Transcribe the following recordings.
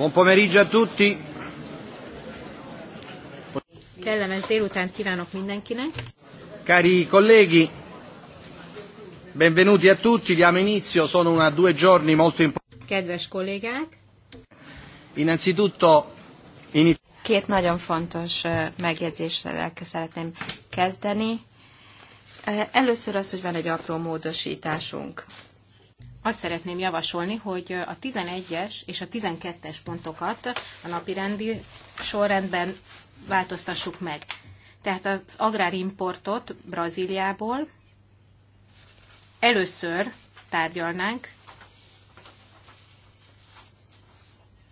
Buon pomeriggio a tutti. Kellemes délután kívánok mindenkinek. Cari colleghi, benvenuti a tutti, diamo inizio, sono una due giorni molto importanti. Kedves kollégák. Innanzitutto inizio. Két nagyon fontos megjegyzéssel szeretném kezdeni. Először az, hogy van egy apró módosításunk azt szeretném javasolni, hogy a 11-es és a 12-es pontokat a napirendi sorrendben változtassuk meg. Tehát az agrárimportot Brazíliából először tárgyalnánk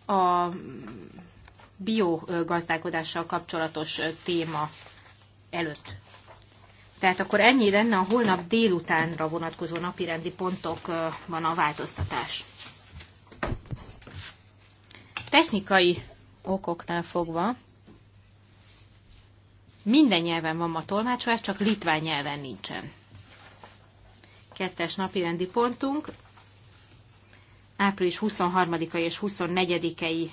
a biogazdálkodással kapcsolatos téma előtt. Tehát akkor ennyi lenne a holnap délutánra vonatkozó napirendi pontokban a változtatás. Technikai okoknál fogva minden nyelven van ma tolmácsolás, csak litván nyelven nincsen. Kettes napirendi pontunk, április 23-ai és 24-ei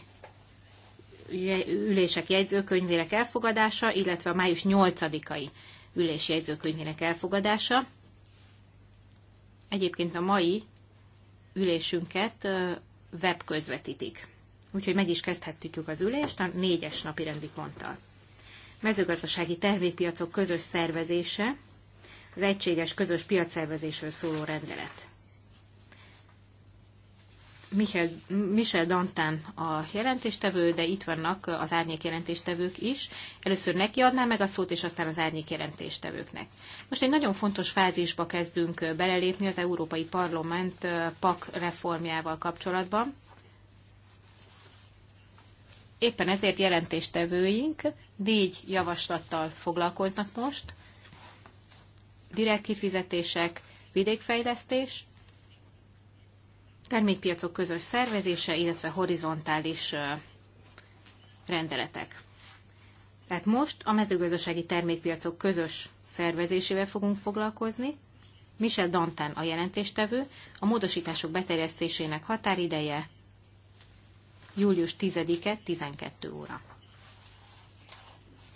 ülések jegyzőkönyvének elfogadása, illetve a május 8-ai ülési jegyzőkönyvének elfogadása. Egyébként a mai ülésünket web közvetítik. Úgyhogy meg is kezdhetjük az ülést a négyes napi rendi ponttal. Mezőgazdasági termékpiacok közös szervezése, az egységes közös piacszervezésről szóló rendelet. Michel, Michel Dantán a jelentéstevő, de itt vannak az árnyék jelentéstevők is. Először neki adnám meg a szót, és aztán az árnyék jelentéstevőknek. Most egy nagyon fontos fázisba kezdünk belelépni az Európai Parlament PAK reformjával kapcsolatban. Éppen ezért jelentéstevőink négy javaslattal foglalkoznak most. Direkt kifizetések, vidékfejlesztés, termékpiacok közös szervezése, illetve horizontális rendeletek. Tehát most a mezőgazdasági termékpiacok közös szervezésével fogunk foglalkozni. Michel Dantán a jelentéstevő, a módosítások beterjesztésének határideje július 10-e 12 óra.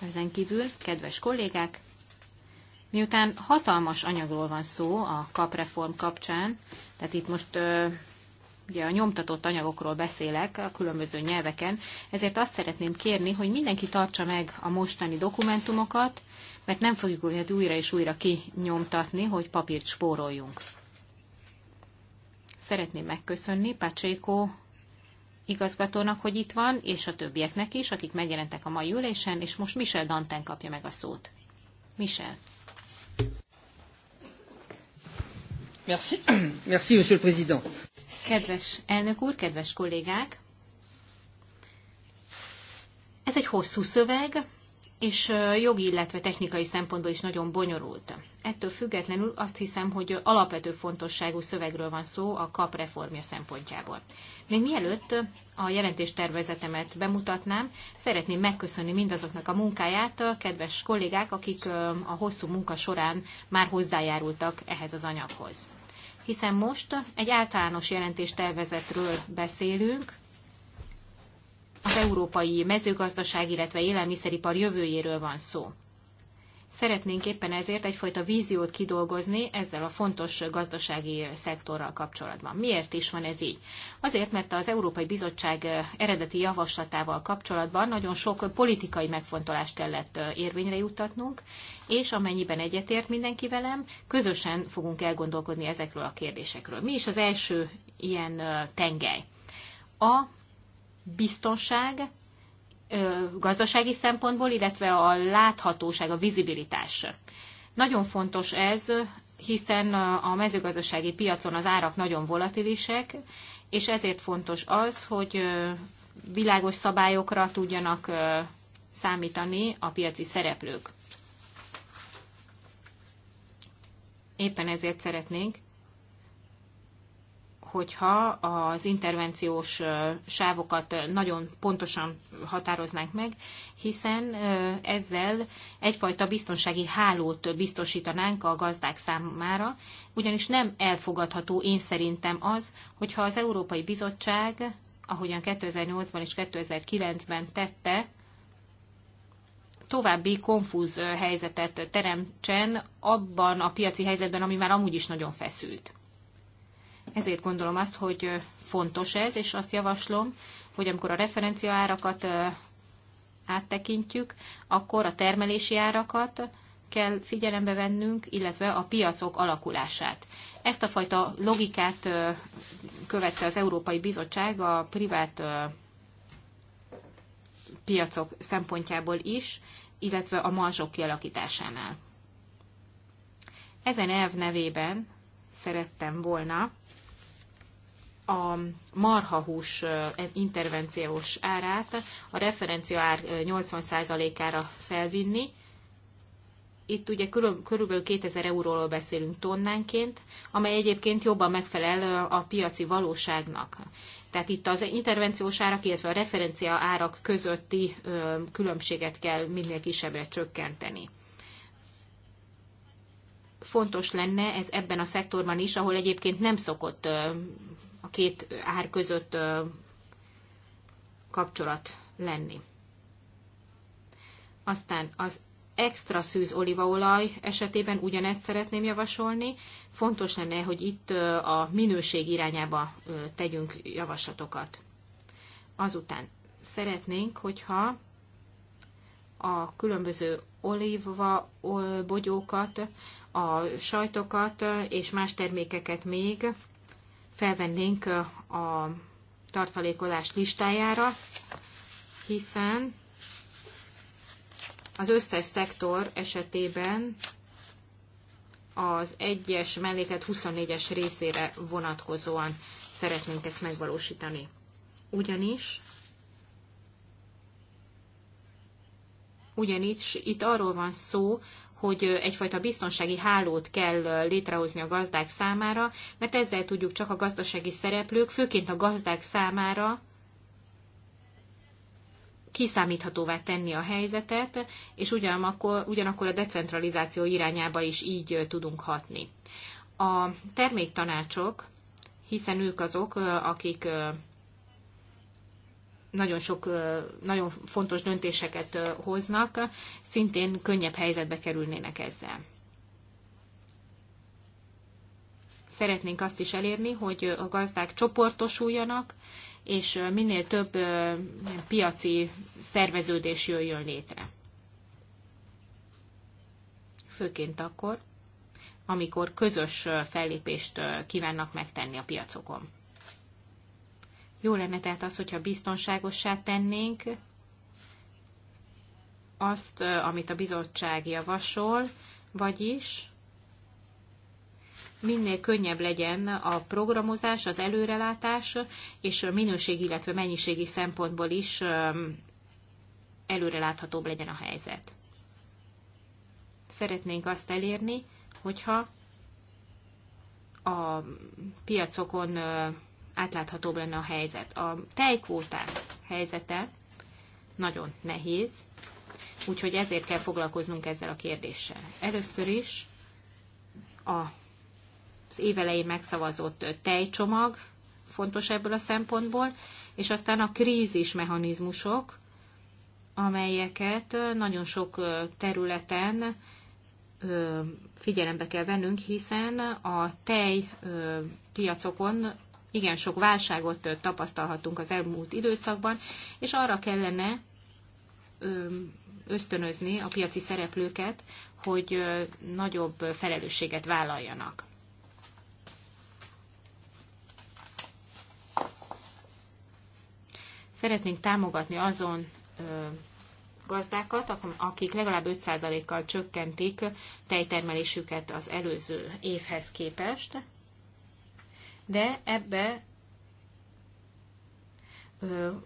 Ezen kívül, kedves kollégák, miután hatalmas anyagról van szó a kapreform kapcsán, tehát itt most ugye a nyomtatott anyagokról beszélek a különböző nyelveken, ezért azt szeretném kérni, hogy mindenki tartsa meg a mostani dokumentumokat, mert nem fogjuk őket újra és újra kinyomtatni, hogy papírt spóroljunk. Szeretném megköszönni Pacséko igazgatónak, hogy itt van, és a többieknek is, akik megjelentek a mai ülésen, és most Michel Danten kapja meg a szót. Michel. Merci. Merci, Monsieur le Président. Kedves elnök úr, kedves kollégák! Ez egy hosszú szöveg, és jogi, illetve technikai szempontból is nagyon bonyolult. Ettől függetlenül azt hiszem, hogy alapvető fontosságú szövegről van szó a KAP reformja szempontjából. Még mielőtt a jelentéstervezetemet bemutatnám, szeretném megköszönni mindazoknak a munkáját, a kedves kollégák, akik a hosszú munka során már hozzájárultak ehhez az anyaghoz hiszen most egy általános jelentéstervezetről beszélünk, az európai mezőgazdaság, illetve élelmiszeripar jövőjéről van szó. Szeretnénk éppen ezért egyfajta víziót kidolgozni ezzel a fontos gazdasági szektorral kapcsolatban. Miért is van ez így? Azért, mert az Európai Bizottság eredeti javaslatával kapcsolatban nagyon sok politikai megfontolást kellett érvényre juttatnunk, és amennyiben egyetért mindenki velem, közösen fogunk elgondolkodni ezekről a kérdésekről. Mi is az első ilyen tengely? A biztonság, gazdasági szempontból, illetve a láthatóság, a vizibilitás. Nagyon fontos ez, hiszen a mezőgazdasági piacon az árak nagyon volatilisek, és ezért fontos az, hogy világos szabályokra tudjanak számítani a piaci szereplők. Éppen ezért szeretnénk hogyha az intervenciós sávokat nagyon pontosan határoznánk meg, hiszen ezzel egyfajta biztonsági hálót biztosítanánk a gazdák számára, ugyanis nem elfogadható én szerintem az, hogyha az Európai Bizottság, ahogyan 2008-ban és 2009-ben tette, további konfúz helyzetet teremtsen abban a piaci helyzetben, ami már amúgy is nagyon feszült. Ezért gondolom azt, hogy fontos ez, és azt javaslom, hogy amikor a referencia árakat áttekintjük, akkor a termelési árakat kell figyelembe vennünk, illetve a piacok alakulását. Ezt a fajta logikát követte az Európai Bizottság a privát piacok szempontjából is, illetve a marzsok kialakításánál. Ezen elv nevében szerettem volna a marhahús intervenciós árát a referencia ár 80%-ára felvinni. Itt ugye körülbelül 2000 euróról beszélünk tonnánként, amely egyébként jobban megfelel a piaci valóságnak. Tehát itt az intervenciós árak, illetve a referencia árak közötti különbséget kell minél kisebbre csökkenteni fontos lenne ez ebben a szektorban is, ahol egyébként nem szokott két ár között kapcsolat lenni. Aztán az extra szűz olívaolaj esetében ugyanezt szeretném javasolni. Fontos lenne, hogy itt a minőség irányába tegyünk javaslatokat. Azután szeretnénk, hogyha a különböző olíva bogyókat, a sajtokat és más termékeket még felvennénk a tartalékolás listájára, hiszen az összes szektor esetében az egyes melléket 24-es részére vonatkozóan szeretnénk ezt megvalósítani. Ugyanis ugyanis itt arról van szó, hogy egyfajta biztonsági hálót kell létrehozni a gazdák számára, mert ezzel tudjuk csak a gazdasági szereplők, főként a gazdák számára kiszámíthatóvá tenni a helyzetet, és ugyanakkor, ugyanakkor a decentralizáció irányába is így tudunk hatni. A terméktanácsok, hiszen ők azok, akik nagyon sok, nagyon fontos döntéseket hoznak, szintén könnyebb helyzetbe kerülnének ezzel. Szeretnénk azt is elérni, hogy a gazdák csoportosuljanak, és minél több piaci szerveződés jöjjön létre. Főként akkor, amikor közös fellépést kívánnak megtenni a piacokon. Jó lenne tehát az, hogyha biztonságossá tennénk azt, amit a bizottság javasol, vagyis minél könnyebb legyen a programozás, az előrelátás, és minőség, illetve mennyiségi szempontból is előreláthatóbb legyen a helyzet. Szeretnénk azt elérni, hogyha a piacokon átláthatóbb lenne a helyzet. A tejkvóták helyzete nagyon nehéz, úgyhogy ezért kell foglalkoznunk ezzel a kérdéssel. Először is a, az évelején megszavazott tejcsomag fontos ebből a szempontból, és aztán a krízis mechanizmusok, amelyeket nagyon sok területen figyelembe kell vennünk, hiszen a tej piacokon igen sok válságot tapasztalhatunk az elmúlt időszakban, és arra kellene ösztönözni a piaci szereplőket, hogy nagyobb felelősséget vállaljanak. Szeretnénk támogatni azon gazdákat, akik legalább 5%-kal csökkentik tejtermelésüket az előző évhez képest, de ebbe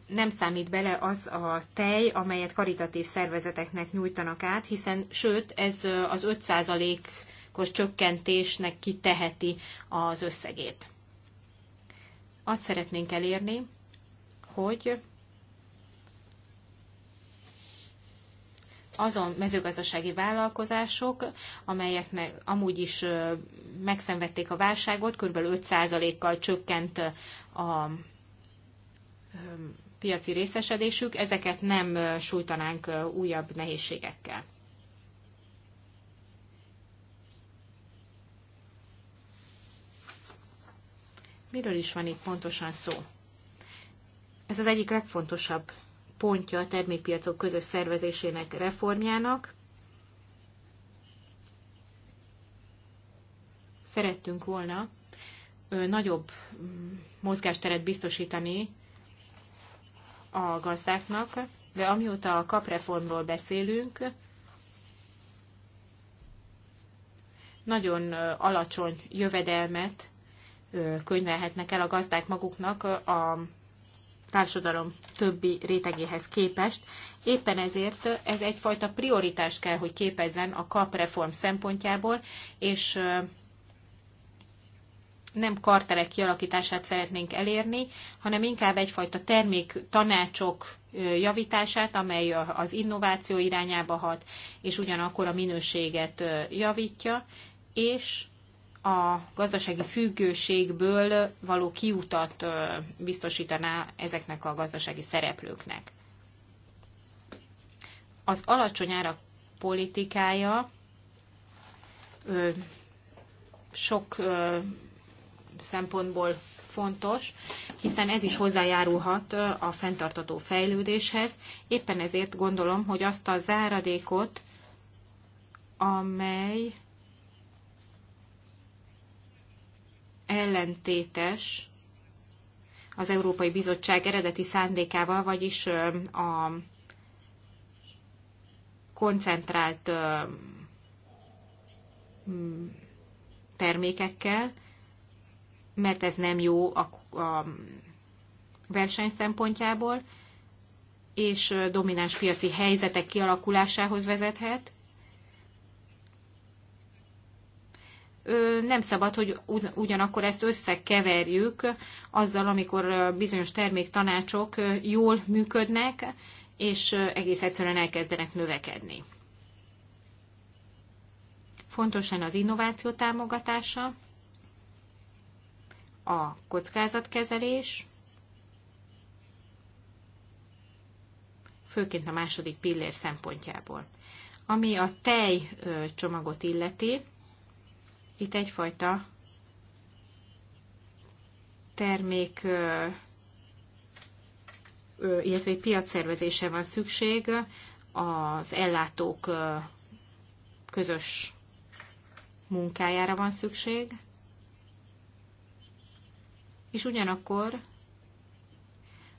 nem számít bele az a tej, amelyet karitatív szervezeteknek nyújtanak át, hiszen sőt, ez az 5%-os csökkentésnek kiteheti az összegét. Azt szeretnénk elérni, hogy azon mezőgazdasági vállalkozások, amelyeknek amúgy is megszenvedték a válságot, kb. 5%-kal csökkent a piaci részesedésük, ezeket nem sújtanánk újabb nehézségekkel. Miről is van itt pontosan szó? Ez az egyik legfontosabb pontja a termékpiacok közös szervezésének reformjának. Szerettünk volna nagyobb mm, mozgásteret biztosítani a gazdáknak, de amióta a kapreformról beszélünk, nagyon alacsony jövedelmet könyvelhetnek el a gazdák maguknak a társadalom többi rétegéhez képest. Éppen ezért ez egyfajta prioritás kell, hogy képezzen a KAP reform szempontjából, és nem kartelek kialakítását szeretnénk elérni, hanem inkább egyfajta termék tanácsok javítását, amely az innováció irányába hat, és ugyanakkor a minőséget javítja, és a gazdasági függőségből való kiutat biztosítaná ezeknek a gazdasági szereplőknek. Az alacsony árak politikája sok szempontból fontos, hiszen ez is hozzájárulhat a fenntartató fejlődéshez. Éppen ezért gondolom, hogy azt a záradékot, amely ellentétes az Európai Bizottság eredeti szándékával, vagyis a koncentrált termékekkel, mert ez nem jó a, a verseny szempontjából, és domináns piaci helyzetek kialakulásához vezethet, nem szabad, hogy ugyanakkor ezt összekeverjük azzal, amikor bizonyos terméktanácsok jól működnek, és egész egyszerűen elkezdenek növekedni. Fontosan az innováció támogatása, a kockázatkezelés, főként a második pillér szempontjából. Ami a tej csomagot illeti, itt egyfajta termék, illetve egy piacszervezése van szükség az ellátók közös munkájára van szükség, és ugyanakkor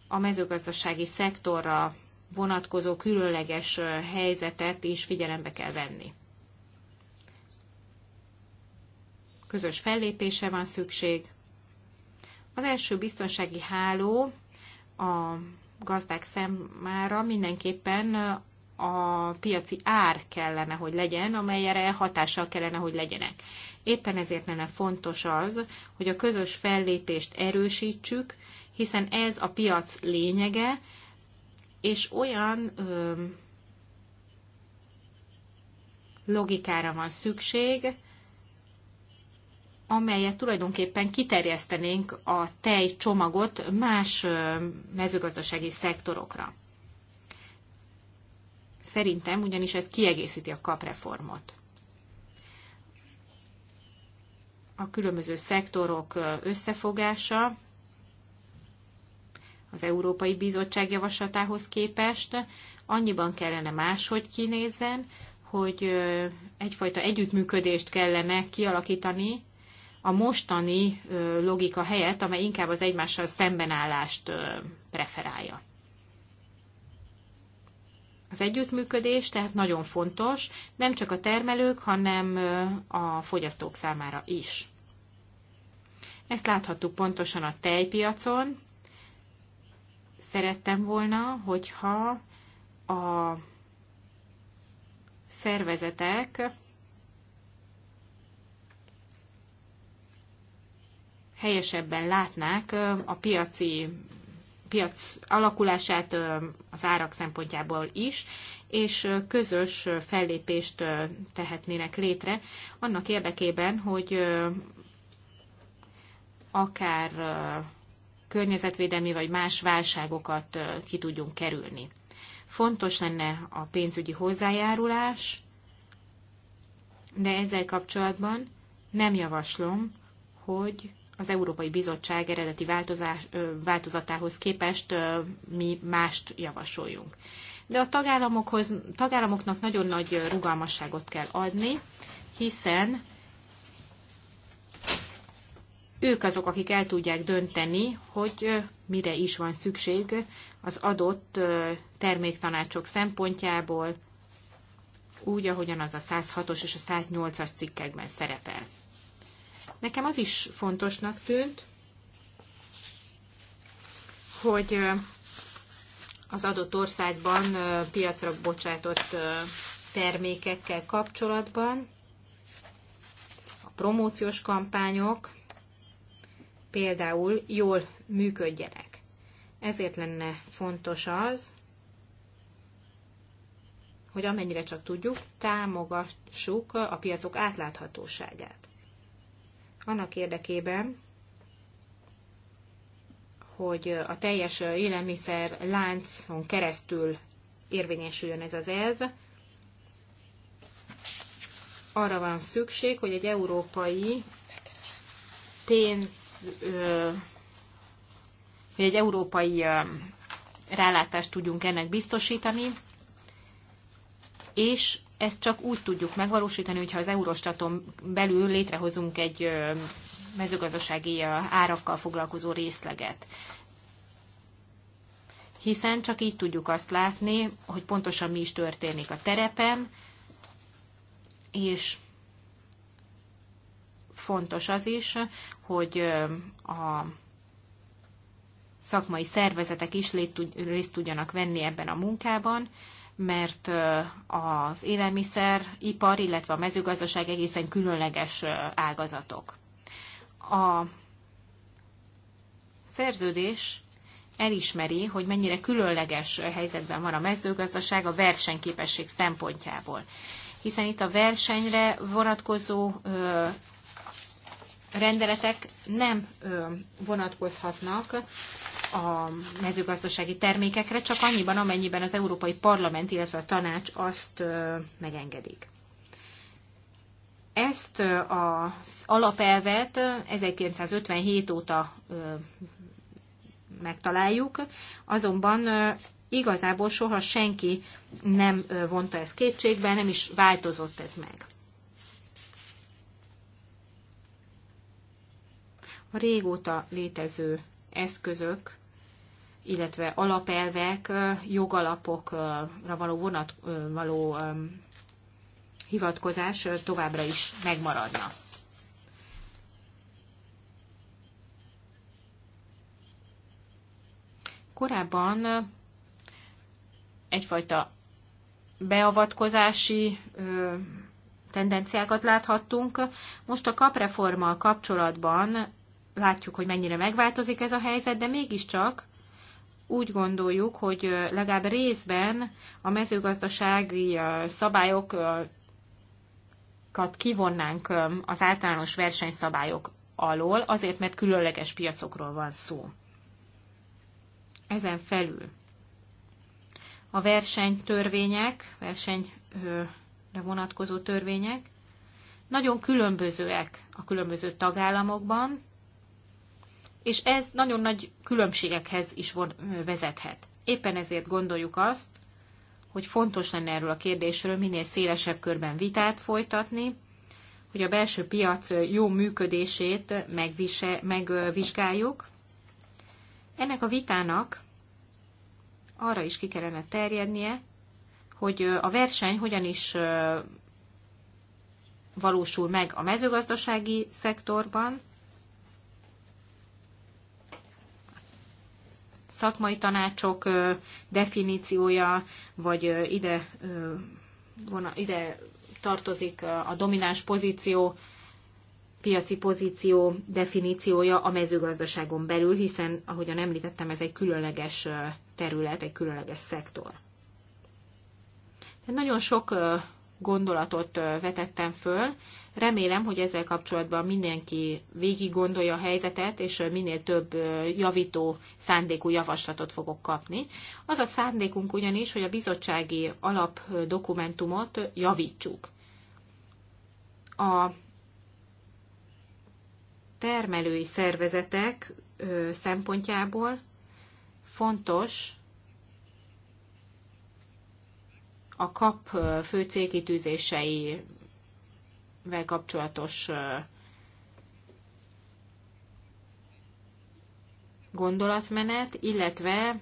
a mezőgazdasági szektorra vonatkozó különleges helyzetet is figyelembe kell venni. közös fellépése van szükség. Az első biztonsági háló a gazdák számára mindenképpen a piaci ár kellene, hogy legyen, amelyre hatással kellene, hogy legyenek. Éppen ezért lenne fontos az, hogy a közös fellépést erősítsük, hiszen ez a piac lényege, és olyan ö, logikára van szükség, amelyet tulajdonképpen kiterjesztenénk a tejcsomagot más mezőgazdasági szektorokra. Szerintem ugyanis ez kiegészíti a kapreformot. A különböző szektorok összefogása az Európai Bizottság javaslatához képest annyiban kellene máshogy kinézzen, hogy egyfajta együttműködést kellene kialakítani a mostani logika helyett, amely inkább az egymással szembenállást preferálja. Az együttműködés tehát nagyon fontos, nem csak a termelők, hanem a fogyasztók számára is. Ezt láthattuk pontosan a tejpiacon. Szerettem volna, hogyha a szervezetek helyesebben látnák a piaci piac alakulását az árak szempontjából is, és közös fellépést tehetnének létre annak érdekében, hogy akár környezetvédelmi vagy más válságokat ki tudjunk kerülni. Fontos lenne a pénzügyi hozzájárulás, de ezzel kapcsolatban nem javaslom, hogy az Európai Bizottság eredeti változás, változatához képest mi mást javasoljunk. De a tagállamokhoz, tagállamoknak nagyon nagy rugalmasságot kell adni, hiszen ők azok, akik el tudják dönteni, hogy mire is van szükség az adott terméktanácsok szempontjából, úgy, ahogyan az a 106-os és a 108-as cikkekben szerepel. Nekem az is fontosnak tűnt, hogy az adott országban piacra bocsátott termékekkel kapcsolatban a promóciós kampányok például jól működjenek. Ezért lenne fontos az, hogy amennyire csak tudjuk, támogassuk a piacok átláthatóságát annak érdekében, hogy a teljes élelmiszer láncon keresztül érvényesüljön ez az elv, arra van szükség, hogy egy európai pénz, hogy egy európai rálátást tudjunk ennek biztosítani, és ezt csak úgy tudjuk megvalósítani, hogyha az Eurostaton belül létrehozunk egy mezőgazdasági árakkal foglalkozó részleget. Hiszen csak így tudjuk azt látni, hogy pontosan mi is történik a terepen, és fontos az is, hogy a szakmai szervezetek is részt tudjanak venni ebben a munkában, mert az élelmiszeripar, illetve a mezőgazdaság egészen különleges ágazatok. A szerződés elismeri, hogy mennyire különleges helyzetben van a mezőgazdaság a versenyképesség szempontjából. Hiszen itt a versenyre vonatkozó ö, rendeletek nem ö, vonatkozhatnak a mezőgazdasági termékekre, csak annyiban, amennyiben az Európai Parlament, illetve a tanács azt megengedik. Ezt az alapelvet 1957 óta megtaláljuk, azonban igazából soha senki nem vonta ezt kétségbe, nem is változott ez meg. A régóta létező eszközök illetve alapelvek, jogalapokra való, vonat, való hivatkozás továbbra is megmaradna. Korábban egyfajta beavatkozási tendenciákat láthattunk. Most a kapreformmal kapcsolatban látjuk, hogy mennyire megváltozik ez a helyzet, de mégiscsak úgy gondoljuk, hogy legalább részben a mezőgazdasági szabályokat kivonnánk az általános versenyszabályok alól, azért mert különleges piacokról van szó. Ezen felül a versenytörvények, versenyre vonatkozó törvények nagyon különbözőek a különböző tagállamokban, és ez nagyon nagy különbségekhez is vezethet. Éppen ezért gondoljuk azt, hogy fontos lenne erről a kérdésről minél szélesebb körben vitát folytatni, hogy a belső piac jó működését megvise, megvizsgáljuk. Ennek a vitának arra is ki kellene terjednie, hogy a verseny hogyan is valósul meg a mezőgazdasági szektorban, szakmai tanácsok definíciója, vagy ide, ide tartozik a domináns pozíció, piaci pozíció definíciója a mezőgazdaságon belül, hiszen, ahogyan említettem, ez egy különleges terület, egy különleges szektor. De nagyon sok gondolatot vetettem föl, Remélem, hogy ezzel kapcsolatban mindenki végig gondolja a helyzetet, és minél több javító szándékú javaslatot fogok kapni. Az a szándékunk ugyanis, hogy a bizottsági alapdokumentumot javítsuk. A termelői szervezetek szempontjából fontos a kap fő vel kapcsolatos gondolatmenet, illetve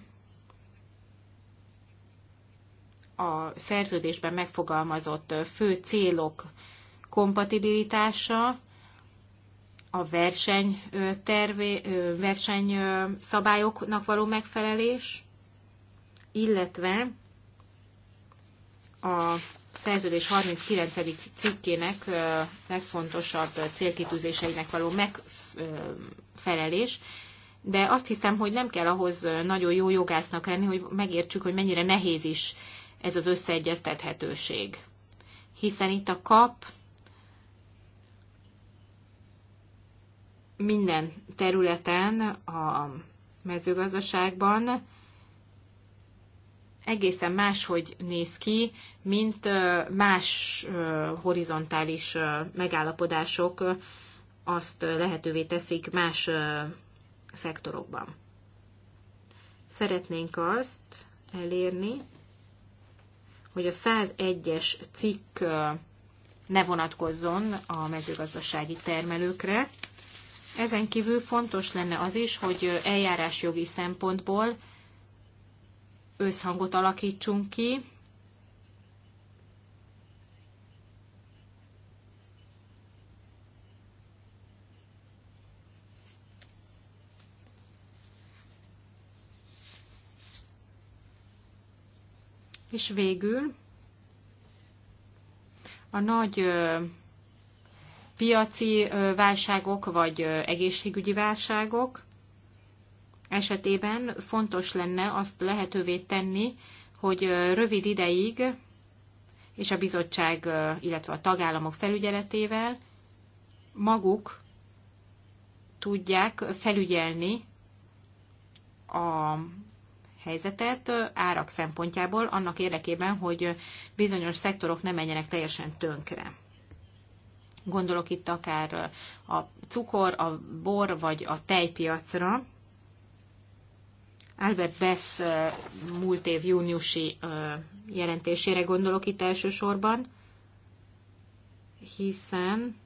a szerződésben megfogalmazott fő célok kompatibilitása, a verseny, tervé, versenyszabályoknak való megfelelés, illetve a szerződés 39. cikkének legfontosabb célkitűzéseinek való megfelelés, de azt hiszem, hogy nem kell ahhoz nagyon jó jogásznak lenni, hogy megértsük, hogy mennyire nehéz is ez az összeegyeztethetőség. Hiszen itt a kap minden területen a mezőgazdaságban egészen máshogy néz ki, mint más horizontális megállapodások azt lehetővé teszik más szektorokban. Szeretnénk azt elérni, hogy a 101-es cikk ne vonatkozzon a mezőgazdasági termelőkre. Ezen kívül fontos lenne az is, hogy eljárásjogi szempontból összhangot alakítsunk ki És végül a nagy piaci válságok vagy egészségügyi válságok esetében fontos lenne azt lehetővé tenni, hogy rövid ideig és a bizottság, illetve a tagállamok felügyeletével maguk tudják felügyelni a helyzetet árak szempontjából, annak érdekében, hogy bizonyos szektorok ne menjenek teljesen tönkre. Gondolok itt akár a cukor, a bor vagy a tejpiacra. Albert Bess múlt év júniusi jelentésére gondolok itt elsősorban, hiszen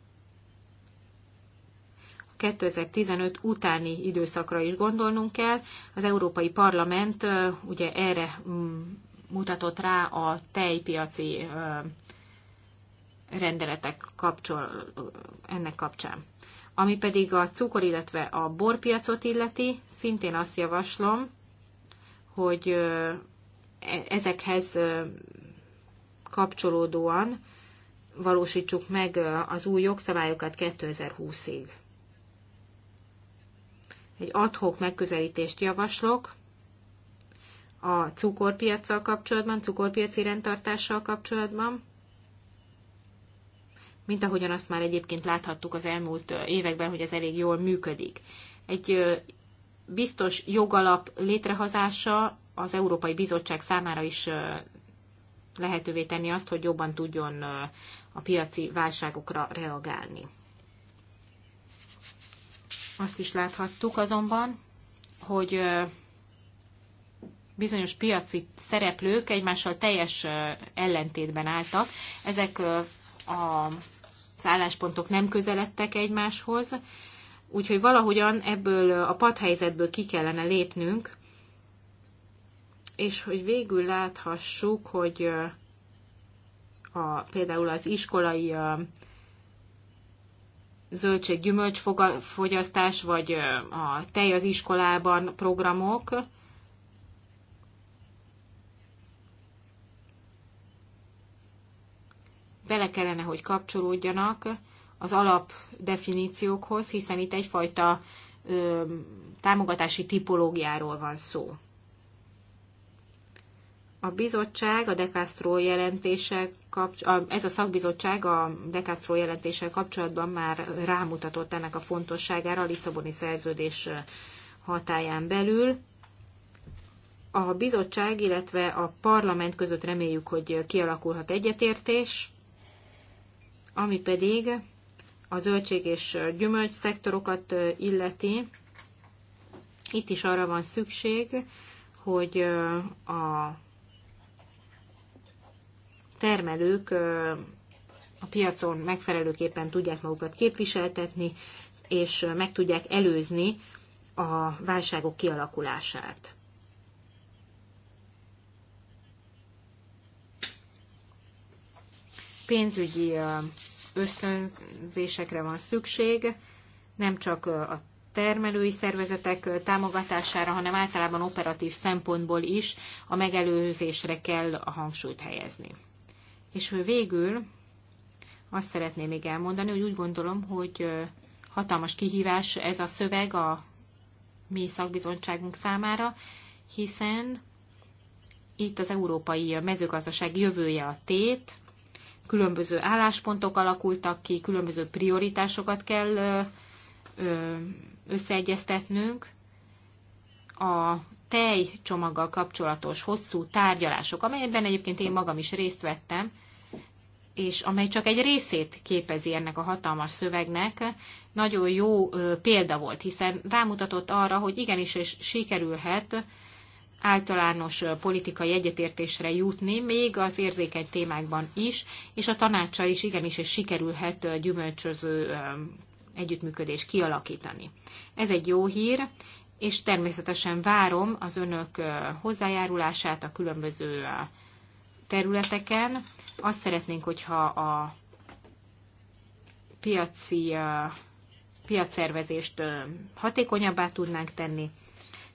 2015 utáni időszakra is gondolnunk kell. Az Európai Parlament ugye erre mm, mutatott rá a tejpiaci rendeletek kapcsol, ennek kapcsán. Ami pedig a cukor, illetve a borpiacot illeti, szintén azt javaslom, hogy e-, ezekhez kapcsolódóan valósítsuk meg az új jogszabályokat 2020-ig egy adhok megközelítést javaslok a cukorpiacsal kapcsolatban, cukorpiaci rendtartással kapcsolatban, mint ahogyan azt már egyébként láthattuk az elmúlt években, hogy ez elég jól működik. Egy biztos jogalap létrehozása az Európai Bizottság számára is lehetővé tenni azt, hogy jobban tudjon a piaci válságokra reagálni. Azt is láthattuk azonban, hogy bizonyos piaci szereplők egymással teljes ellentétben álltak. Ezek a szálláspontok nem közeledtek egymáshoz, úgyhogy valahogyan ebből a padhelyzetből ki kellene lépnünk, és hogy végül láthassuk, hogy a, például az iskolai zöldség-gyümölcs fogyasztás, vagy a tej az iskolában programok. Bele kellene, hogy kapcsolódjanak az alap definíciókhoz, hiszen itt egyfajta támogatási tipológiáról van szó a bizottság a Decastro jelentése kapcsolatban, ez a szakbizottság a Decastro jelentéssel kapcsolatban már rámutatott ennek a fontosságára a Lisszaboni szerződés hatáján belül. A bizottság, illetve a parlament között reméljük, hogy kialakulhat egyetértés, ami pedig a zöldség és gyümölcs szektorokat illeti. Itt is arra van szükség, hogy a termelők a piacon megfelelőképpen tudják magukat képviseltetni, és meg tudják előzni a válságok kialakulását. Pénzügyi ösztönzésekre van szükség, nem csak a termelői szervezetek támogatására, hanem általában operatív szempontból is a megelőzésre kell a hangsúlyt helyezni. És végül azt szeretném még elmondani, hogy úgy gondolom, hogy hatalmas kihívás ez a szöveg a mi szakbizottságunk számára, hiszen itt az európai mezőgazdaság jövője a tét, különböző álláspontok alakultak ki, különböző prioritásokat kell összeegyeztetnünk. A tejcsomaggal kapcsolatos hosszú tárgyalások, amelyben egyébként én magam is részt vettem, és amely csak egy részét képezi ennek a hatalmas szövegnek, nagyon jó példa volt, hiszen rámutatott arra, hogy igenis és sikerülhet általános politikai egyetértésre jutni, még az érzékeny témákban is, és a tanácsa is igenis és sikerülhet gyümölcsöző együttműködés kialakítani. Ez egy jó hír, és természetesen várom az önök hozzájárulását a különböző területeken, azt szeretnénk, hogyha a piaci, piacszervezést hatékonyabbá tudnánk tenni.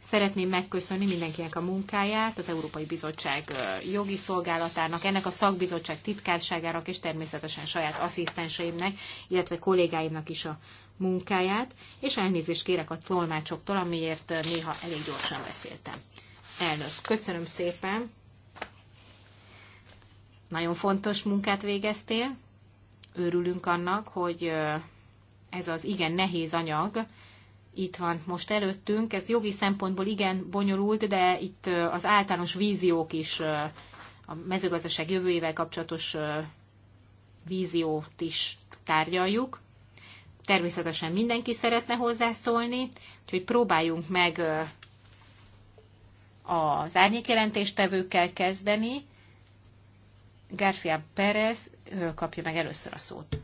Szeretném megköszönni mindenkinek a munkáját, az Európai Bizottság jogi szolgálatának, ennek a szakbizottság titkárságának és természetesen saját asszisztenseimnek, illetve kollégáimnak is a munkáját, és elnézést kérek a tolmácsoktól, amiért néha elég gyorsan beszéltem. Elnök, köszönöm szépen! Nagyon fontos munkát végeztél. Örülünk annak, hogy ez az igen nehéz anyag itt van most előttünk. Ez jogi szempontból igen bonyolult, de itt az általános víziók is, a mezőgazdaság jövőjével kapcsolatos víziót is tárgyaljuk. Természetesen mindenki szeretne hozzászólni, úgyhogy próbáljunk meg az árnyékjelentéstevőkkel kezdeni, García Pérez kapja meg először a szót.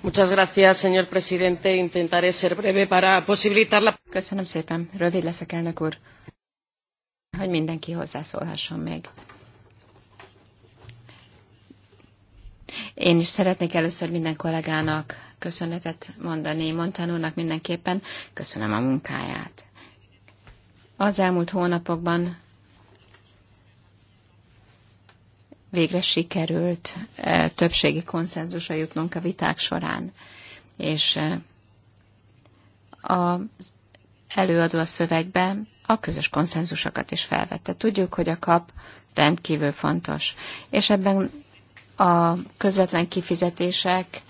Muchas gracias, señor presidente. Intentaré ser breve para posibilitar la... Köszönöm szépen. Rövid leszek, elnök úr. Hogy mindenki hozzászólhasson még. Én is szeretnék először minden kollégának köszönetet mondani Montanónak mindenképpen. Köszönöm a munkáját. Az elmúlt hónapokban végre sikerült e, többségi konszenzusra jutnunk a viták során. És e, az előadó a szövegben a közös konszenzusokat is felvette. Tudjuk, hogy a kap rendkívül fontos, és ebben a közvetlen kifizetések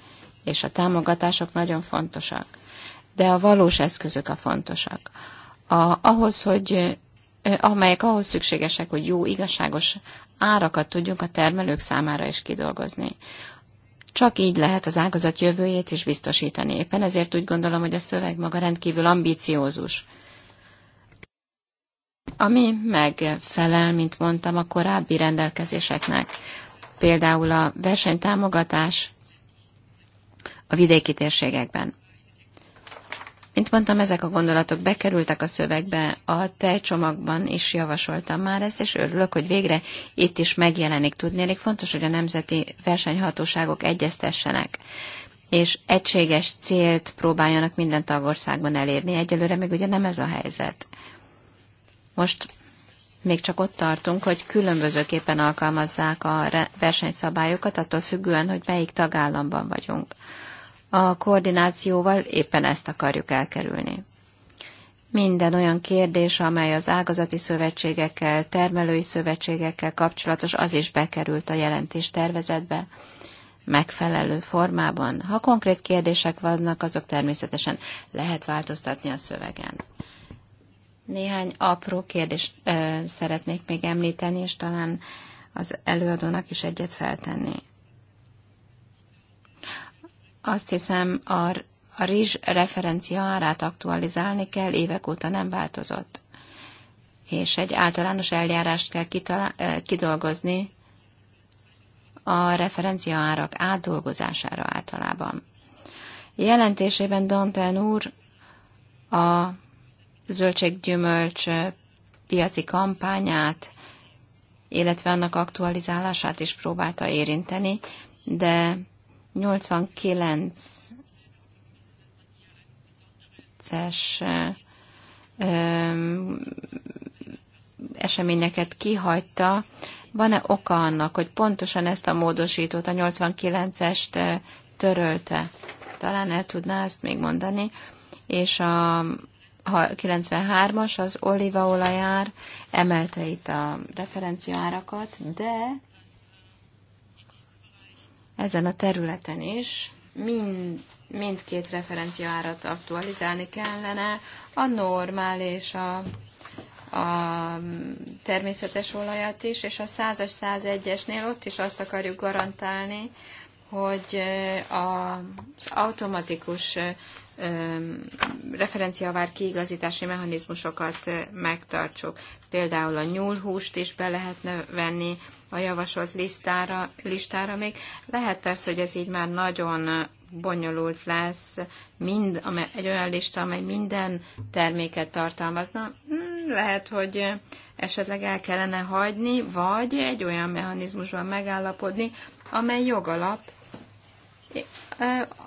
és a támogatások nagyon fontosak, de a valós eszközök a fontosak. A, ahhoz, hogy e, amelyek ahhoz szükségesek, hogy jó, igazságos árakat tudjunk a termelők számára is kidolgozni. Csak így lehet az ágazat jövőjét is biztosítani. Éppen ezért úgy gondolom, hogy a szöveg maga rendkívül ambiciózus. Ami megfelel, mint mondtam, a korábbi rendelkezéseknek. Például a versenytámogatás a vidéki térségekben. Mint mondtam, ezek a gondolatok bekerültek a szövegbe, a tejcsomagban is javasoltam már ezt, és örülök, hogy végre itt is megjelenik tudnélik. Fontos, hogy a nemzeti versenyhatóságok egyeztessenek és egységes célt próbáljanak minden tagországban elérni. Egyelőre még ugye nem ez a helyzet. Most még csak ott tartunk, hogy különbözőképpen alkalmazzák a versenyszabályokat, attól függően, hogy melyik tagállamban vagyunk a koordinációval éppen ezt akarjuk elkerülni. Minden olyan kérdés, amely az ágazati szövetségekkel, termelői szövetségekkel kapcsolatos, az is bekerült a jelentés tervezetbe megfelelő formában. Ha konkrét kérdések vannak, azok természetesen lehet változtatni a szövegen. Néhány apró kérdést ö, szeretnék még említeni, és talán az előadónak is egyet feltenni. Azt hiszem, a, a rizs referencia árát aktualizálni kell, évek óta nem változott. És egy általános eljárást kell kitala eh, kidolgozni a referencia árak átdolgozására általában. Jelentésében Danten úr a zöldséggyümölcs eh, piaci kampányát, illetve annak aktualizálását is próbálta érinteni, de 89-es eseményeket kihagyta, van-e oka annak, hogy pontosan ezt a módosítót, a 89-est törölte? Talán el tudná ezt még mondani. És a 93-as, az olívaolajár emelte itt a referenciárakat, de ezen a területen is mind, mindkét referencia árat aktualizálni kellene, a normál és a, a természetes olajat is, és a 100-as, 101-esnél ott is azt akarjuk garantálni, hogy az automatikus referenciavár kiigazítási mechanizmusokat megtartsuk. Például a nyúlhúst is be lehetne venni a javasolt listára, listára még. Lehet persze, hogy ez így már nagyon bonyolult lesz mind, egy olyan lista, amely minden terméket tartalmazna. Hmm, lehet, hogy esetleg el kellene hagyni, vagy egy olyan mechanizmusban megállapodni, amely jogalap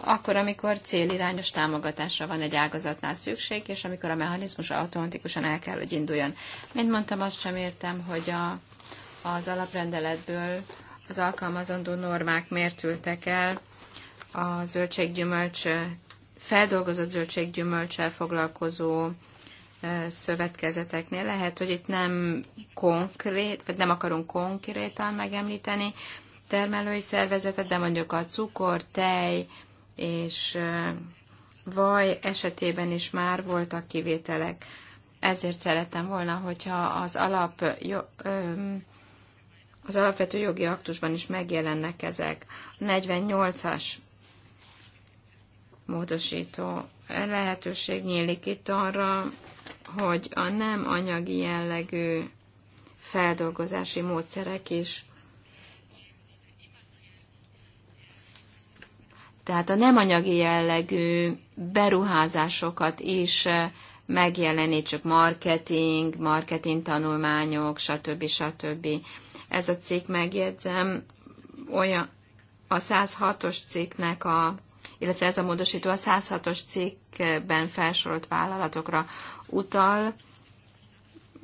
akkor, amikor célirányos támogatásra van egy ágazatnál szükség, és amikor a mechanizmus automatikusan el kell, hogy induljon. Mint mondtam, azt sem értem, hogy a, az alaprendeletből az alkalmazandó normák miért ültek el a zöldséggyümölcs, feldolgozott zöldséggyümölcsel foglalkozó szövetkezeteknél. Lehet, hogy itt nem konkrét, vagy nem akarunk konkrétan megemlíteni, termelői szervezetet, de mondjuk a cukor, tej és vaj esetében is már voltak kivételek. Ezért szerettem volna, hogyha az alap az alapvető jogi aktusban is megjelennek ezek. A 48-as módosító lehetőség nyílik itt arra, hogy a nem anyagi jellegű feldolgozási módszerek is tehát a nem anyagi jellegű beruházásokat is megjelenítsük, marketing, marketing tanulmányok, stb. stb. Ez a cikk, megjegyzem, olyan a 106-os cikknek a, illetve ez a módosító a 106-os cikkben felsorolt vállalatokra utal.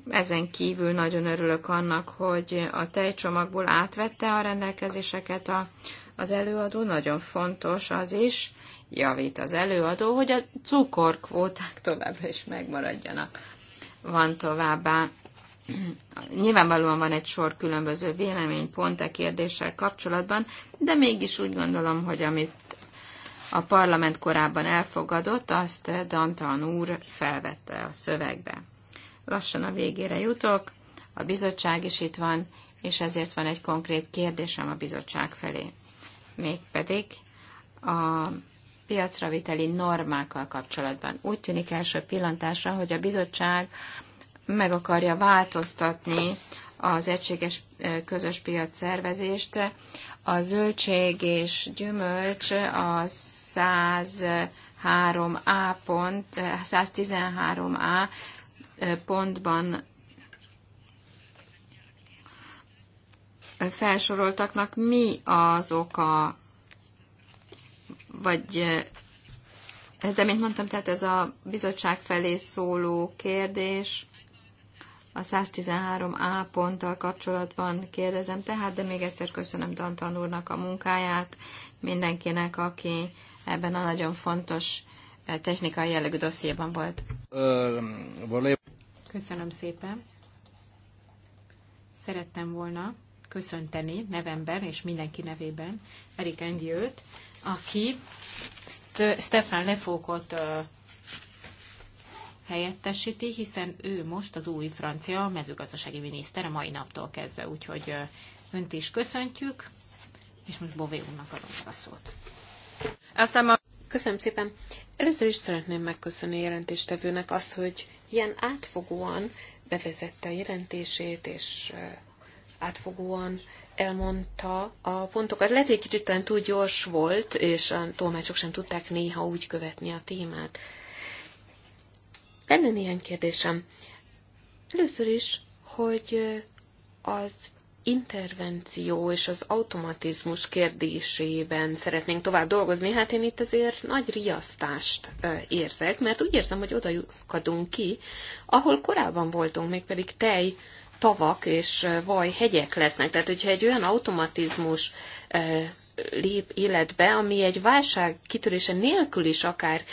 Ezen kívül nagyon örülök annak, hogy a tejcsomagból átvette a rendelkezéseket a az előadó, nagyon fontos az is, javít az előadó, hogy a cukorkvóták továbbra is megmaradjanak. Van továbbá, nyilvánvalóan van egy sor különböző vélemény pont a e kérdéssel kapcsolatban, de mégis úgy gondolom, hogy amit a parlament korábban elfogadott, azt Dantan úr felvette a szövegbe. Lassan a végére jutok, a bizottság is itt van, és ezért van egy konkrét kérdésem a bizottság felé mégpedig a piacra viteli normákkal kapcsolatban. Úgy tűnik első pillantásra, hogy a bizottság meg akarja változtatni az egységes közös piac szervezést. A zöldség és gyümölcs a 103A pont, 113A pontban felsoroltaknak mi az oka, vagy eh, de mint mondtam, tehát ez a bizottság felé szóló kérdés a 113A ponttal kapcsolatban kérdezem tehát, de még egyszer köszönöm Dantan úrnak a munkáját, mindenkinek, aki ebben a nagyon fontos eh, technikai jellegű dossziéban volt. Köszönöm szépen. Szerettem volna köszönteni nevemben és mindenki nevében Erik Endiőt, aki Stefan Lefókot helyettesíti, hiszen ő most az új francia mezőgazdasági miniszter a mai naptól kezdve, úgyhogy önt is köszöntjük, és most Bové úrnak adom a szót. Aztán a... Köszönöm szépen. Először is szeretném megköszönni a jelentéstevőnek azt, hogy ilyen átfogóan bevezette a jelentését, és átfogóan elmondta a pontokat. Lehet, hogy egy kicsit talán túl gyors volt, és a tolmácsok sem tudták néha úgy követni a témát. Lenne néhány kérdésem. Először is, hogy az intervenció és az automatizmus kérdésében szeretnénk tovább dolgozni, hát én itt azért nagy riasztást érzek, mert úgy érzem, hogy oda ki, ahol korábban voltunk, mégpedig tej tavak és hegyek lesznek. Tehát, hogyha egy olyan automatizmus lép életbe, ami egy válság kitörése nélkül is akár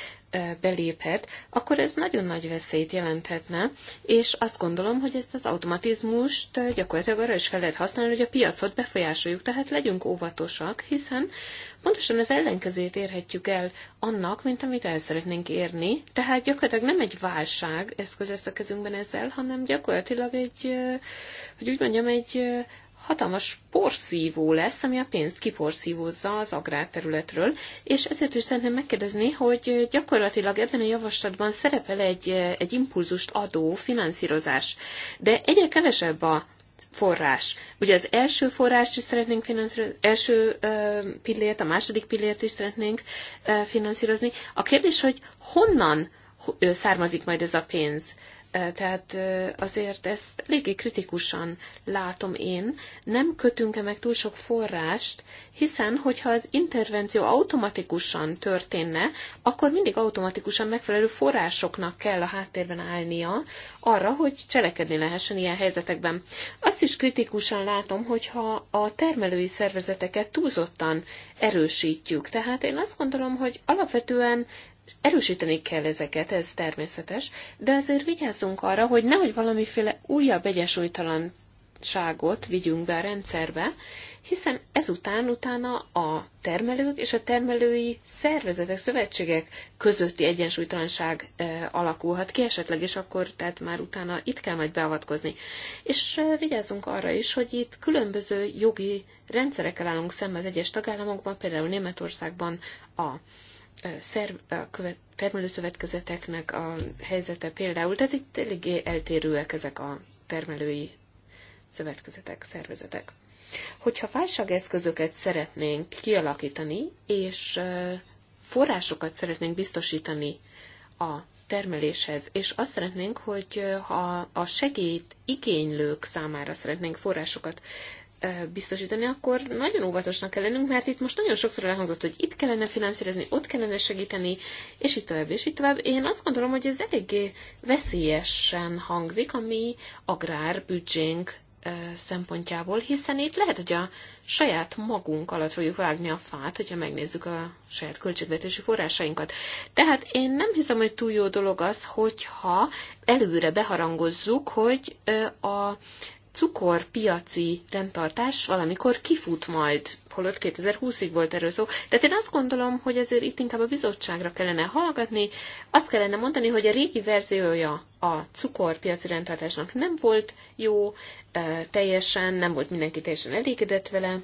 beléphet, akkor ez nagyon nagy veszélyt jelenthetne, és azt gondolom, hogy ezt az automatizmust gyakorlatilag arra is fel lehet használni, hogy a piacot befolyásoljuk, tehát legyünk óvatosak, hiszen pontosan az ellenkezőjét érhetjük el annak, mint amit el szeretnénk érni, tehát gyakorlatilag nem egy válság eszköz lesz a kezünkben ezzel, hanem gyakorlatilag egy, hogy úgy mondjam, egy hatalmas porszívó lesz, ami a pénzt kiporszívózza az agrárterületről, és ezért is szeretném megkérdezni, hogy gyakorlatilag ebben a javaslatban szerepel egy, egy impulzust adó finanszírozás, de egyre kevesebb a forrás. Ugye az első forrás is szeretnénk finanszírozni, első pillért, a második pillért is szeretnénk finanszírozni. A kérdés, hogy honnan származik majd ez a pénz? Tehát azért ezt eléggé kritikusan látom én. Nem kötünk-e meg túl sok forrást, hiszen hogyha az intervenció automatikusan történne, akkor mindig automatikusan megfelelő forrásoknak kell a háttérben állnia arra, hogy cselekedni lehessen ilyen helyzetekben. Azt is kritikusan látom, hogyha a termelői szervezeteket túlzottan erősítjük. Tehát én azt gondolom, hogy alapvetően erősíteni kell ezeket, ez természetes, de azért vigyázzunk arra, hogy nehogy valamiféle újabb egyensúlytalanságot vigyünk be a rendszerbe, hiszen ezután utána a termelők és a termelői szervezetek, szövetségek közötti egyensúlytalanság e, alakulhat ki esetleg, és akkor tehát már utána itt kell majd beavatkozni. És e, vigyázzunk arra is, hogy itt különböző jogi rendszerekkel állunk szemben az egyes tagállamokban, például Németországban a a termelőszövetkezeteknek a helyzete például, tehát itt eléggé eltérőek ezek a termelői szövetkezetek, szervezetek. Hogyha válságeszközöket szeretnénk kialakítani, és forrásokat szeretnénk biztosítani a termeléshez, és azt szeretnénk, hogy ha a segélyt igénylők számára szeretnénk forrásokat biztosítani, akkor nagyon óvatosnak kell lennünk, mert itt most nagyon sokszor elhangzott, hogy itt kellene finanszírozni, ott kellene segíteni, és itt tovább, és itt tovább. Én azt gondolom, hogy ez eléggé veszélyesen hangzik, ami büdzsénk szempontjából, hiszen itt lehet, hogy a saját magunk alatt fogjuk vágni a fát, hogyha megnézzük a saját költségvetési forrásainkat. Tehát én nem hiszem, hogy túl jó dolog az, hogyha előre beharangozzuk, hogy a cukorpiaci rendtartás valamikor kifut majd, holott 2020-ig volt erről szó. Tehát én azt gondolom, hogy ezért itt inkább a bizottságra kellene hallgatni, azt kellene mondani, hogy a régi verziója a cukorpiaci rendtartásnak nem volt jó, teljesen, nem volt mindenki teljesen elégedett vele,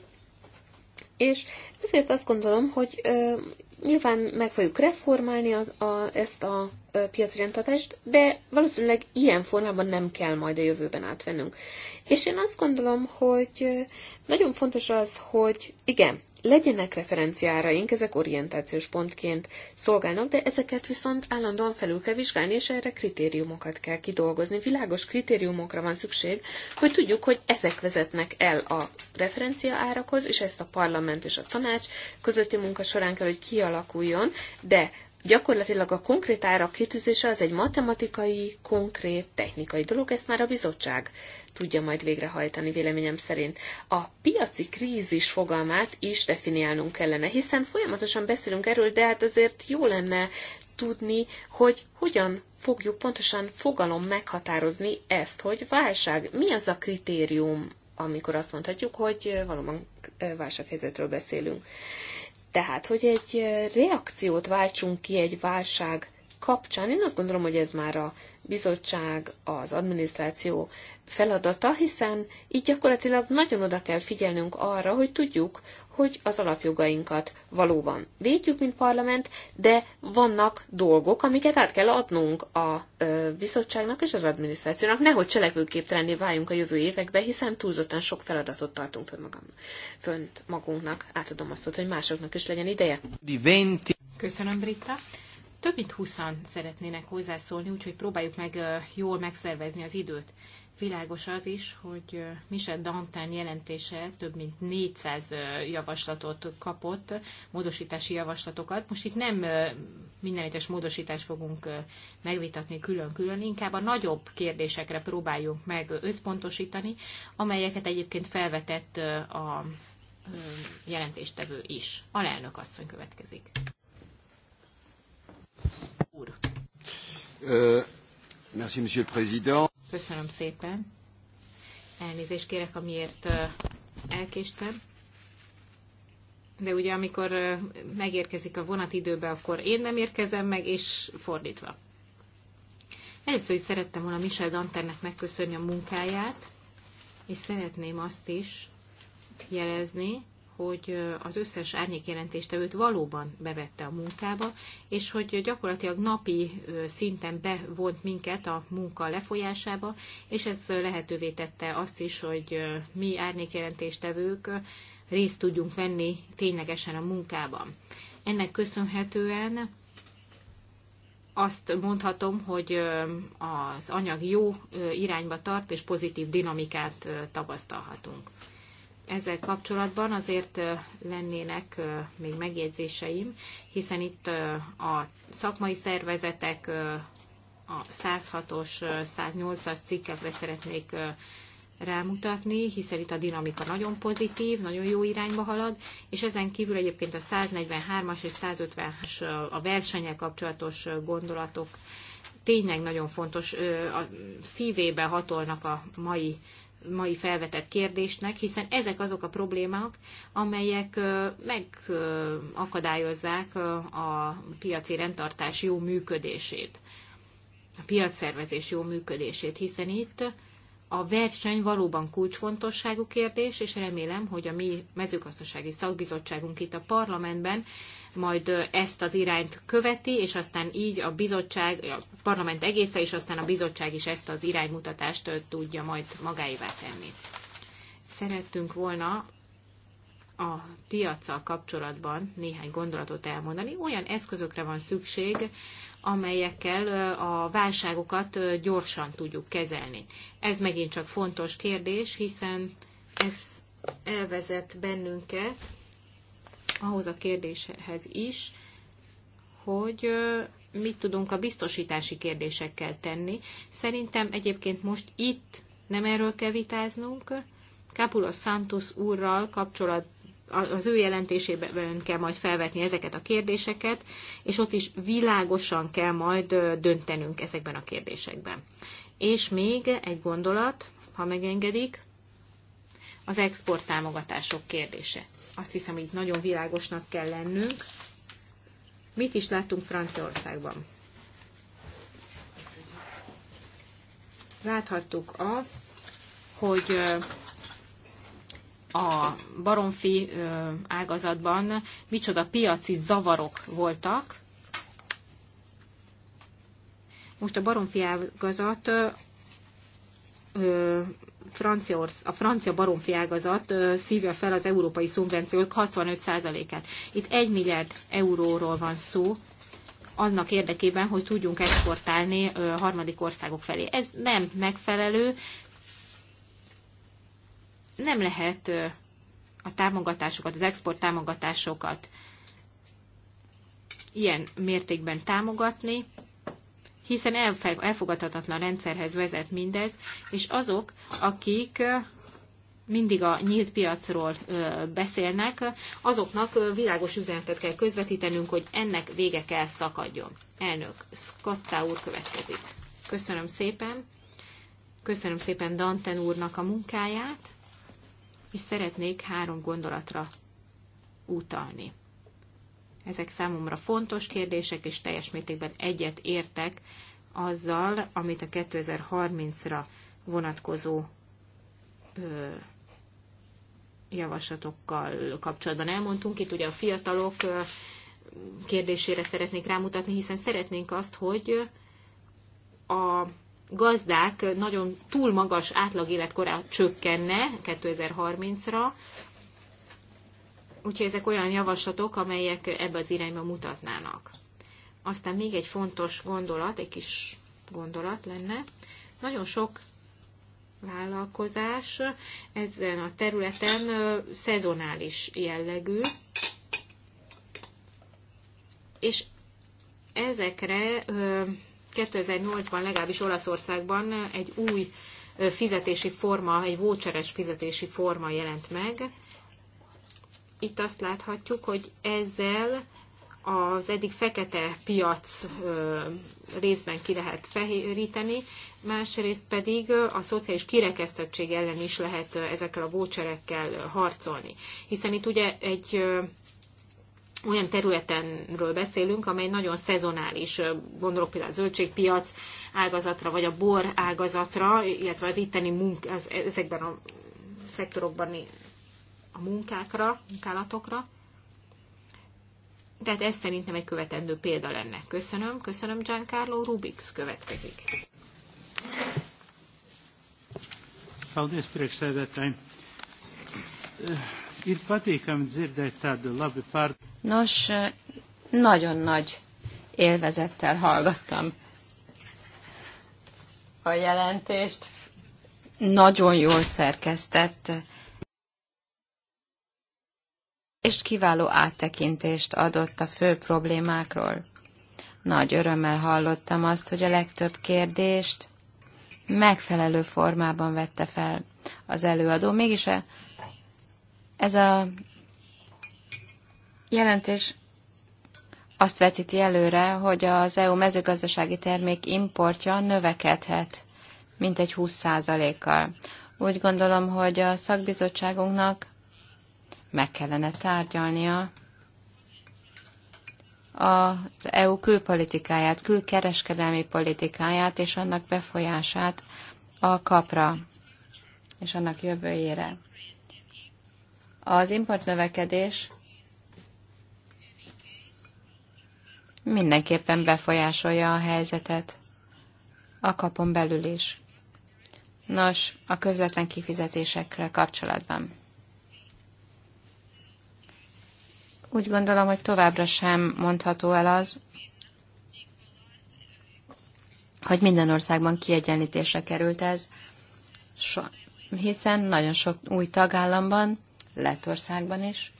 és ezért azt gondolom, hogy ö, nyilván meg fogjuk reformálni a, a, ezt a piaciránytatást, de valószínűleg ilyen formában nem kell majd a jövőben átvennünk. És én azt gondolom, hogy nagyon fontos az, hogy igen, legyenek referenciáraink, ezek orientációs pontként szolgálnak, de ezeket viszont állandóan felül kell vizsgálni, és erre kritériumokat kell kidolgozni. Világos kritériumokra van szükség, hogy tudjuk, hogy ezek vezetnek el a referencia árakhoz, és ezt a parlament és a tanács közötti munka során kell, hogy kialakuljon, de gyakorlatilag a konkrét árak kitűzése az egy matematikai, konkrét, technikai dolog, ezt már a bizottság tudja majd végrehajtani véleményem szerint. A piaci krízis fogalmát is definiálnunk kellene, hiszen folyamatosan beszélünk erről, de hát azért jó lenne tudni, hogy hogyan fogjuk pontosan fogalom meghatározni ezt, hogy válság, mi az a kritérium, amikor azt mondhatjuk, hogy valóban válsághelyzetről beszélünk. Tehát, hogy egy reakciót váltsunk ki egy válság kapcsán én azt gondolom, hogy ez már a bizottság, az adminisztráció feladata, hiszen így gyakorlatilag nagyon oda kell figyelnünk arra, hogy tudjuk, hogy az alapjogainkat valóban védjük, mint parlament, de vannak dolgok, amiket át kell adnunk a bizottságnak és az adminisztrációnak, nehogy cselekvőképtelenné váljunk a jövő évekbe, hiszen túlzottan sok feladatot tartunk fönn, magam, fönt magunknak. Átadom azt, hogy másoknak is legyen ideje. Köszönöm, Britta. Több mint 20 szeretnének hozzászólni, úgyhogy próbáljuk meg jól megszervezni az időt. Világos az is, hogy Michel Dantán jelentése több mint 400 javaslatot kapott, módosítási javaslatokat. Most itt nem minden egyes módosítást fogunk megvitatni külön-külön, inkább a nagyobb kérdésekre próbáljunk meg összpontosítani, amelyeket egyébként felvetett a jelentéstevő is. Alelnök asszony következik. Euh, merci, Monsieur le Président. Köszönöm szépen. Elnézést kérek, amiért elkéstem. De ugye, amikor megérkezik a vonat időbe, akkor én nem érkezem meg, és fordítva. Először is szerettem volna Michel Danternek megköszönni a munkáját, és szeretném azt is jelezni, hogy az összes árnyékjelentéstevőt valóban bevette a munkába, és hogy gyakorlatilag napi szinten bevont minket a munka lefolyásába, és ez lehetővé tette azt is, hogy mi árnyékjelentéstevők részt tudjunk venni ténylegesen a munkában. Ennek köszönhetően azt mondhatom, hogy az anyag jó irányba tart, és pozitív dinamikát tapasztalhatunk ezzel kapcsolatban azért lennének még megjegyzéseim, hiszen itt a szakmai szervezetek a 106-os, 108-as cikkekre szeretnék rámutatni, hiszen itt a dinamika nagyon pozitív, nagyon jó irányba halad, és ezen kívül egyébként a 143-as és 150-as a versenyek kapcsolatos gondolatok tényleg nagyon fontos, a szívébe hatolnak a mai mai felvetett kérdésnek, hiszen ezek azok a problémák, amelyek megakadályozzák a piaci rendtartás jó működését, a piacszervezés jó működését, hiszen itt a verseny valóban kulcsfontosságú kérdés, és remélem, hogy a mi mezőgazdasági szakbizottságunk itt a parlamentben majd ezt az irányt követi, és aztán így a bizottság, a parlament egésze, és aztán a bizottság is ezt az iránymutatást tudja majd magáévá tenni. Szerettünk volna a piaccal kapcsolatban néhány gondolatot elmondani. Olyan eszközökre van szükség, amelyekkel a válságokat gyorsan tudjuk kezelni. Ez megint csak fontos kérdés, hiszen ez elvezet bennünket ahhoz a kérdéshez is, hogy mit tudunk a biztosítási kérdésekkel tenni. Szerintem egyébként most itt nem erről kell vitáznunk. Capulos Santos úrral kapcsolat az ő jelentésében kell majd felvetni ezeket a kérdéseket, és ott is világosan kell majd döntenünk ezekben a kérdésekben. És még egy gondolat, ha megengedik, az export támogatások kérdése. Azt hiszem, hogy itt nagyon világosnak kell lennünk. Mit is láttunk Franciaországban? Láthattuk azt, hogy a baromfi ágazatban micsoda piaci zavarok voltak. Most a baromfi ágazat a francia baromfi ágazat szívja fel az európai szubvenciók 65%-át. Itt 1 milliárd euróról van szó, annak érdekében, hogy tudjunk exportálni harmadik országok felé. Ez nem megfelelő, nem lehet a támogatásokat, az export támogatásokat ilyen mértékben támogatni, hiszen elfogadhatatlan rendszerhez vezet mindez, és azok, akik mindig a nyílt piacról beszélnek, azoknak világos üzenetet kell közvetítenünk, hogy ennek vége kell szakadjon. Elnök Scottá úr következik. Köszönöm szépen. Köszönöm szépen Danten úrnak a munkáját és szeretnék három gondolatra utalni. Ezek számomra fontos kérdések, és teljes mértékben egyet értek azzal, amit a 2030-ra vonatkozó ö, javaslatokkal kapcsolatban elmondtunk. Itt ugye a fiatalok ö, kérdésére szeretnék rámutatni, hiszen szeretnénk azt, hogy a gazdák nagyon túl magas átlag életkorá csökkenne 2030-ra, úgyhogy ezek olyan javaslatok, amelyek ebbe az irányba mutatnának. Aztán még egy fontos gondolat, egy kis gondolat lenne. Nagyon sok vállalkozás ezen a területen szezonális jellegű, és ezekre 2008-ban legalábbis Olaszországban egy új fizetési forma, egy voucheres fizetési forma jelent meg. Itt azt láthatjuk, hogy ezzel az eddig fekete piac részben ki lehet fehéríteni, másrészt pedig a szociális kirekesztettség ellen is lehet ezekkel a voucherekkel harcolni. Hiszen itt ugye egy olyan területenről beszélünk, amely nagyon szezonális, gondolok például a zöldségpiac ágazatra, vagy a bor ágazatra, illetve az itteni munk, az, e-, ezekben a szektorokban a munkákra, munkálatokra. Tehát ez szerintem egy követendő példa lenne. Köszönöm, köszönöm Giancarlo Rubix következik. Frau Desprék, szeretettel. Nos, nagyon nagy élvezettel hallgattam a jelentést. Nagyon jól szerkesztett, és kiváló áttekintést adott a fő problémákról. Nagy örömmel hallottam azt, hogy a legtöbb kérdést megfelelő formában vette fel az előadó. Mégis a ez a jelentés azt vetíti előre, hogy az EU mezőgazdasági termék importja növekedhet mintegy 20%-kal. Úgy gondolom, hogy a szakbizottságunknak meg kellene tárgyalnia az EU külpolitikáját, külkereskedelmi politikáját és annak befolyását a kapra és annak jövőjére. Az importnövekedés mindenképpen befolyásolja a helyzetet, a kapon belül is. Nos, a közvetlen kifizetésekre kapcsolatban. Úgy gondolom, hogy továbbra sem mondható el az, hogy minden országban kiegyenlítésre került ez, so, hiszen nagyon sok új tagállamban Lettországban is.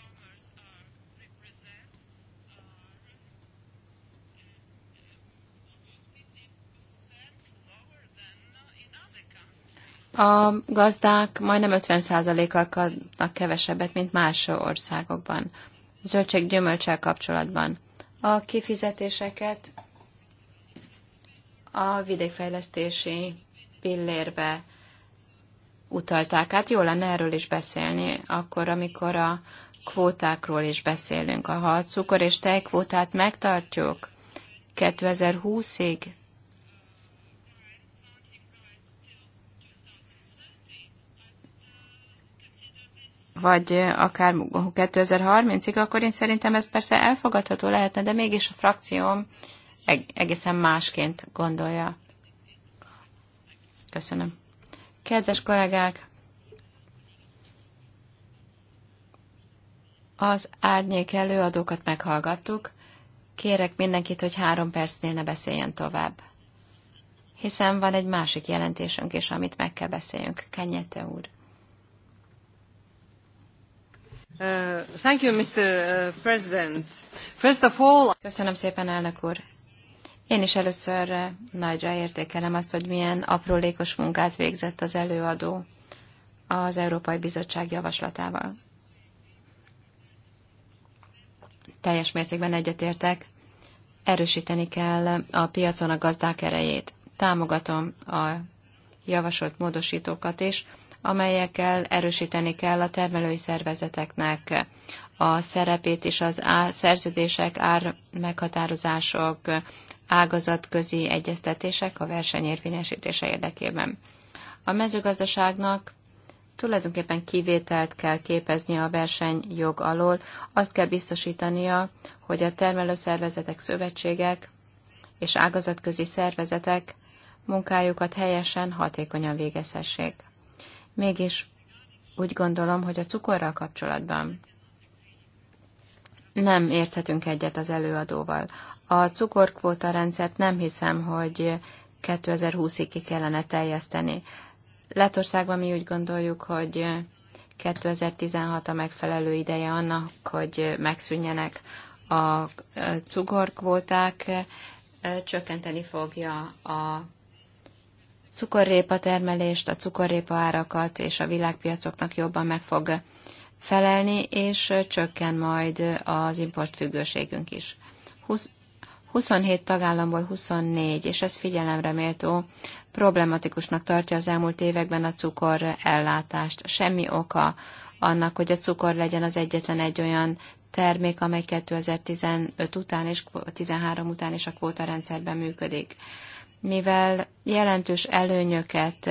A gazdák majdnem 50%-kal kapnak kevesebbet, mint más országokban. Zöldség gyümölcsel kapcsolatban. A kifizetéseket a vidékfejlesztési pillérbe utalták át. Jó lenne erről is beszélni, akkor, amikor a kvótákról is beszélünk. Ha a cukor és tejkvótát megtartjuk 2020-ig, vagy akár 2030-ig, akkor én szerintem ez persze elfogadható lehetne, de mégis a frakcióm egészen másként gondolja. Köszönöm. Kedves kollégák, az árnyék előadókat meghallgattuk. Kérek mindenkit, hogy három percnél ne beszéljen tovább. Hiszen van egy másik jelentésünk is, amit meg kell beszéljünk. Kenyete úr. Uh, thank you, Mr. Uh, president. First of all... Köszönöm szépen, elnök úr. Én is először nagyra értékelem azt, hogy milyen aprólékos munkát végzett az előadó az Európai Bizottság javaslatával. Teljes mértékben egyetértek, erősíteni kell a piacon a gazdák erejét. Támogatom a javasolt módosítókat is, amelyekkel erősíteni kell a termelői szervezeteknek a szerepét és az á, szerződések, ár meghatározások, ágazatközi egyeztetések a verseny érvényesítése érdekében. A mezőgazdaságnak tulajdonképpen kivételt kell képezni a versenyjog alól, azt kell biztosítania, hogy a termelőszervezetek, szövetségek és ágazatközi szervezetek munkájukat helyesen, hatékonyan végezhessék. Mégis úgy gondolom, hogy a cukorral kapcsolatban nem érthetünk egyet az előadóval. A cukorkvóta rendszert nem hiszem, hogy 2020-ig ki kellene teljeszteni. Lettországban mi úgy gondoljuk, hogy 2016 a megfelelő ideje annak, hogy megszűnjenek a cukorkvóták, csökkenteni fogja a cukorrépa termelést, a cukorrépa árakat, és a világpiacoknak jobban meg fog felelni, és csökken majd az importfüggőségünk is. 20, 27 tagállamból 24, és ez figyelemre méltó, problematikusnak tartja az elmúlt években a cukor ellátást. Semmi oka annak, hogy a cukor legyen az egyetlen egy olyan termék, amely 2015 után és 13 után is a rendszerben működik. Mivel jelentős előnyöket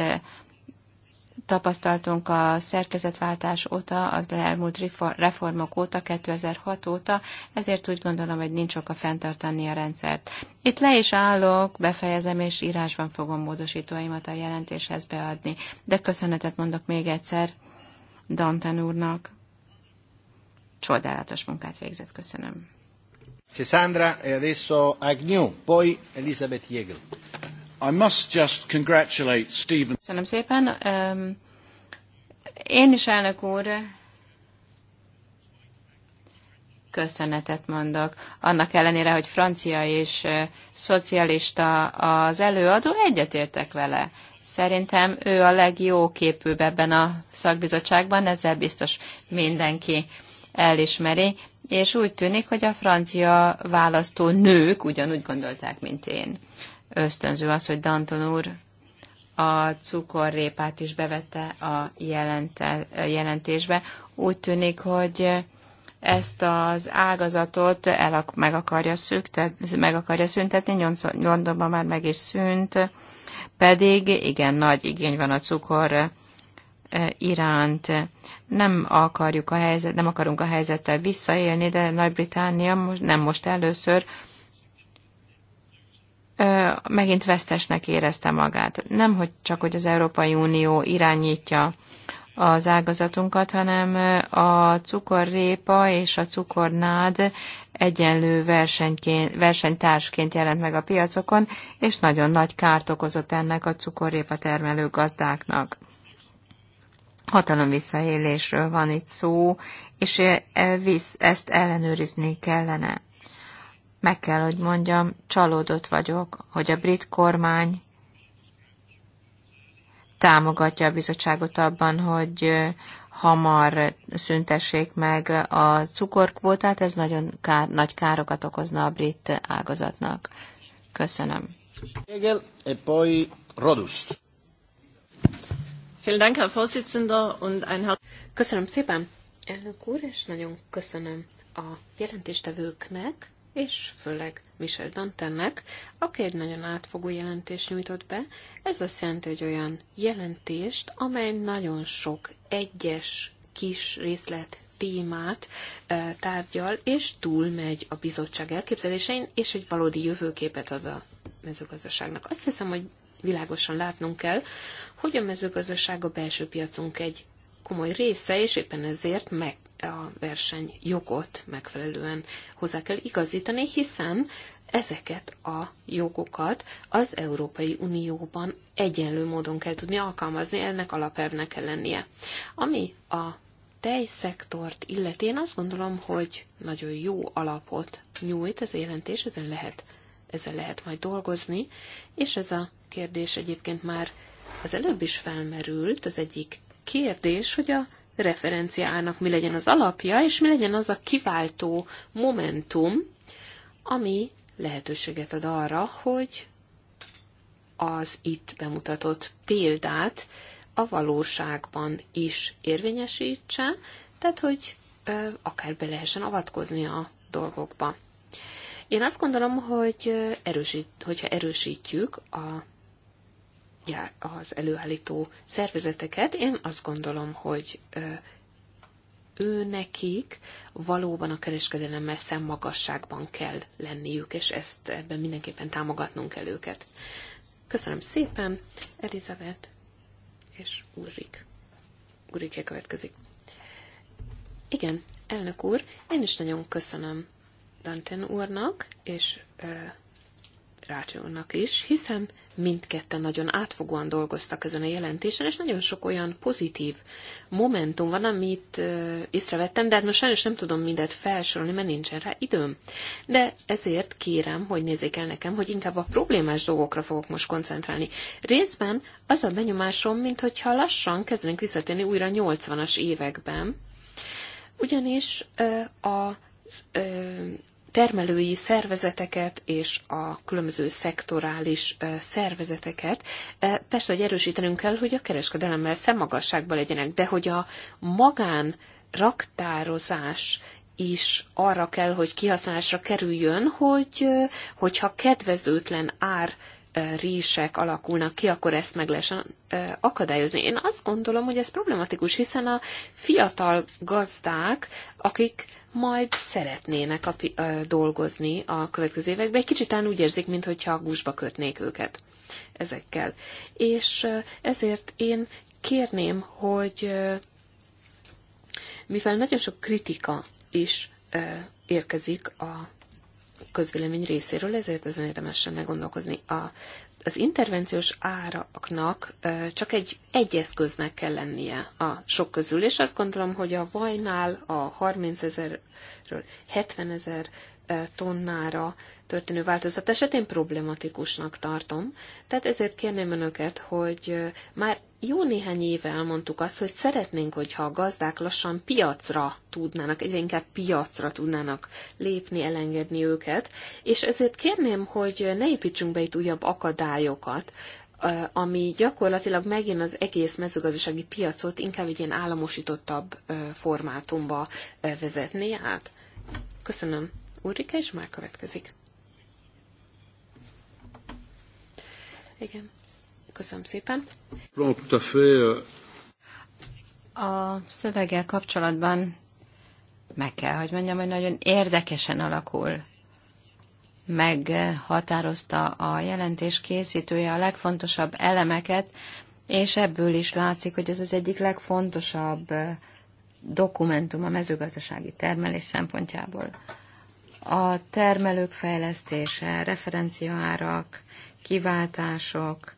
tapasztaltunk a szerkezetváltás óta, az elmúlt reformok óta, 2006 óta, ezért úgy gondolom, hogy nincs oka fenntartani a rendszert. Itt le is állok, befejezem, és írásban fogom módosítóimat a jelentéshez beadni. De köszönetet mondok még egyszer Dantan úrnak. Csodálatos munkát végzett, köszönöm. Sandra, e adesso Agnew, poi Elizabeth Jägel. I must just congratulate Stephen. Köszönöm szépen. Um, én is, elnök úr, köszönetet mondok. Annak ellenére, hogy francia és szocialista az előadó, egyetértek vele. Szerintem ő a legjó képűbb ebben a szakbizottságban, ezzel biztos mindenki elismeri, és úgy tűnik, hogy a francia választó nők ugyanúgy gondolták, mint én ösztönző az, hogy Danton úr a cukorrépát is bevette a jelente, jelentésbe. Úgy tűnik, hogy ezt az ágazatot el, meg, akarja szüktet, meg akarja szüntetni, Londonban már meg is szűnt, pedig igen, nagy igény van a cukor e, iránt. Nem akarjuk a helyzet, nem akarunk a helyzettel visszaélni, de Nagy-Britannia most, nem most először megint vesztesnek érezte magát. Nem hogy csak, hogy az Európai Unió irányítja az ágazatunkat, hanem a cukorrépa és a cukornád egyenlő versenytársként jelent meg a piacokon, és nagyon nagy kárt okozott ennek a cukorrépa termelő gazdáknak. Hatalom visszaélésről van itt szó, és ezt ellenőrizni kellene meg kell, hogy mondjam, csalódott vagyok, hogy a brit kormány támogatja a bizottságot abban, hogy hamar szüntessék meg a cukorkvótát, ez nagyon kár, nagy károkat okozna a brit ágazatnak. Köszönöm. Egel, e poi Rodust. Köszönöm szépen, elnök úr, és nagyon köszönöm a jelentéstevőknek és főleg Michel Dantennek, aki egy nagyon átfogó jelentést nyújtott be. Ez azt jelenti, hogy olyan jelentést, amely nagyon sok egyes kis részlet témát tárgyal, és túlmegy a bizottság elképzelésein, és egy valódi jövőképet ad a mezőgazdaságnak. Azt hiszem, hogy világosan látnunk kell, hogy a mezőgazdaság a belső piacunk egy komoly része, és éppen ezért meg a versenyjogot megfelelően hozzá kell igazítani, hiszen ezeket a jogokat az Európai Unióban egyenlő módon kell tudni alkalmazni, ennek alapelvnek kell lennie. Ami a tejszektort illeti, én azt gondolom, hogy nagyon jó alapot nyújt ez a jelentés, ezen lehet, ezen lehet majd dolgozni, és ez a kérdés egyébként már az előbb is felmerült, az egyik kérdés, hogy a referenciának mi legyen az alapja, és mi legyen az a kiváltó momentum, ami lehetőséget ad arra, hogy az itt bemutatott példát a valóságban is érvényesítse, tehát hogy ö, akár be lehessen avatkozni a dolgokba. Én azt gondolom, hogy erősít, hogyha erősítjük a az előállító szervezeteket. Én azt gondolom, hogy ő nekik valóban a kereskedelem messze magasságban kell lenniük, és ezt ebben mindenképpen támogatnunk kell őket. Köszönöm szépen, Elizabeth és Urrik. Ulrike következik. Igen, elnök úr, én is nagyon köszönöm Danten úrnak, és Rácsónak is, hiszen mindketten nagyon átfogóan dolgoztak ezen a jelentésen, és nagyon sok olyan pozitív momentum van, amit ö, észrevettem, de hát most sajnos nem tudom mindet felsorolni, mert nincsen rá időm. De ezért kérem, hogy nézzék el nekem, hogy inkább a problémás dolgokra fogok most koncentrálni. Részben az a benyomásom, mintha lassan kezdenek visszatérni újra 80-as években, ugyanis ö, a ö, termelői szervezeteket és a különböző szektorális szervezeteket. Persze, hogy erősítenünk kell, hogy a kereskedelemmel szemmagasságban legyenek, de hogy a magán raktározás is arra kell, hogy kihasználásra kerüljön, hogy hogyha kedvezőtlen ár rések alakulnak ki, akkor ezt meg lehessen akadályozni. Én azt gondolom, hogy ez problematikus, hiszen a fiatal gazdák, akik majd szeretnének a, dolgozni a következő években, egy kicsit úgy érzik, mintha a gusba kötnék őket ezekkel. És ezért én kérném, hogy mivel nagyon sok kritika is érkezik a közvélemény részéről, ezért ezen érdemes lenne gondolkozni. A, az intervenciós áraknak csak egy, egy eszköznek kell lennie a sok közül, és azt gondolom, hogy a vajnál a 30 ezerről 70 ezer tonnára történő változat esetén problematikusnak tartom. Tehát ezért kérném önöket, hogy már jó néhány éve elmondtuk azt, hogy szeretnénk, hogyha a gazdák lassan piacra tudnának, egyre inkább piacra tudnának lépni, elengedni őket, és ezért kérném, hogy ne építsünk be itt újabb akadályokat, ami gyakorlatilag megint az egész mezőgazdasági piacot inkább egy ilyen államosítottabb formátumba vezetné át. Köszönöm. Ulrika, és már következik. Igen. Köszönöm szépen. Euh, a szöveggel kapcsolatban meg kell, hogy mondjam, hogy nagyon érdekesen alakul. Meghatározta a jelentés készítője a legfontosabb elemeket, és ebből is látszik, hogy ez az egyik legfontosabb dokumentum a mezőgazdasági termelés szempontjából a termelők fejlesztése, referenciaárak, kiváltások,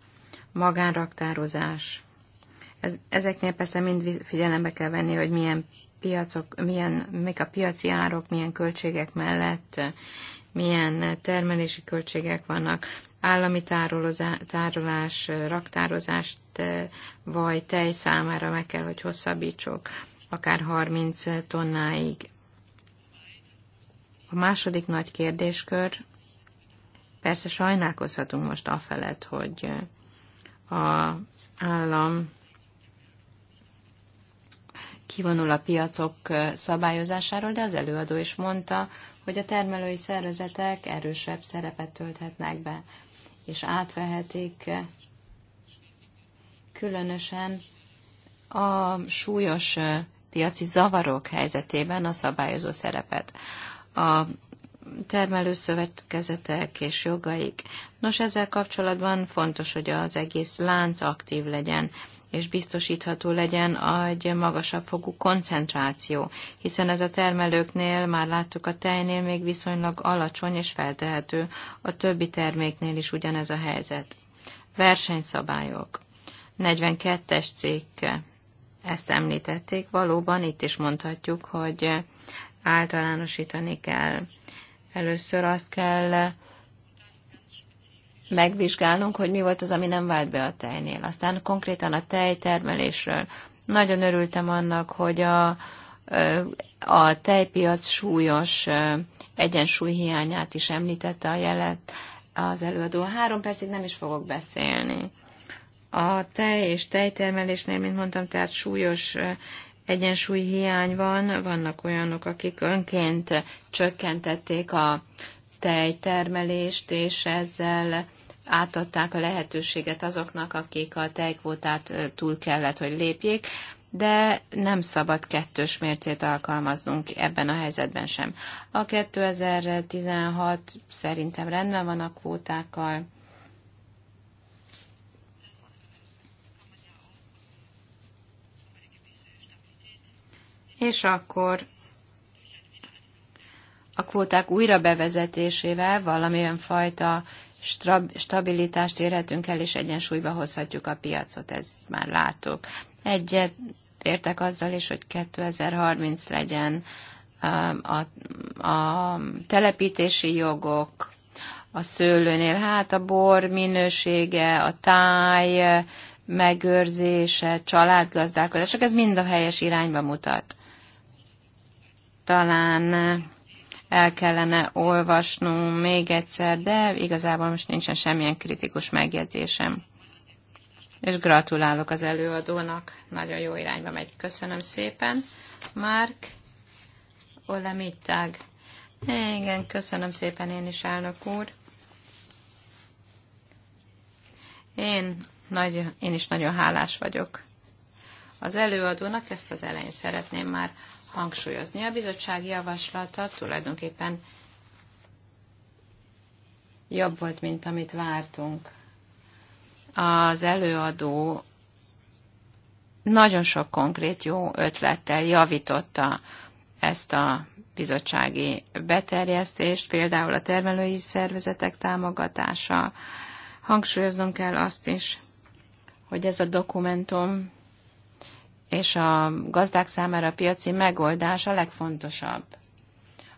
magánraktározás. Ez, ezeknél persze mind figyelembe kell venni, hogy milyen piacok, milyen, mik a piaci árok, milyen költségek mellett, milyen termelési költségek vannak, állami tárolás, raktározást eh, vagy tej számára meg kell, hogy hosszabbítsuk, akár 30 tonnáig a második nagy kérdéskör, persze sajnálkozhatunk most afelett, hogy az állam kivonul a piacok szabályozásáról, de az előadó is mondta, hogy a termelői szervezetek erősebb szerepet tölthetnek be, és átvehetik különösen a súlyos piaci zavarok helyzetében a szabályozó szerepet a termelőszövetkezetek és jogaik. Nos, ezzel kapcsolatban fontos, hogy az egész lánc aktív legyen, és biztosítható legyen egy magasabb fogú koncentráció, hiszen ez a termelőknél, már láttuk a tejnél, még viszonylag alacsony és feltehető, a többi terméknél is ugyanez a helyzet. Versenyszabályok. 42-es cikk. Ezt említették, valóban itt is mondhatjuk, hogy általánosítani kell. Először azt kell megvizsgálnunk, hogy mi volt az, ami nem vált be a tejnél. Aztán konkrétan a tejtermelésről. Nagyon örültem annak, hogy a, a tejpiac súlyos egyensúlyhiányát is említette a jelet az előadó. Három percig nem is fogok beszélni. A tej és tejtermelésnél, mint mondtam, tehát súlyos egyensúly hiány van, vannak olyanok, akik önként csökkentették a tejtermelést, és ezzel átadták a lehetőséget azoknak, akik a tejkvótát túl kellett, hogy lépjék, de nem szabad kettős mércét alkalmaznunk ebben a helyzetben sem. A 2016 szerintem rendben van a kvótákkal, és akkor a kvóták újra bevezetésével valamilyen fajta stabilitást érhetünk el, és egyensúlyba hozhatjuk a piacot, ezt már látok. Egyet értek azzal is, hogy 2030 legyen um, a, a telepítési jogok, a szőlőnél, hát a bor minősége, a táj megőrzése, családgazdálkodások, ez mind a helyes irányba mutat talán el kellene olvasnunk még egyszer, de igazából most nincsen semmilyen kritikus megjegyzésem. És gratulálok az előadónak, nagyon jó irányba megy. Köszönöm szépen. Márk, Ole Mittag. Igen, köszönöm szépen én is, elnök úr. Én, nagy, én is nagyon hálás vagyok az előadónak, ezt az elején szeretném már hangsúlyozni. A bizottság javaslata tulajdonképpen jobb volt, mint amit vártunk. Az előadó nagyon sok konkrét jó ötlettel javította ezt a bizottsági beterjesztést, például a termelői szervezetek támogatása. Hangsúlyoznom kell azt is, hogy ez a dokumentum és a gazdák számára a piaci megoldás a legfontosabb.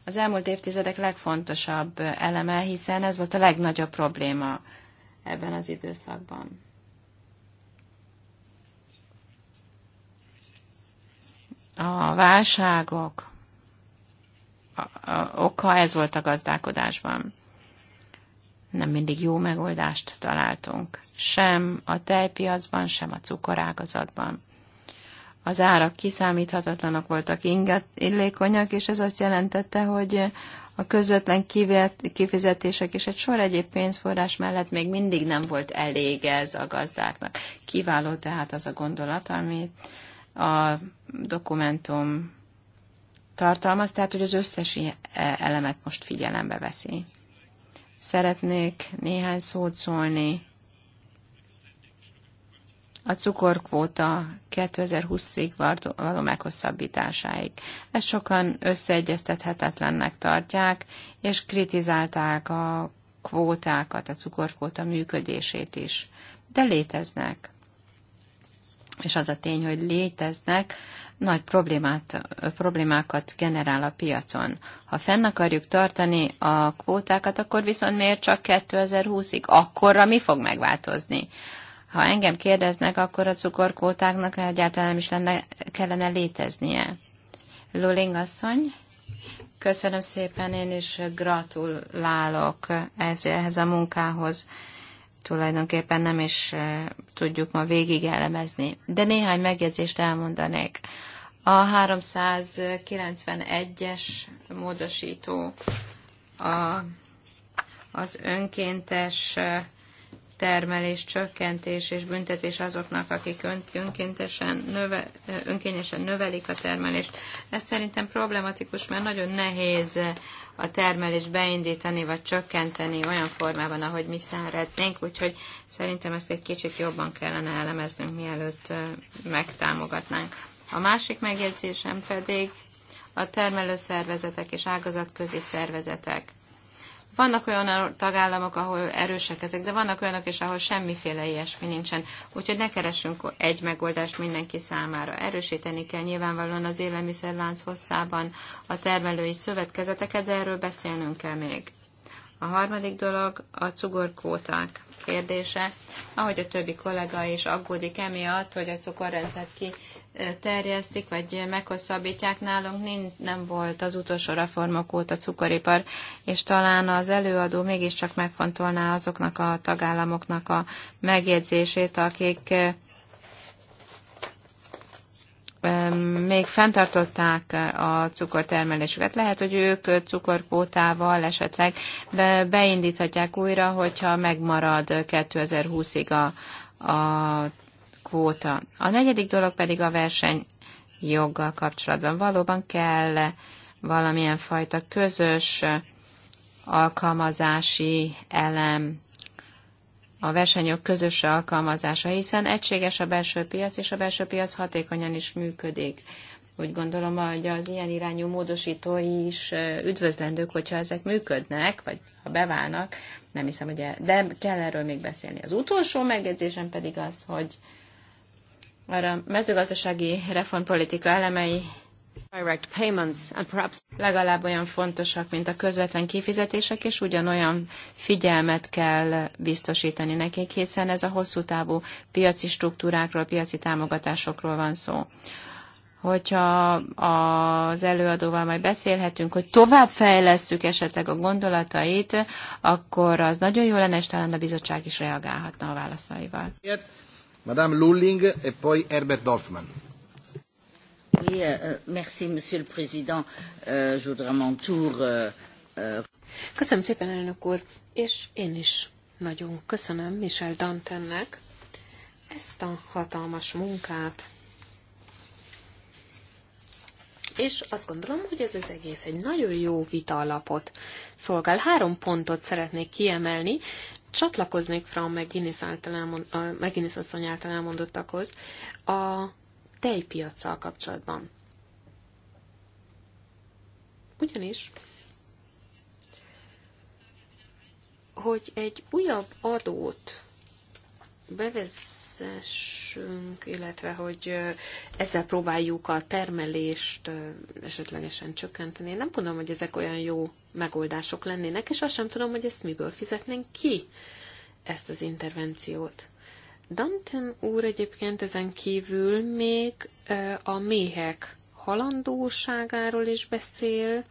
Az elmúlt évtizedek legfontosabb eleme, hiszen ez volt a legnagyobb probléma ebben az időszakban. A válságok a, a, oka ez volt a gazdálkodásban. Nem mindig jó megoldást találtunk, sem a tejpiacban, sem a cukorágazatban az árak kiszámíthatatlanak voltak, inget, illékonyak, és ez azt jelentette, hogy a közvetlen kifizetések és egy sor egyéb pénzforrás mellett még mindig nem volt elég ez a gazdáknak. Kiváló tehát az a gondolat, amit a dokumentum tartalmaz, tehát hogy az összes e- elemet most figyelembe veszi. Szeretnék néhány szót szólni a cukorkvóta 2020-ig való meghosszabbításáig. Ezt sokan összeegyeztethetetlennek tartják, és kritizálták a kvótákat, a cukorkvóta működését is. De léteznek. És az a tény, hogy léteznek, nagy problémát, problémákat generál a piacon. Ha fenn akarjuk tartani a kvótákat, akkor viszont miért csak 2020-ig? Akkorra mi fog megváltozni? Ha engem kérdeznek, akkor a cukorkótáknak egyáltalán nem is lenne, kellene léteznie. Luling asszony, köszönöm szépen, én is gratulálok ehhez a munkához. Tulajdonképpen nem is eh, tudjuk ma végig elemezni. De néhány megjegyzést elmondanék. A 391-es módosító a, az önkéntes eh, termelés, csökkentés és büntetés azoknak, akik önkéntesen növe, önkényesen növelik a termelést. Ez szerintem problematikus, mert nagyon nehéz a termelést beindítani vagy csökkenteni olyan formában, ahogy mi szeretnénk, úgyhogy szerintem ezt egy kicsit jobban kellene elemeznünk, mielőtt megtámogatnánk. A másik megjegyzésem pedig a termelőszervezetek és ágazatközi szervezetek vannak olyan tagállamok, ahol erősek ezek, de vannak olyanok is, ahol semmiféle ilyesmi nincsen. Úgyhogy ne keressünk egy megoldást mindenki számára. Erősíteni kell nyilvánvalóan az élelmiszerlánc hosszában a termelői szövetkezeteket, de erről beszélnünk kell még. A harmadik dolog a cukorkóták kérdése. Ahogy a többi kollega is aggódik emiatt, hogy a cukorrendszert ki terjesztik, vagy meghosszabbítják nálunk, nem volt az utolsó reformok óta cukoripar, és talán az előadó mégiscsak megfontolná azoknak a tagállamoknak a megjegyzését, akik még fenntartották a cukortermelésüket. Lehet, hogy ők cukorpótával esetleg beindíthatják újra, hogyha megmarad 2020-ig a, a kvóta. A negyedik dolog pedig a verseny joggal kapcsolatban. Valóban kell valamilyen fajta közös alkalmazási elem, a versenyok közös alkalmazása, hiszen egységes a belső piac, és a belső piac hatékonyan is működik. Úgy gondolom, hogy az ilyen irányú módosítói is üdvözlendők, hogyha ezek működnek, vagy ha beválnak, nem hiszem, hogy el, de kell erről még beszélni. Az utolsó megjegyzésem pedig az, hogy arra a mezőgazdasági reformpolitika elemei legalább olyan fontosak, mint a közvetlen kifizetések, és ugyanolyan figyelmet kell biztosítani nekik, hiszen ez a hosszú távú piaci struktúrákról, piaci támogatásokról van szó. Hogyha az előadóval majd beszélhetünk, hogy tovább fejlesztjük esetleg a gondolatait, akkor az nagyon jó lenne, és talán a bizottság is reagálhatna a válaszaival. Madame Lulling Herbert Dorfman. Oui, euh, euh, merci, Monsieur le Président. Euh, je voudrais mon tour... Euh, euh... Köszönöm szépen, elnök úr, és én is nagyon köszönöm Michel Dantennek ezt a hatalmas munkát. És azt gondolom, hogy ez az egész egy nagyon jó vita alapot szolgál. Három pontot szeretnék kiemelni, csatlakoznék Frau McGinnis, asszony által elmondottakhoz a tejpiacsal kapcsolatban. Ugyanis, hogy egy újabb adót bevezess keresünk, illetve hogy ezzel próbáljuk a termelést esetlegesen csökkenteni. Én nem gondolom, hogy ezek olyan jó megoldások lennének, és azt sem tudom, hogy ezt miből fizetnénk ki, ezt az intervenciót. Danten úr egyébként ezen kívül még a méhek halandóságáról is beszél,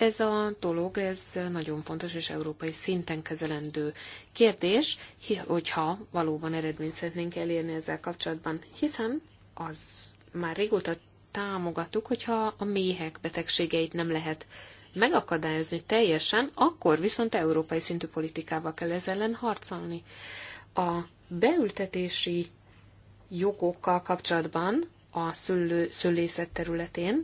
ez a dolog, ez nagyon fontos és európai szinten kezelendő kérdés, hogyha valóban eredményt szeretnénk elérni ezzel kapcsolatban, hiszen az már régóta támogattuk, hogyha a méhek betegségeit nem lehet megakadályozni teljesen, akkor viszont európai szintű politikával kell ezzel ellen harcolni. A beültetési jogokkal kapcsolatban a szülő, szülészet területén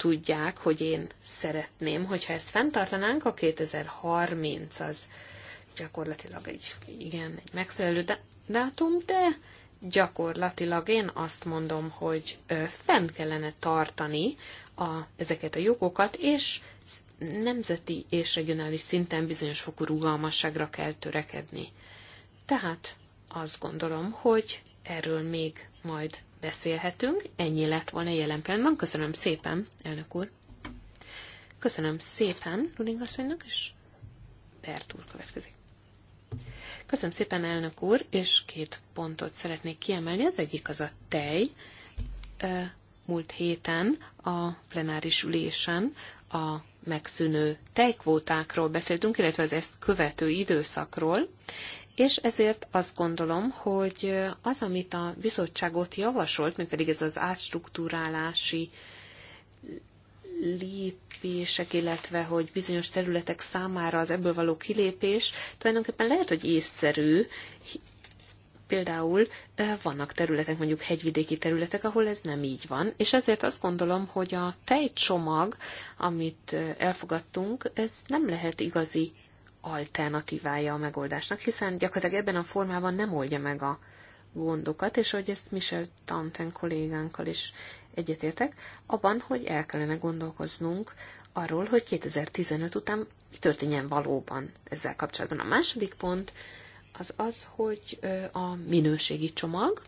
tudják, hogy én szeretném, hogyha ezt fenntartanánk, a 2030 az gyakorlatilag egy, igen, egy megfelelő dátum, de gyakorlatilag én azt mondom, hogy fenn kellene tartani a, ezeket a jogokat, és nemzeti és regionális szinten bizonyos fokú rugalmasságra kell törekedni. Tehát azt gondolom, hogy erről még majd beszélhetünk. Ennyi lett volna jelen pillanatban. Köszönöm szépen, elnök úr. Köszönöm szépen Ruding asszonynak, és Bert úr következik. Köszönöm szépen, elnök úr, és két pontot szeretnék kiemelni. Az egyik az a tej. Múlt héten a plenáris ülésen a megszűnő tejkvótákról beszéltünk, illetve az ezt követő időszakról, és ezért azt gondolom, hogy az, amit a bizottság ott javasolt, még pedig ez az átstruktúrálási lépések, illetve hogy bizonyos területek számára az ebből való kilépés tulajdonképpen lehet, hogy észszerű, például vannak területek, mondjuk hegyvidéki területek, ahol ez nem így van, és ezért azt gondolom, hogy a tejcsomag, amit elfogadtunk, ez nem lehet igazi alternatívája a megoldásnak, hiszen gyakorlatilag ebben a formában nem oldja meg a gondokat, és hogy ezt Michel Tanten kollégánkkal is egyetértek, abban, hogy el kellene gondolkoznunk arról, hogy 2015 után mi történjen valóban ezzel kapcsolatban. A második pont az az, hogy a minőségi csomag,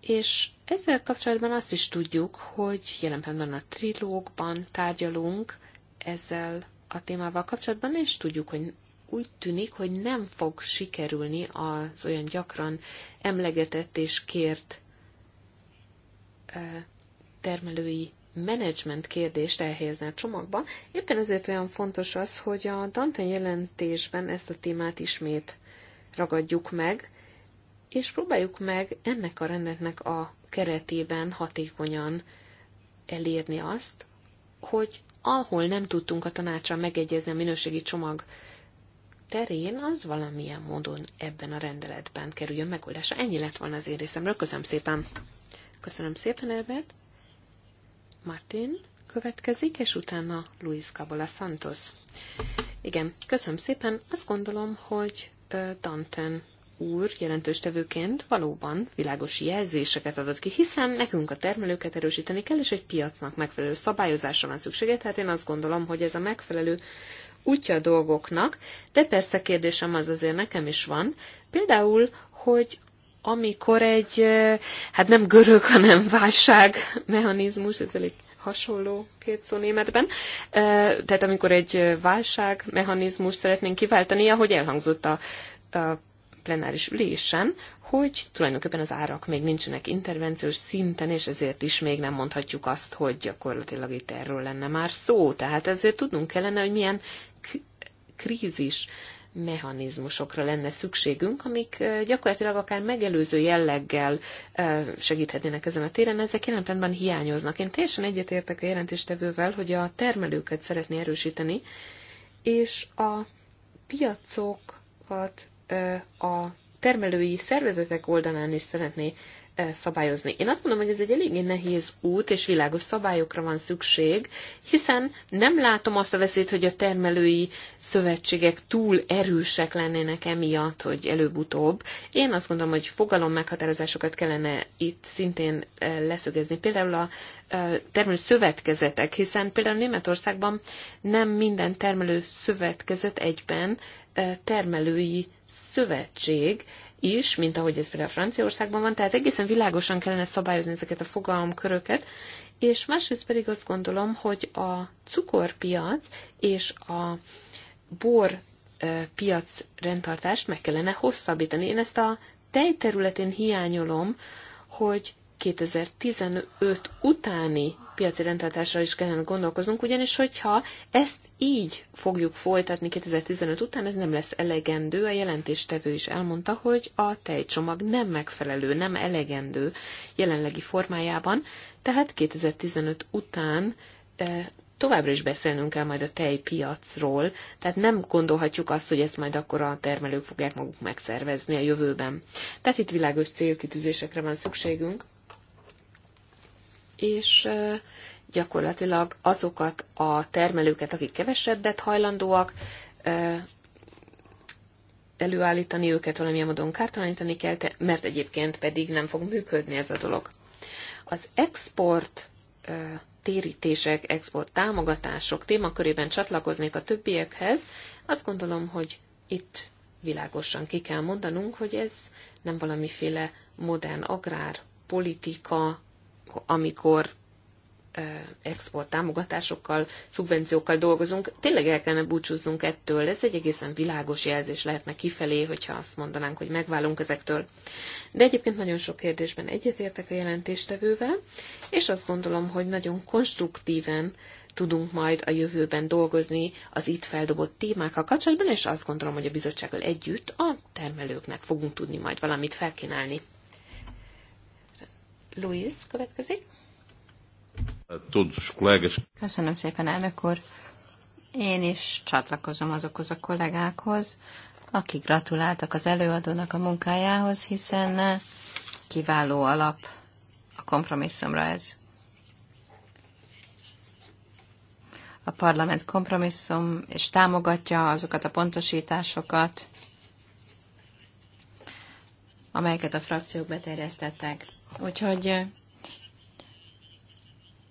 és ezzel kapcsolatban azt is tudjuk, hogy jelen pillanatban a trilógban tárgyalunk ezzel a témával kapcsolatban, és tudjuk, hogy úgy tűnik, hogy nem fog sikerülni az olyan gyakran emlegetett és kért termelői menedzsment kérdést elhelyezni a csomagba. Éppen ezért olyan fontos az, hogy a Danten jelentésben ezt a témát ismét ragadjuk meg, és próbáljuk meg ennek a rendetnek a keretében hatékonyan elérni azt, hogy ahol nem tudtunk a tanácsra megegyezni a minőségi csomag terén, az valamilyen módon ebben a rendeletben kerüljön megoldása. Ennyi lett volna az én részemről. Köszönöm szépen. Köszönöm szépen, Erbert. Martin következik, és utána Luis Cabola Santos. Igen, köszönöm szépen. Azt gondolom, hogy Danten úr jelentős tevőként valóban világos jelzéseket adott ki, hiszen nekünk a termelőket erősíteni kell, és egy piacnak megfelelő szabályozásra van szüksége, tehát én azt gondolom, hogy ez a megfelelő útja a dolgoknak, de persze kérdésem az azért nekem is van, például, hogy amikor egy, hát nem görög, hanem válságmechanizmus, ez elég hasonló két szó németben. Tehát amikor egy válságmechanizmus szeretnénk kiváltani, ahogy elhangzott a, a plenáris ülésen, hogy tulajdonképpen az árak még nincsenek intervenciós szinten, és ezért is még nem mondhatjuk azt, hogy gyakorlatilag itt erről lenne már szó. Tehát ezért tudnunk kellene, hogy milyen krízis mechanizmusokra lenne szükségünk, amik gyakorlatilag akár megelőző jelleggel segíthetnének ezen a téren, ezek jelen pillanatban hiányoznak. Én teljesen egyetértek a jelentéstevővel, hogy a termelőket szeretné erősíteni, és a piacokat a termelői szervezetek oldalán is szeretné szabályozni. Én azt mondom, hogy ez egy eléggé nehéz út, és világos szabályokra van szükség, hiszen nem látom azt a veszélyt, hogy a termelői szövetségek túl erősek lennének emiatt, hogy előbb-utóbb. Én azt gondolom, hogy fogalom meghatározásokat kellene itt szintén leszögezni. Például a termelő szövetkezetek, hiszen például Németországban nem minden termelő szövetkezet egyben termelői szövetség is, mint ahogy ez például Franciaországban van, tehát egészen világosan kellene szabályozni ezeket a fogalomköröket, és másrészt pedig azt gondolom, hogy a cukorpiac és a bor piac rendtartást meg kellene hosszabbítani. Én ezt a tejterületén hiányolom, hogy 2015 utáni piaci rendtartásra is kellene gondolkozunk, ugyanis hogyha ezt így fogjuk folytatni 2015 után, ez nem lesz elegendő. A jelentéstevő is elmondta, hogy a tejcsomag nem megfelelő, nem elegendő jelenlegi formájában, tehát 2015 után e, továbbra is beszélnünk kell majd a tejpiacról, tehát nem gondolhatjuk azt, hogy ezt majd akkor a termelők fogják maguk megszervezni a jövőben. Tehát itt világos célkitűzésekre van szükségünk, és gyakorlatilag azokat a termelőket, akik kevesebbet hajlandóak, előállítani őket valamilyen módon kártalanítani kell, mert egyébként pedig nem fog működni ez a dolog. Az export térítések, export támogatások témakörében csatlakoznék a többiekhez, azt gondolom, hogy itt világosan ki kell mondanunk, hogy ez nem valamiféle modern agrárpolitika amikor export támogatásokkal, szubvenciókkal dolgozunk, tényleg el kellene búcsúznunk ettől. Ez egy egészen világos jelzés lehetne kifelé, hogyha azt mondanánk, hogy megválunk ezektől. De egyébként nagyon sok kérdésben egyetértek a jelentéstevővel, és azt gondolom, hogy nagyon konstruktíven tudunk majd a jövőben dolgozni az itt feldobott témákkal kapcsolatban, és azt gondolom, hogy a bizottsággal együtt a termelőknek fogunk tudni majd valamit felkínálni. Luis következik. Köszönöm szépen, elnök úr. Én is csatlakozom azokhoz a kollégákhoz, akik gratuláltak az előadónak a munkájához, hiszen kiváló alap a kompromisszumra ez. A parlament kompromisszum és támogatja azokat a pontosításokat, amelyeket a frakciók beterjesztettek. Úgyhogy eh,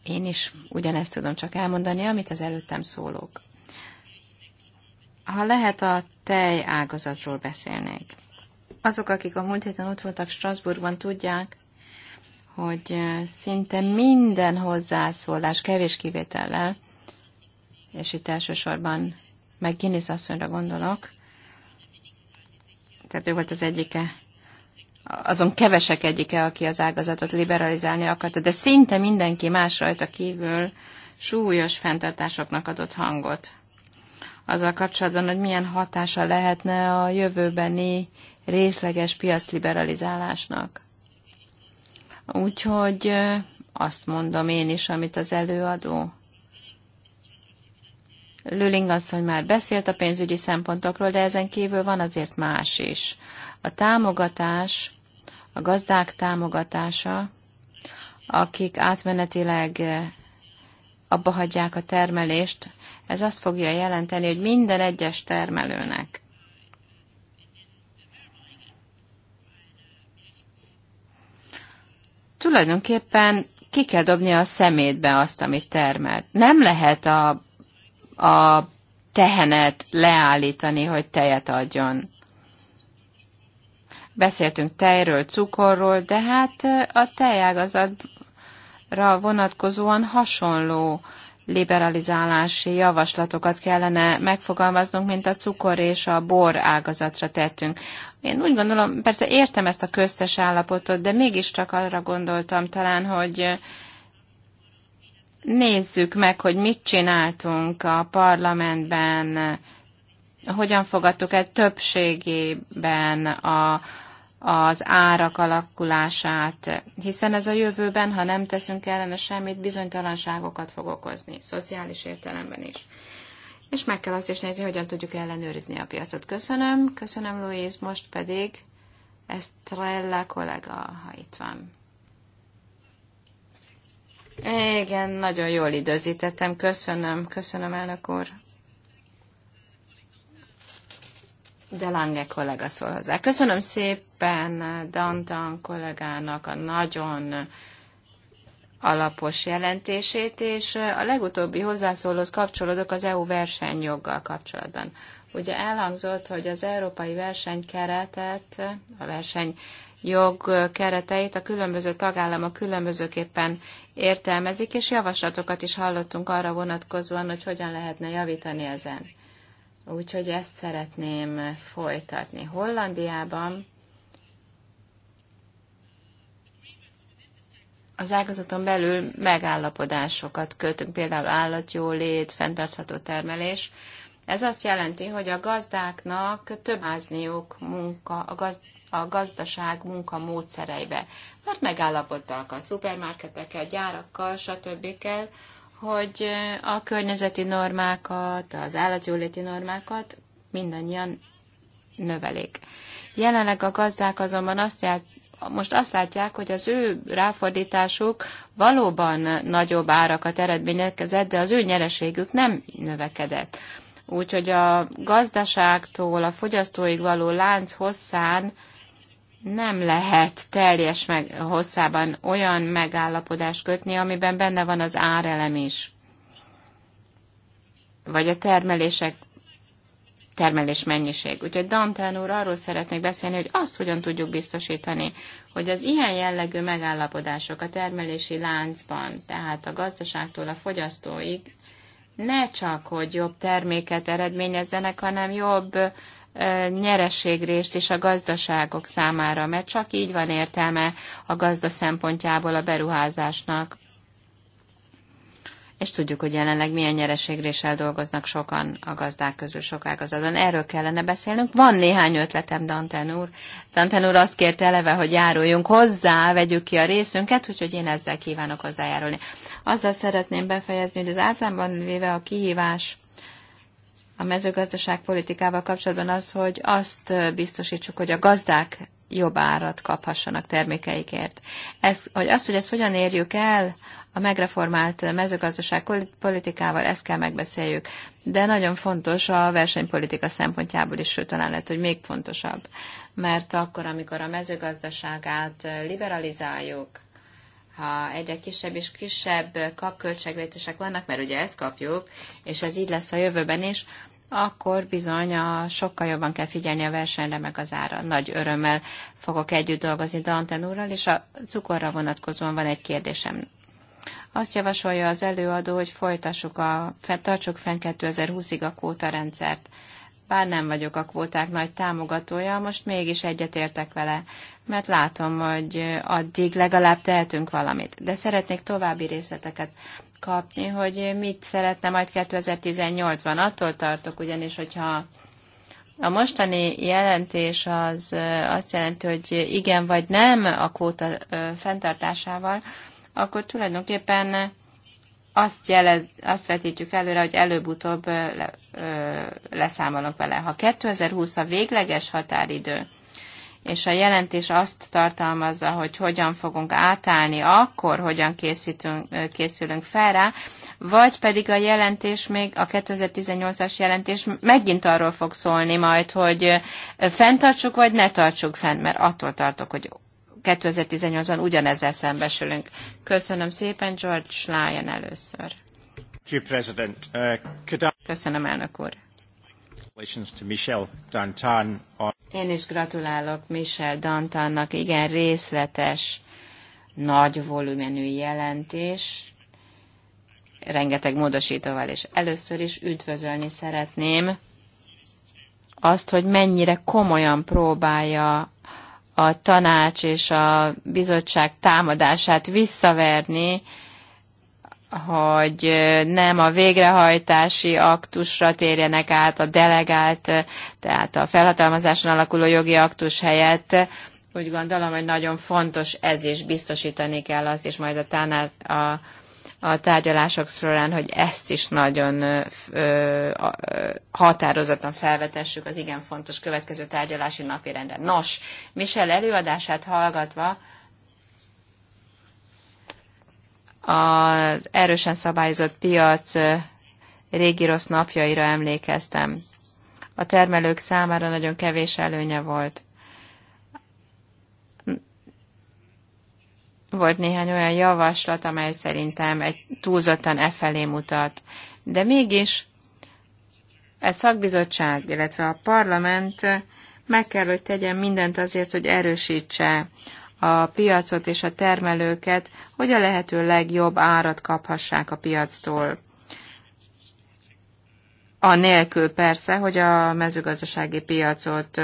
én is ugyanezt tudom csak elmondani, amit az előttem szólók. Ha lehet, a tej ágazatról beszélnék. Azok, akik a múlt héten ott voltak Strasbourgban, tudják, hogy eh, szinte minden hozzászólás, kevés kivétellel, és itt elsősorban meg Guinness asszonyra gondolok, tehát ő volt az egyike azon kevesek egyike, aki az ágazatot liberalizálni akarta, de szinte mindenki más rajta kívül súlyos fenntartásoknak adott hangot. Azzal kapcsolatban, hogy milyen hatása lehetne a jövőbeni részleges piac liberalizálásnak. Úgyhogy azt mondom én is, amit az előadó. Lüling asszony már beszélt a pénzügyi szempontokról, de ezen kívül van azért más is. A támogatás a gazdák támogatása, akik átmenetileg eh, abba hagyják a termelést, ez azt fogja jelenteni, hogy minden egyes termelőnek tulajdonképpen ki kell dobni a szemétbe azt, amit termelt. Nem lehet a, a tehenet leállítani, hogy tejet adjon. Beszéltünk tejről, cukorról, de hát a tejágazatra vonatkozóan hasonló liberalizálási javaslatokat kellene megfogalmaznunk, mint a cukor és a bor ágazatra tettünk. Én úgy gondolom, persze értem ezt a köztes állapotot, de mégiscsak arra gondoltam talán, hogy nézzük meg, hogy mit csináltunk a parlamentben, hogyan fogadtuk el többségében a, az árak alakulását, hiszen ez a jövőben, ha nem teszünk ellene semmit, bizonytalanságokat fog okozni, szociális értelemben is. És meg kell azt is nézni, hogyan tudjuk ellenőrizni a piacot. Köszönöm, köszönöm Louise, most pedig Estrella kollega, ha itt van. Igen, nagyon jól időzítettem, köszönöm, köszönöm elnök úr. de Lange kollega szól hozzá. Köszönöm szépen Dantan kollégának a nagyon alapos jelentését, és a legutóbbi hozzászólóhoz kapcsolódok az EU versenyjoggal kapcsolatban. Ugye elhangzott, hogy az európai versenykeretet, a versenyjog kereteit a különböző tagállamok különbözőképpen értelmezik, és javaslatokat is hallottunk arra vonatkozóan, hogy hogyan lehetne javítani ezen. Úgyhogy ezt szeretném folytatni. Hollandiában az ágazaton belül megállapodásokat kötünk, például állatjólét, fenntartható termelés. Ez azt jelenti, hogy a gazdáknak több házniuk munka, a, gaz, a gazdaság munka módszereibe. Mert megállapodtak a szupermarketekkel, gyárakkal, stb hogy a környezeti normákat, az állatjóléti normákat mindannyian növelik. Jelenleg a gazdák azonban azt jár, most azt látják, hogy az ő ráfordításuk valóban nagyobb árakat eredményezett, de az ő nyereségük nem növekedett. Úgyhogy a gazdaságtól a fogyasztóig való lánc hosszán nem lehet teljes meg, hosszában olyan megállapodást kötni, amiben benne van az árelem is. Vagy a termelések termelés mennyiség. Úgyhogy Dantán úr arról szeretnék beszélni, hogy azt hogyan tudjuk biztosítani, hogy az ilyen jellegű megállapodások a termelési láncban, tehát a gazdaságtól a fogyasztóig, ne csak, hogy jobb terméket eredményezzenek, hanem jobb nyerességrést is a gazdaságok számára, mert csak így van értelme a gazda szempontjából a beruházásnak. És tudjuk, hogy jelenleg milyen nyereségréssel dolgoznak sokan a gazdák közül sok ágazatban. Erről kellene beszélnünk. Van néhány ötletem, Danten úr. Danten úr azt kérte eleve, hogy járuljunk hozzá, vegyük ki a részünket, úgyhogy én ezzel kívánok hozzájárulni. Azzal szeretném befejezni, hogy az általában véve a kihívás a mezőgazdaságpolitikával kapcsolatban az, hogy azt biztosítsuk, hogy a gazdák jobb árat kaphassanak termékeikért. Ez, hogy azt, hogy ezt hogyan érjük el a megreformált mezőgazdaságpolitikával, ezt kell megbeszéljük. De nagyon fontos a versenypolitika szempontjából is, sőt, talán lehet, hogy még fontosabb. Mert akkor, amikor a mezőgazdaságát liberalizáljuk, ha egyre kisebb és kisebb kapköltségvetések vannak, mert ugye ezt kapjuk, és ez így lesz a jövőben is, akkor bizony a, sokkal jobban kell figyelni a versenyre, meg az ára. Nagy örömmel fogok együtt dolgozni Danten úrral, és a cukorra vonatkozóan van egy kérdésem. Azt javasolja az előadó, hogy folytassuk a, tartsuk fenn 2020-ig a kóta rendszert bár nem vagyok a kvóták nagy támogatója, most mégis egyetértek vele, mert látom, hogy addig legalább tehetünk valamit. De szeretnék további részleteket kapni, hogy mit szeretne majd 2018-ban. Attól tartok ugyanis, hogyha a mostani jelentés az azt jelenti, hogy igen vagy nem a kvóta fenntartásával, akkor tulajdonképpen azt, jelez, azt vetítjük előre, hogy előbb-utóbb le, leszámolok vele. Ha 2020 a végleges határidő, és a jelentés azt tartalmazza, hogy hogyan fogunk átállni akkor, hogyan készítünk, készülünk fel rá, vagy pedig a jelentés még, a 2018-as jelentés megint arról fog szólni majd, hogy fenntartsuk, vagy ne tartsuk fent, mert attól tartok, hogy 2018-ban ugyanezzel szembesülünk. Köszönöm szépen, George Lyon először. Uh, Köszönöm, elnök úr. Én is gratulálok Michel Dantannak, igen részletes, nagy volumenű jelentés, rengeteg módosítóval, és először is üdvözölni szeretném azt, hogy mennyire komolyan próbálja a tanács és a bizottság támadását visszaverni, hogy nem a végrehajtási aktusra térjenek át a delegált, tehát a felhatalmazáson alakuló jogi aktus helyett. Úgy gondolom, hogy nagyon fontos ez is, biztosítani kell azt, és majd a, tanács a a tárgyalások során, hogy ezt is nagyon határozottan felvetessük az igen fontos következő tárgyalási napirendre. Nos, Michel előadását hallgatva az erősen szabályozott piac régi rossz napjaira emlékeztem. A termelők számára nagyon kevés előnye volt. Volt néhány olyan javaslat, amely szerintem egy túlzottan e felé mutat. De mégis e szakbizottság, illetve a parlament meg kell, hogy tegyen mindent azért, hogy erősítse a piacot és a termelőket, hogy a lehető legjobb árat kaphassák a piactól. nélkül persze, hogy a mezőgazdasági piacot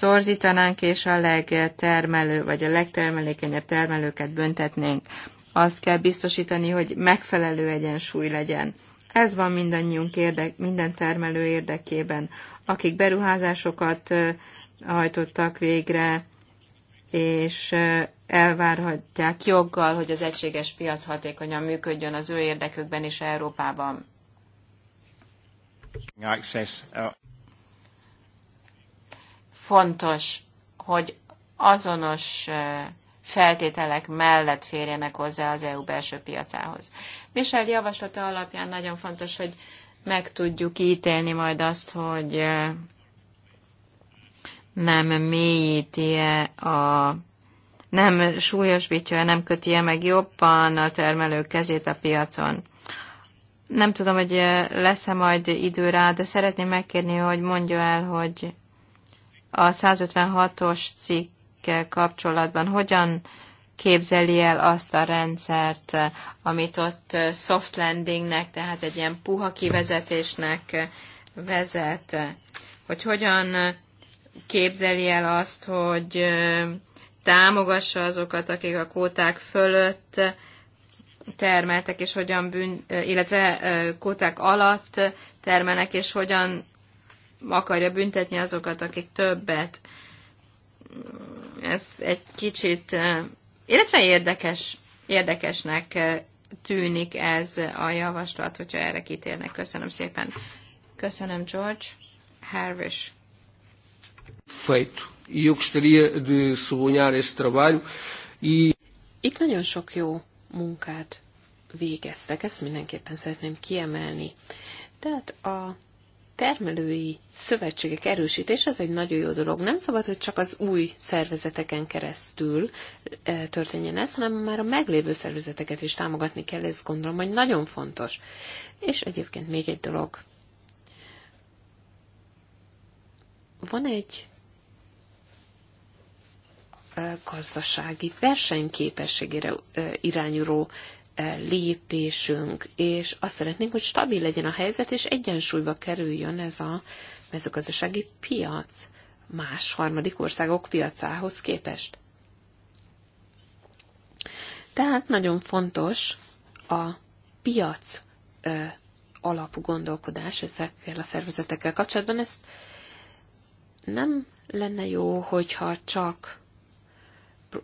torzítanánk, és a legtermelő, vagy a legtermelékenyebb termelőket büntetnénk. Azt kell biztosítani, hogy megfelelő egyensúly legyen. Ez van mindannyiunk érdek, minden termelő érdekében, akik beruházásokat hajtottak végre, és elvárhatják joggal, hogy az egységes piac hatékonyan működjön az ő érdekükben és Európában. Uh, fontos, hogy azonos feltételek mellett férjenek hozzá az EU belső piacához. Michel javaslata alapján nagyon fontos, hogy meg tudjuk ítélni majd azt, hogy nem mélyíti -e a nem súlyosbítja, nem köti -e meg jobban a termelők kezét a piacon. Nem tudom, hogy lesz-e majd idő rá, de szeretném megkérni, hogy mondja el, hogy a 156-os cikkkel kapcsolatban hogyan képzeli el azt a rendszert, amit ott eh, soft landingnek, tehát egy ilyen puha kivezetésnek eh, vezet, hogy hogyan eh, képzeli el azt, hogy támogassa azokat, akik a kóták fölött termeltek, és hogyan bűn, illetve kóták alatt termelnek, és hogyan akarja büntetni azokat, akik többet. Ez egy kicsit, eh, illetve érdekes, érdekesnek eh, tűnik ez a javaslat, hogyha erre kitérnek. Köszönöm szépen. Köszönöm, George. Harvish. Feito. E eu gostaria de sublinhar esse trabalho e... Itt nagyon sok jó munkát végeztek, ezt mindenképpen szeretném kiemelni. Tehát a termelői szövetségek erősítés az egy nagyon jó dolog. Nem szabad, hogy csak az új szervezeteken keresztül eh, történjen ez, hanem már a meglévő szervezeteket is támogatni kell, ez gondolom, hogy nagyon fontos. És egyébként még egy dolog. Van egy eh, gazdasági versenyképességére eh, irányuló lépésünk, és azt szeretnénk, hogy stabil legyen a helyzet, és egyensúlyba kerüljön ez a mezőgazdasági piac más harmadik országok piacához képest. Tehát nagyon fontos a piac ö, alapú gondolkodás ezekkel a szervezetekkel kapcsolatban. Ezt nem lenne jó, hogyha csak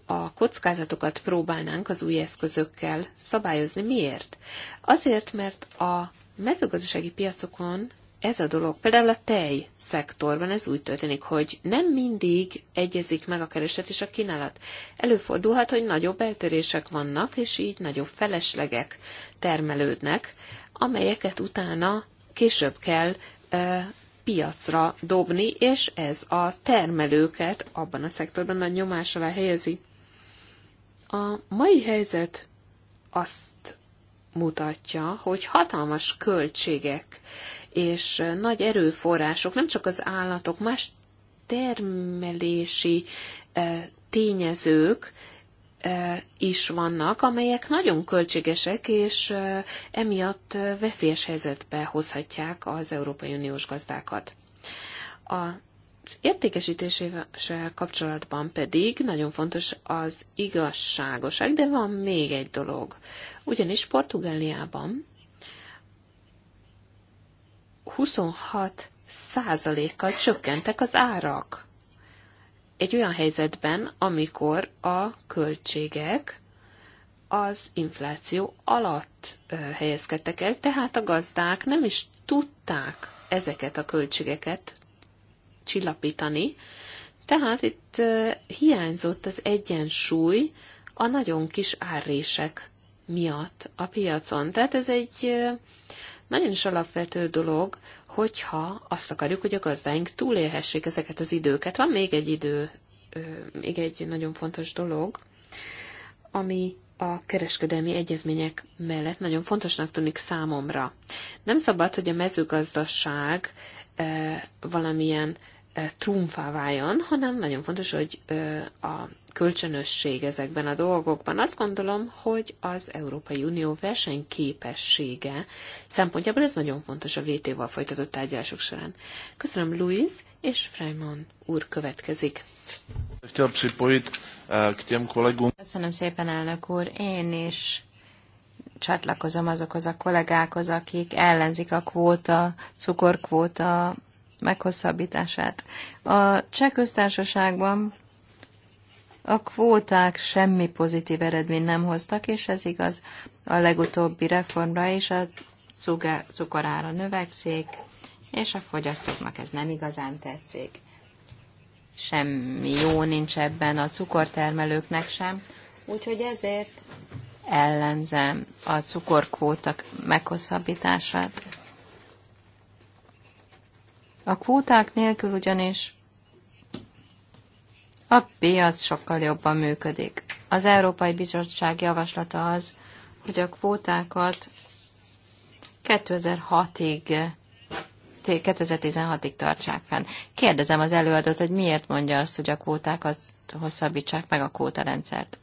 a kockázatokat próbálnánk az új eszközökkel szabályozni. Miért? Azért, mert a mezőgazdasági piacokon ez a dolog, például a tej szektorban ez úgy történik, hogy nem mindig egyezik meg a kereset és a kínálat. Előfordulhat, hogy nagyobb eltörések vannak, és így nagyobb feleslegek termelődnek, amelyeket utána később kell piacra dobni, és ez a termelőket abban a szektorban a nyomás alá helyezi. A mai helyzet azt mutatja, hogy hatalmas költségek és nagy erőforrások, nem csak az állatok, más termelési eh, tényezők is vannak, amelyek nagyon költségesek, és emiatt veszélyes helyzetbe hozhatják az Európai Uniós gazdákat. A az értékesítésével kapcsolatban pedig nagyon fontos az igazságoság, de van még egy dolog. Ugyanis Portugáliában 26 százalékkal csökkentek az árak egy olyan helyzetben, amikor a költségek az infláció alatt helyezkedtek el, tehát a gazdák nem is tudták ezeket a költségeket csillapítani, tehát itt hiányzott az egyensúly a nagyon kis árrések miatt a piacon. Tehát ez egy nagyon is alapvető dolog, hogyha azt akarjuk, hogy a gazdáink túlélhessék ezeket az időket. Van még egy idő, még egy nagyon fontos dolog, ami a kereskedelmi egyezmények mellett nagyon fontosnak tűnik számomra. Nem szabad, hogy a mezőgazdaság valamilyen trumfá váljon, hanem nagyon fontos, hogy a kölcsönösség ezekben a dolgokban. Azt gondolom, hogy az Európai Unió versenyképessége szempontjából ez nagyon fontos a VT-val folytatott tárgyalások során. Köszönöm, Luis, és Freeman úr következik. E, Köszönöm szépen, elnök úr. Én is csatlakozom azokhoz a kollégákhoz, akik ellenzik a kvóta, cukorkvóta meghosszabbítását. A cseh köztársaságban a kvóták semmi pozitív eredmény nem hoztak, és ez igaz a legutóbbi reformra is, a cukorára növekszik, és a fogyasztóknak ez nem igazán tetszik. Semmi jó nincs ebben a cukortermelőknek sem, úgyhogy ezért ellenzem a cukorkvótak meghosszabbítását. A kvóták nélkül ugyanis a piac sokkal jobban működik. Az Európai Bizottság javaslata az, hogy a kvótákat 2006-ig 2016-ig tartsák fenn. Kérdezem az előadót, hogy miért mondja azt, hogy a kvótákat hosszabbítsák meg a kvótarendszert.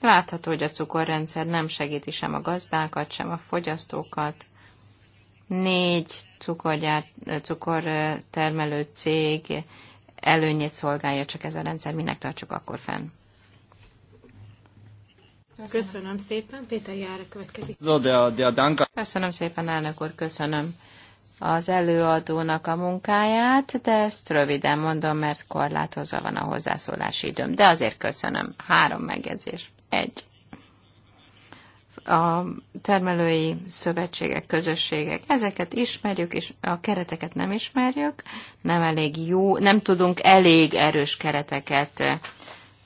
Látható, hogy a cukorrendszer nem segíti sem a gazdákat, sem a fogyasztókat, négy cukorgyár, cukortermelő cég előnyét szolgálja csak ez a rendszer, minek tartsuk akkor fenn. Köszönöm, köszönöm szépen, Péter Jára következik. Köszönöm szépen, elnök úr, köszönöm az előadónak a munkáját, de ezt röviden mondom, mert korlátozva van a hozzászólási időm. De azért köszönöm. Három megjegyzés. Egy a termelői szövetségek, közösségek, ezeket ismerjük, és a kereteket nem ismerjük, nem elég jó, nem tudunk elég erős kereteket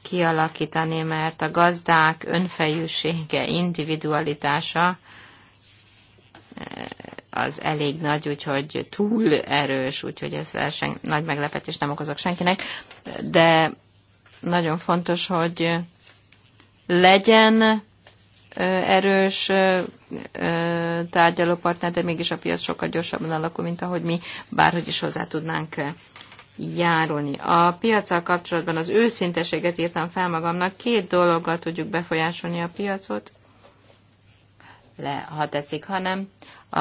kialakítani, mert a gazdák önfejűsége, individualitása eh, az elég nagy, úgyhogy túl erős, úgyhogy ez sen, nagy meglepetés nem okozok senkinek, de nagyon fontos, hogy legyen erős tárgyalópartner, de mégis a piac sokkal gyorsabban alakul, mint ahogy mi bárhogy is hozzá tudnánk járulni. A piacsal kapcsolatban az őszinteséget írtam fel magamnak. Két dologgal tudjuk befolyásolni a piacot, le, ha tetszik, hanem a,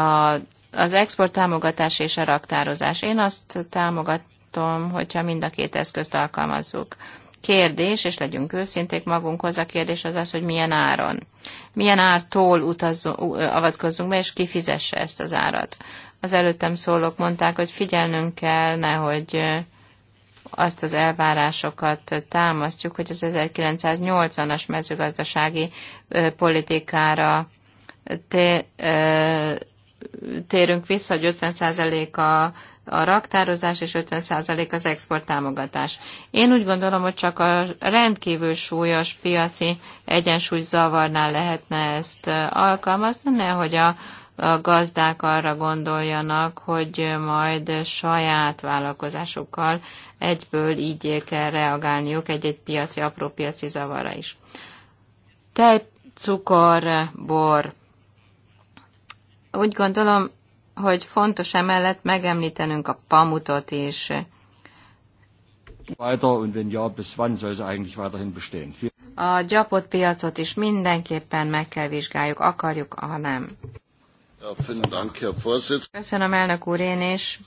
az export támogatás és a raktározás. Én azt támogatom, hogyha mind a két eszközt alkalmazzuk. Kérdés, és legyünk őszinték magunkhoz, a kérdés az az, hogy milyen áron. Milyen ártól utazzunk, avatkozzunk be, és kifizesse ezt az árat. Az előttem szólók mondták, hogy figyelnünk kell, nehogy azt az elvárásokat támasztjuk, hogy az 1980-as mezőgazdasági politikára te, ö, térünk vissza, hogy 50% a, a raktározás és 50% az export támogatás. Én úgy gondolom, hogy csak a rendkívül súlyos piaci egyensúly zavarnál lehetne ezt alkalmazni, nehogy a, a gazdák arra gondoljanak, hogy majd saját vállalkozásukkal egyből így kell reagálniuk egy-egy piaci, apró piaci zavara is. Tej, cukor, bor úgy gondolom, hogy fontos emellett megemlítenünk a pamutot is. Weiter, und wenn ja, bis wann soll eigentlich weiterhin bestehen? A gyapott piacot is mindenképpen meg kell vizsgáljuk, akarjuk, ha nem. Köszönöm, elnök úr, én is.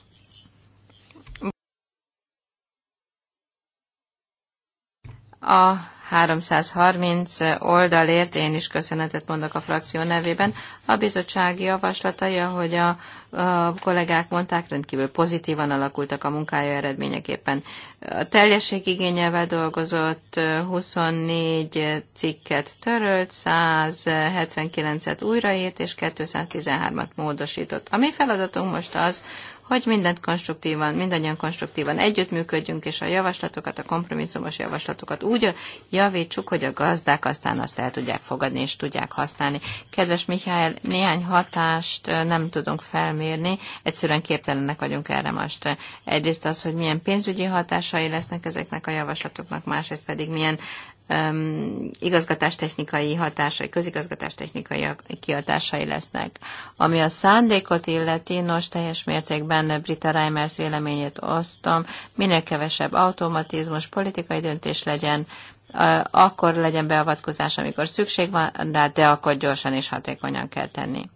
A 330 oldalért én is köszönetet mondok a frakció nevében. A bizottsági javaslatai, ahogy a, a kollégák mondták, rendkívül pozitívan alakultak a munkája eredményeképpen. A igényelvel dolgozott, 24 cikket törölt, 179-et újraírt és 213-at módosított. A mi feladatunk most az, hogy mindent konstruktívan, mindannyian konstruktívan együttműködjünk, és a javaslatokat, a kompromisszumos javaslatokat úgy javítsuk, hogy a gazdák aztán azt el tudják fogadni és tudják használni. Kedves Mihály, néhány hatást nem tudunk felmérni, egyszerűen képtelenek vagyunk erre most. Egyrészt az, hogy milyen pénzügyi hatásai lesznek ezeknek a javaslatoknak, másrészt pedig milyen um, igazgatástechnikai hatásai, közigazgatástechnikai kiadásai lesznek. Ami a szándékot illeti, nos, teljes mértékben Brita Reimers véleményét osztom, minél kevesebb automatizmus, politikai döntés legyen, akkor legyen beavatkozás, amikor szükség van rá, de akkor gyorsan és hatékonyan kell tenni.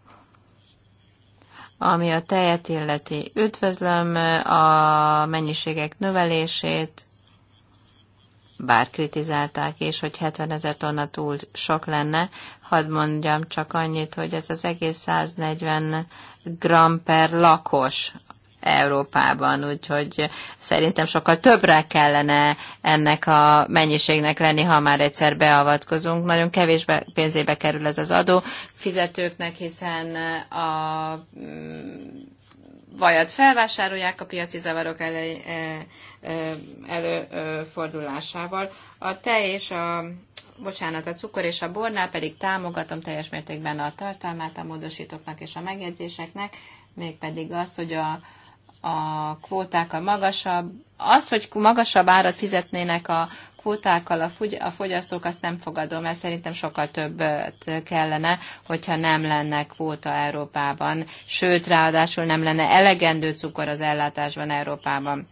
Ami a tejet illeti, üdvözlöm a mennyiségek növelését, bár kritizálták is, hogy 70 ezer tonna túl sok lenne, hadd mondjam csak annyit, hogy ez az egész 140 gram per lakos Európában, úgyhogy szerintem sokkal többre kellene ennek a mennyiségnek lenni, ha már egyszer beavatkozunk. Nagyon kevés pénzébe kerül ez az adó fizetőknek, hiszen a mm, vajat felvásárolják a piaci zavarok elő, e, e, előfordulásával. A tej és a, bocsánat, a cukor és a bornál pedig támogatom teljes mértékben a tartalmát a módosítóknak és a megjegyzéseknek, mégpedig azt, hogy a, a a magasabb, az, hogy magasabb árat fizetnének a, kvótákkal a fogyasztók, azt nem fogadom, mert szerintem sokkal többet kellene, hogyha nem lenne kvóta Európában, sőt, ráadásul nem lenne elegendő cukor az ellátásban Európában.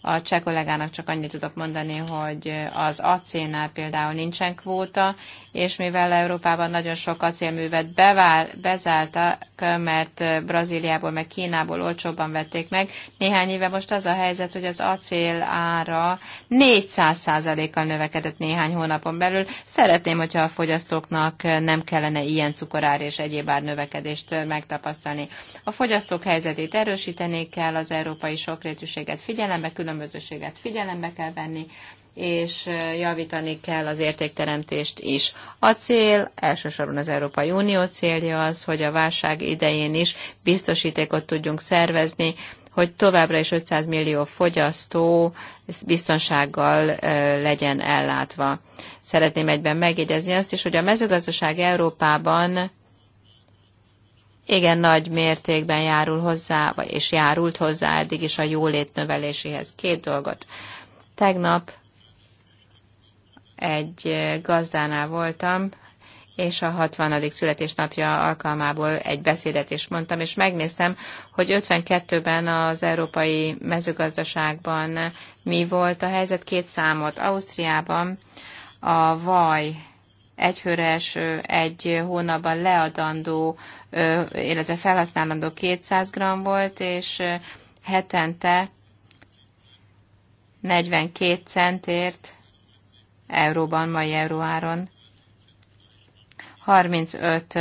A cseh kollégának csak annyit tudok mondani, hogy az acélnál például nincsen kvóta, és mivel Európában nagyon sok acélművet bevál, bezáltak, mert Brazíliából meg Kínából olcsóbban vették meg, néhány éve most az a helyzet, hogy az acél ára 400%-kal növekedett néhány hónapon belül. Szeretném, hogyha a fogyasztóknak nem kellene ilyen cukorár és egyéb ár növekedést megtapasztalni. A fogyasztók helyzetét erősíteni kell, az európai sokrétűséget figyelembe, külön különbözőséget figyelembe kell venni, és javítani kell az értékteremtést is. A cél, elsősorban az Európai Unió célja az, hogy a válság idején is biztosítékot tudjunk szervezni, hogy továbbra is 500 millió fogyasztó biztonsággal legyen ellátva. Szeretném egyben megjegyezni azt is, hogy a mezőgazdaság Európában igen nagy mértékben járul hozzá, vagy és járult hozzá eddig is a jólét növeléséhez. Két dolgot. Tegnap egy eh, gazdánál voltam, és a 60. születésnapja alkalmából egy beszédet is mondtam, és megnéztem, hogy 52-ben az európai mezőgazdaságban mi volt a helyzet, két számot. Ausztriában a vaj egyfőres, egy hónapban leadandó, illetve felhasználandó 200 g volt, és hetente 42 centért euróban, mai euróáron 35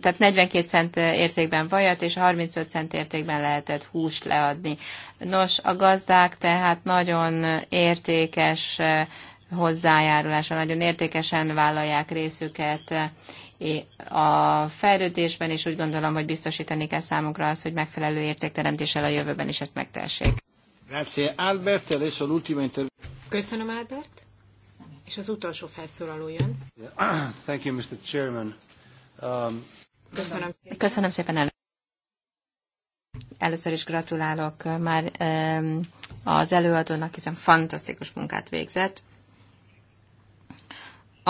tehát 42 cent értékben vajat és 35 cent értékben lehetett húst leadni. Nos, a gazdák tehát nagyon értékes hozzájárulása nagyon értékesen vállalják részüket a fejlődésben, és úgy gondolom, hogy biztosítani kell számunkra az, hogy megfelelő értékteremtéssel a jövőben is ezt megtessék. Grazie Albert, Köszönöm Albert, és az utolsó felszólaló jön. Thank you, Mr. Chairman. Um... Köszönöm. Köszönöm szépen el. Először is gratulálok már az előadónak, hiszen fantasztikus munkát végzett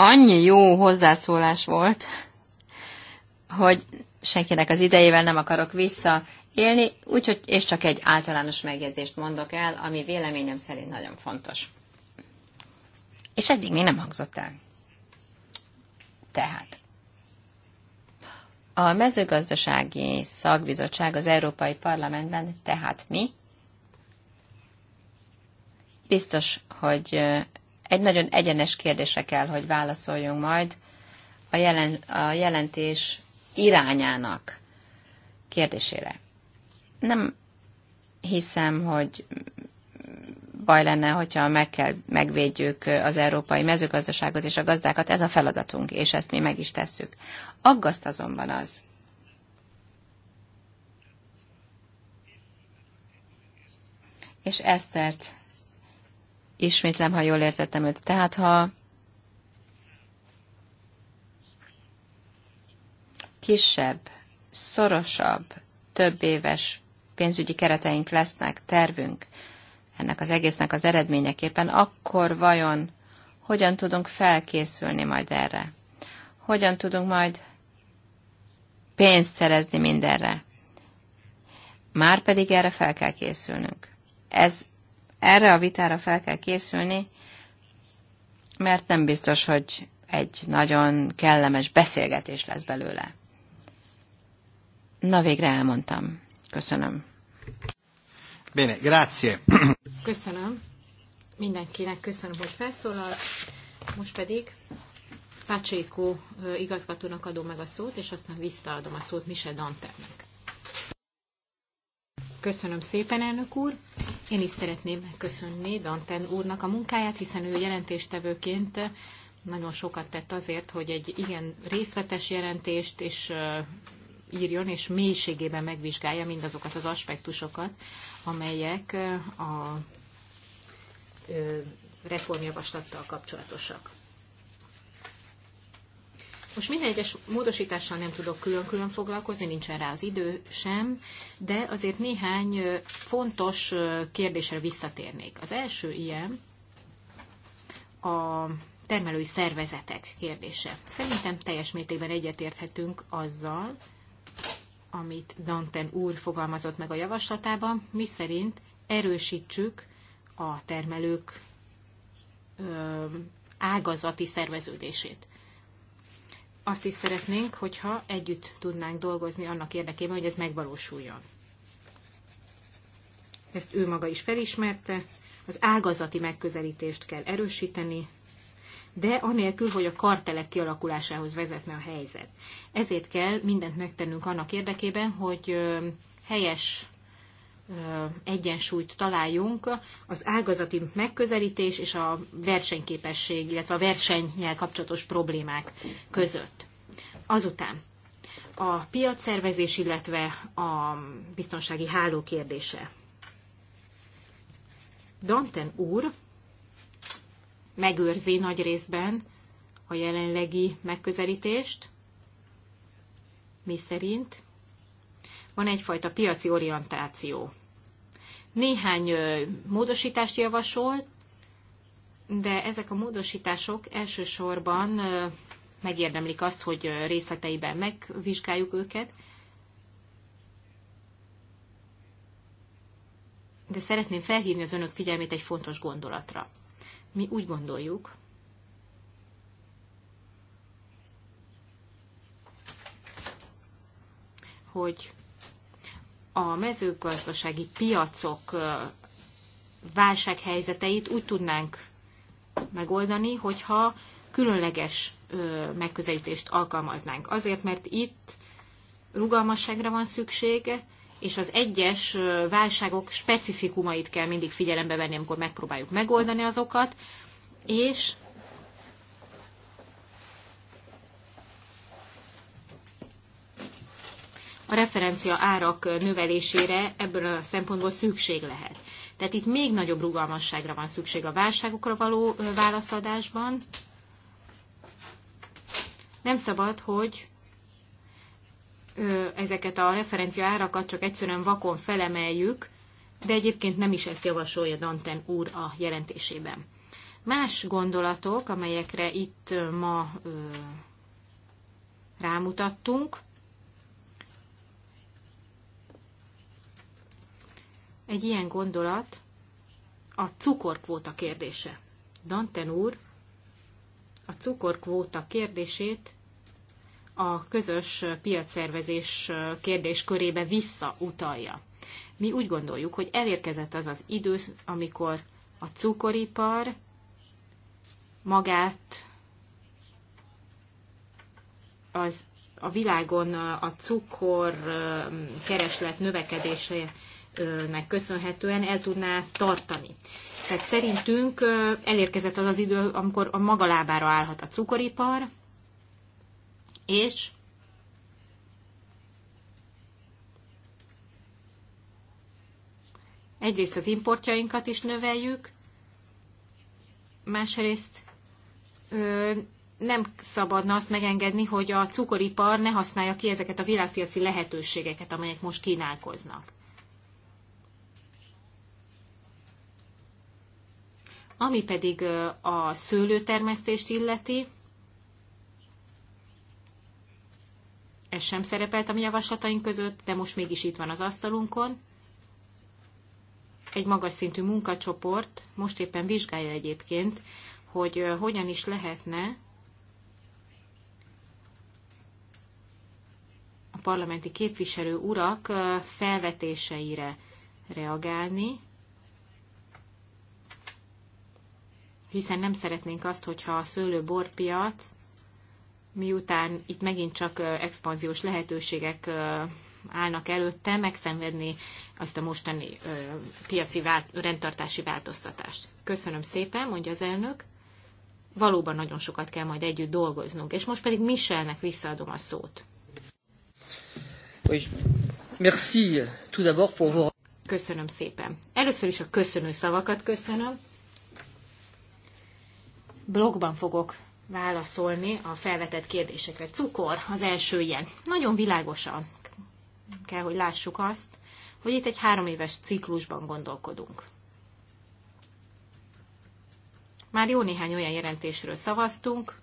annyi jó hozzászólás volt, hogy senkinek az idejével nem akarok visszaélni, úgyhogy, és csak egy általános megjegyzést mondok el, ami véleményem szerint nagyon fontos. És eddig még nem hangzott el. Tehát. A mezőgazdasági szakbizottság az Európai Parlamentben, tehát mi, biztos, hogy egy nagyon egyenes kérdése kell, hogy válaszoljunk majd a, jelen, a jelentés irányának kérdésére. Nem hiszem, hogy baj lenne, hogyha meg kell, megvédjük az európai mezőgazdaságot és a gazdákat, ez a feladatunk, és ezt mi meg is tesszük. Aggaszt azonban az, és Esztert Ismétlem, ha jól értettem őt. Tehát, ha kisebb, szorosabb, több éves pénzügyi kereteink lesznek, tervünk ennek az egésznek az eredményeképpen, akkor vajon hogyan tudunk felkészülni majd erre? Hogyan tudunk majd pénzt szerezni mindenre? Már pedig erre fel kell készülnünk. Ez erre a vitára fel kell készülni, mert nem biztos, hogy egy nagyon kellemes beszélgetés lesz belőle. Na végre elmondtam. Köszönöm. Bene, grazie. Köszönöm. Mindenkinek köszönöm, hogy felszólalt. Most pedig Pacséko igazgatónak adom meg a szót, és aztán visszaadom a szót Mise Dante-nek. Köszönöm szépen, elnök úr. Én is szeretném köszönni Danten úrnak a munkáját, hiszen ő jelentéstevőként nagyon sokat tett azért, hogy egy igen részletes jelentést és írjon, és mélységében megvizsgálja mindazokat az aspektusokat, amelyek a reformjavaslattal kapcsolatosak. Most minden egyes módosítással nem tudok külön-külön foglalkozni, nincsen rá az idő sem, de azért néhány fontos kérdésre visszatérnék. Az első ilyen a termelői szervezetek kérdése. Szerintem teljes mértékben egyetérthetünk azzal, amit Danten úr fogalmazott meg a javaslatában, mi szerint erősítsük a termelők ágazati szerveződését azt is szeretnénk, hogyha együtt tudnánk dolgozni annak érdekében, hogy ez megvalósuljon. Ezt ő maga is felismerte, az ágazati megközelítést kell erősíteni, de anélkül, hogy a kartelek kialakulásához vezetne a helyzet. Ezért kell mindent megtennünk annak érdekében, hogy helyes egyensúlyt találjunk az ágazati megközelítés és a versenyképesség, illetve a versennyel kapcsolatos problémák között. Azután a piacszervezés, illetve a biztonsági háló kérdése. Danten úr megőrzi nagy részben a jelenlegi megközelítést, mi szerint van egyfajta piaci orientáció néhány módosítást javasolt, de ezek a módosítások elsősorban megérdemlik azt, hogy részleteiben megvizsgáljuk őket. De szeretném felhívni az önök figyelmét egy fontos gondolatra. Mi úgy gondoljuk, hogy a mezőgazdasági piacok válsághelyzeteit úgy tudnánk megoldani, hogyha különleges megközelítést alkalmaznánk. Azért, mert itt rugalmasságra van szükség, és az egyes válságok specifikumait kell mindig figyelembe venni, amikor megpróbáljuk megoldani azokat, és a referencia árak növelésére ebből a szempontból szükség lehet. Tehát itt még nagyobb rugalmasságra van szükség a válságokra való válaszadásban. Nem szabad, hogy ezeket a referencia árakat csak egyszerűen vakon felemeljük, de egyébként nem is ezt javasolja Danten úr a jelentésében. Más gondolatok, amelyekre itt ma rámutattunk, Egy ilyen gondolat a cukorkvóta kérdése. Danten úr a cukorkvóta kérdését a közös piacszervezés kérdéskörébe visszautalja. Mi úgy gondoljuk, hogy elérkezett az az idő, amikor a cukoripar magát az, a világon a cukor kereslet növekedése nek köszönhetően el tudná tartani. Tehát szerintünk elérkezett az az idő, amikor a maga lábára állhat a cukoripar, és egyrészt az importjainkat is növeljük, másrészt nem szabadna azt megengedni, hogy a cukoripar ne használja ki ezeket a világpiaci lehetőségeket, amelyek most kínálkoznak. Ami pedig a szőlőtermesztést illeti, ez sem szerepelt a mi javaslataink között, de most mégis itt van az asztalunkon. Egy magas szintű munkacsoport most éppen vizsgálja egyébként, hogy hogyan is lehetne a parlamenti képviselő urak felvetéseire reagálni, hiszen nem szeretnénk azt, hogyha a szőlőborpiac, miután itt megint csak expanziós lehetőségek állnak előtte, megszenvedni azt a mostani piaci vált, rendtartási változtatást. Köszönöm szépen, mondja az elnök. Valóban nagyon sokat kell majd együtt dolgoznunk, és most pedig Michelnek visszaadom a szót. Merci, tout d'abord pour Köszönöm szépen. Először is a köszönő szavakat köszönöm blogban fogok válaszolni a felvetett kérdésekre. Cukor az első ilyen. Nagyon világosan kell, hogy lássuk azt, hogy itt egy három éves ciklusban gondolkodunk. Már jó néhány olyan jelentésről szavaztunk,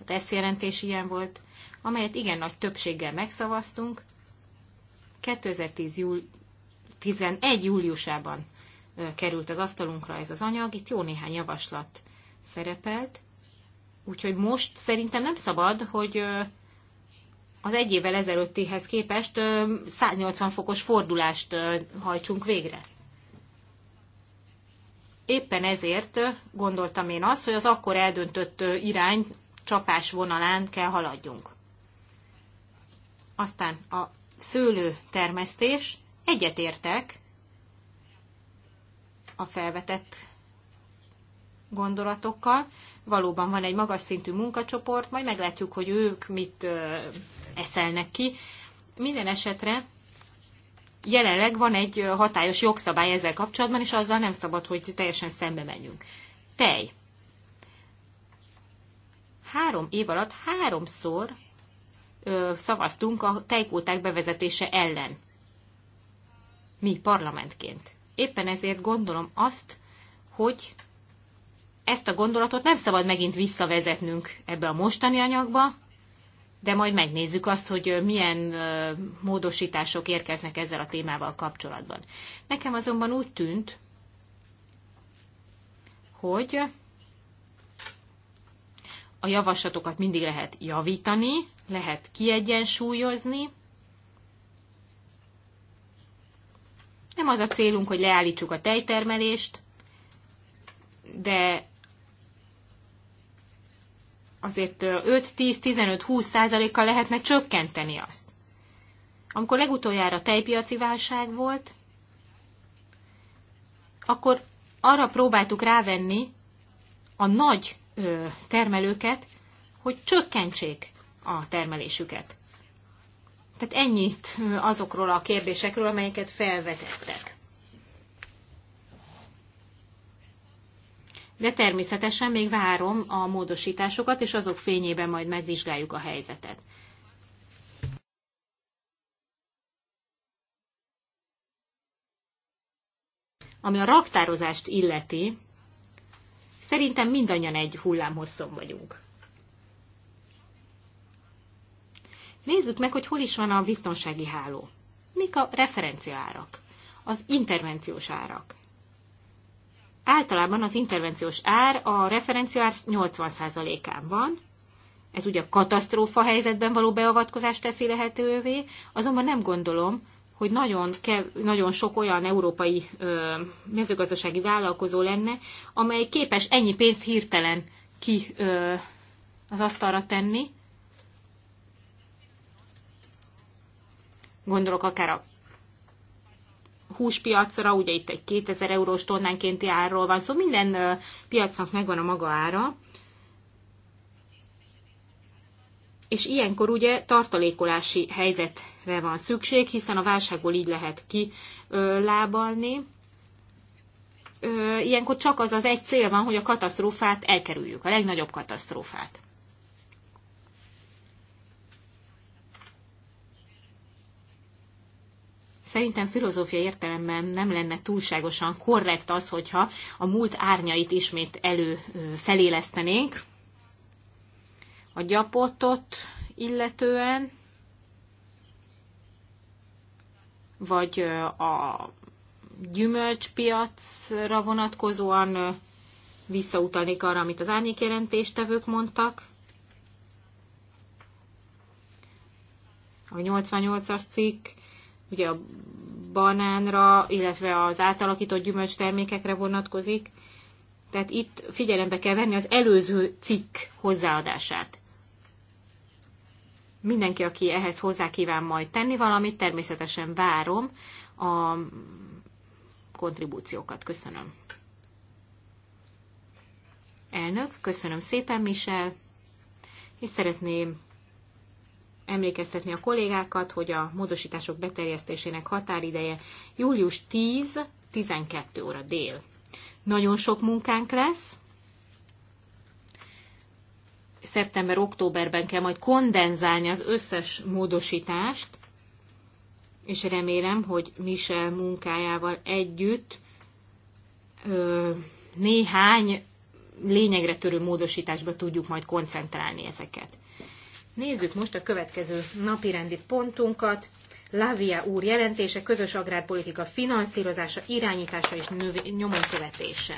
a TESZ jelentés ilyen volt, amelyet igen nagy többséggel megszavaztunk, 2010 11 júliusában került az asztalunkra ez az anyag, itt jó néhány javaslat szerepelt, úgyhogy most szerintem nem szabad, hogy az egy évvel ezelőttihez képest 180 fokos fordulást hajtsunk végre. Éppen ezért gondoltam én azt, hogy az akkor eldöntött irány csapás vonalán kell haladjunk. Aztán a szőlő termesztés, egyetértek a felvetett gondolatokkal. Valóban van egy magas szintű munkacsoport, majd meglátjuk, hogy ők mit eszelnek ki. Minden esetre jelenleg van egy hatályos jogszabály ezzel kapcsolatban, és azzal nem szabad, hogy teljesen szembe menjünk. Tej. Három év alatt háromszor ö, szavaztunk a tejkóták bevezetése ellen. Mi parlamentként. Éppen ezért gondolom azt, hogy ezt a gondolatot nem szabad megint visszavezetnünk ebbe a mostani anyagba, de majd megnézzük azt, hogy milyen módosítások érkeznek ezzel a témával kapcsolatban. Nekem azonban úgy tűnt, hogy a javaslatokat mindig lehet javítani, lehet kiegyensúlyozni. Nem az a célunk, hogy leállítsuk a tejtermelést, de azért 5-10-15-20 százalékkal lehetne csökkenteni azt. Amikor legutoljára tejpiaci válság volt, akkor arra próbáltuk rávenni a nagy termelőket, hogy csökkentsék a termelésüket. Tehát ennyit azokról a kérdésekről, amelyeket felvetettek. de természetesen még várom a módosításokat, és azok fényében majd megvizsgáljuk a helyzetet. Ami a raktározást illeti, szerintem mindannyian egy hullámhosszon vagyunk. Nézzük meg, hogy hol is van a biztonsági háló. Mik a referenciárak? Az intervenciós árak általában az intervenciós ár a referenciaár 80%-án van, ez ugye a katasztrófa helyzetben való beavatkozást teszi lehetővé, azonban nem gondolom, hogy nagyon, kev, nagyon sok olyan európai ö, mezőgazdasági vállalkozó lenne, amely képes ennyi pénzt hirtelen ki ö, az asztalra tenni. Gondolok akár a húspiacra, ugye itt egy 2000 eurós tonnánkénti árról van, szóval minden piacnak megvan a maga ára. És ilyenkor ugye tartalékolási helyzetre van szükség, hiszen a válságból így lehet kilábalni. Ilyenkor csak az az egy cél van, hogy a katasztrófát elkerüljük, a legnagyobb katasztrófát. Szerintem filozófiai értelemben nem lenne túlságosan korrekt az, hogyha a múlt árnyait ismét elő felélesztenénk. A gyapotot illetően, vagy a gyümölcspiacra vonatkozóan visszautalnék arra, amit az árnyékjelentéstevők mondtak. A 88-as cikk ugye a banánra, illetve az átalakított gyümölcs termékekre vonatkozik. Tehát itt figyelembe kell venni az előző cikk hozzáadását. Mindenki, aki ehhez hozzá kíván majd tenni valamit, természetesen várom a kontribúciókat. Köszönöm. Elnök, köszönöm szépen, Michel, és szeretném emlékeztetni a kollégákat, hogy a módosítások beterjesztésének határideje július 10-12 óra dél. Nagyon sok munkánk lesz. Szeptember-októberben kell majd kondenzálni az összes módosítást, és remélem, hogy Michel munkájával együtt ö, néhány lényegre törő módosításba tudjuk majd koncentrálni ezeket. Nézzük most a következő napirendi pontunkat. Lavia úr jelentése, közös agrárpolitika finanszírozása, irányítása és nyomon követése.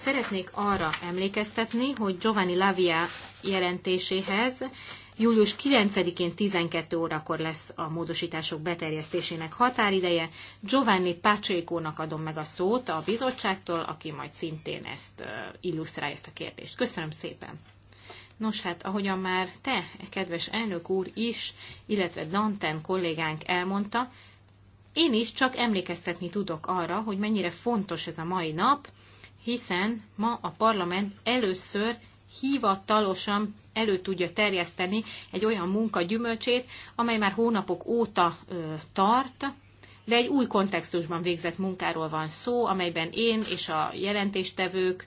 Szeretnék arra emlékeztetni, hogy Giovanni Lavia jelentéséhez július 9-én 12 órakor lesz a módosítások beterjesztésének határideje. Giovanni Pacsőkónak adom meg a szót a bizottságtól, aki majd szintén ezt illusztrálja ezt a kérdést. Köszönöm szépen! Nos hát, ahogyan már te, kedves elnök úr is, illetve Danten kollégánk elmondta, én is csak emlékeztetni tudok arra, hogy mennyire fontos ez a mai nap, hiszen ma a parlament először hivatalosan elő tudja terjeszteni egy olyan munka gyümölcsét, amely már hónapok óta ö, tart, de egy új kontextusban végzett munkáról van szó, amelyben én és a jelentéstevők,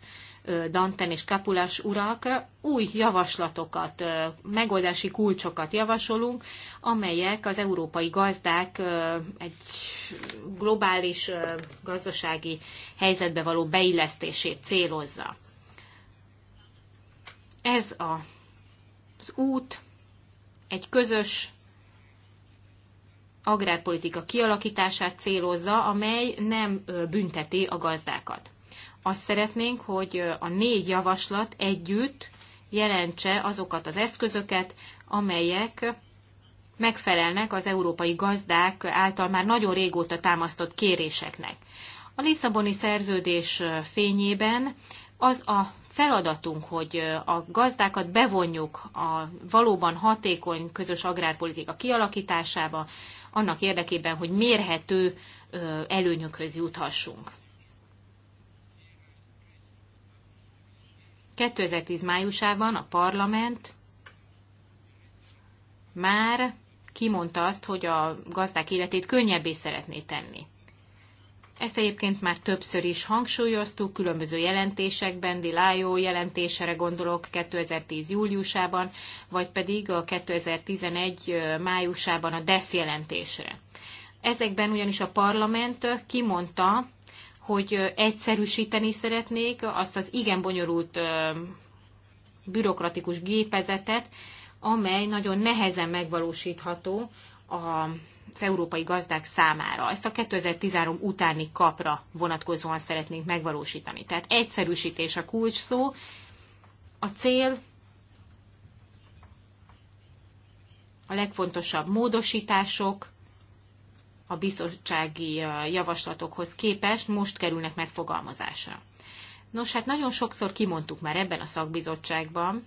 Danten és Kapulás urak, új javaslatokat, megoldási kulcsokat javasolunk, amelyek az európai gazdák egy globális gazdasági helyzetbe való beillesztését célozza. Ez a, az út egy közös agrárpolitika kialakítását célozza, amely nem bünteti a gazdákat azt szeretnénk, hogy a négy javaslat együtt jelentse azokat az eszközöket, amelyek megfelelnek az európai gazdák által már nagyon régóta támasztott kéréseknek. A Lisszaboni szerződés fényében az a feladatunk, hogy a gazdákat bevonjuk a valóban hatékony közös agrárpolitika kialakításába, annak érdekében, hogy mérhető előnyökhöz juthassunk. 2010 májusában a parlament már kimondta azt, hogy a gazdák életét könnyebbé szeretné tenni. Ezt egyébként már többször is hangsúlyoztuk, különböző jelentésekben, Dilájó jelentésére gondolok 2010 júliusában, vagy pedig a 2011 májusában a DESZ jelentésre. Ezekben ugyanis a parlament kimondta hogy egyszerűsíteni szeretnék azt az igen bonyolult bürokratikus gépezetet, amely nagyon nehezen megvalósítható az európai gazdák számára. Ezt a 2013 utáni kapra vonatkozóan szeretnénk megvalósítani. Tehát egyszerűsítés a kulcs szó. A cél a legfontosabb módosítások, a bizottsági javaslatokhoz képest most kerülnek megfogalmazásra. Nos, hát nagyon sokszor kimondtuk már ebben a szakbizottságban,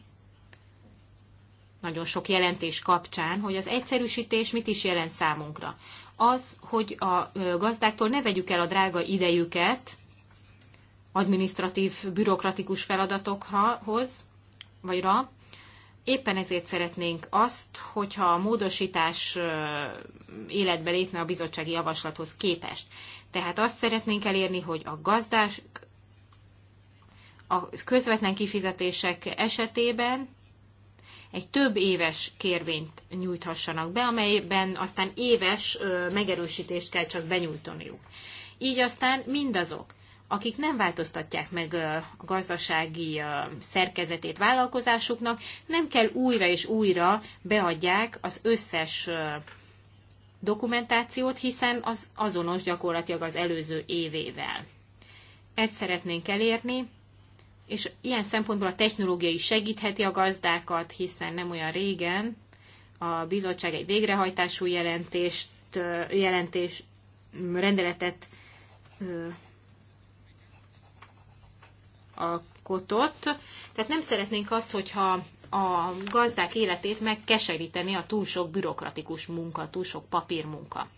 nagyon sok jelentés kapcsán, hogy az egyszerűsítés mit is jelent számunkra. Az, hogy a gazdáktól ne vegyük el a drága idejüket administratív, bürokratikus feladatokhoz, vagy rá. Éppen ezért szeretnénk azt, hogyha a módosítás életbe lépne a bizottsági javaslathoz képest. Tehát azt szeretnénk elérni, hogy a gazdás a közvetlen kifizetések esetében egy több éves kérvényt nyújthassanak be, amelyben aztán éves megerősítést kell csak benyújtaniuk. Így aztán mindazok, akik nem változtatják meg a gazdasági szerkezetét vállalkozásuknak, nem kell újra és újra beadják az összes dokumentációt, hiszen az azonos gyakorlatilag az előző évével. Ezt szeretnénk elérni, és ilyen szempontból a technológia is segítheti a gazdákat, hiszen nem olyan régen a bizottság egy végrehajtású jelentést, jelentés rendeletet alkotott. Tehát nem szeretnénk azt, hogyha a gazdák életét megkeseríteni a túl sok bürokratikus munka, túl sok papírmunka.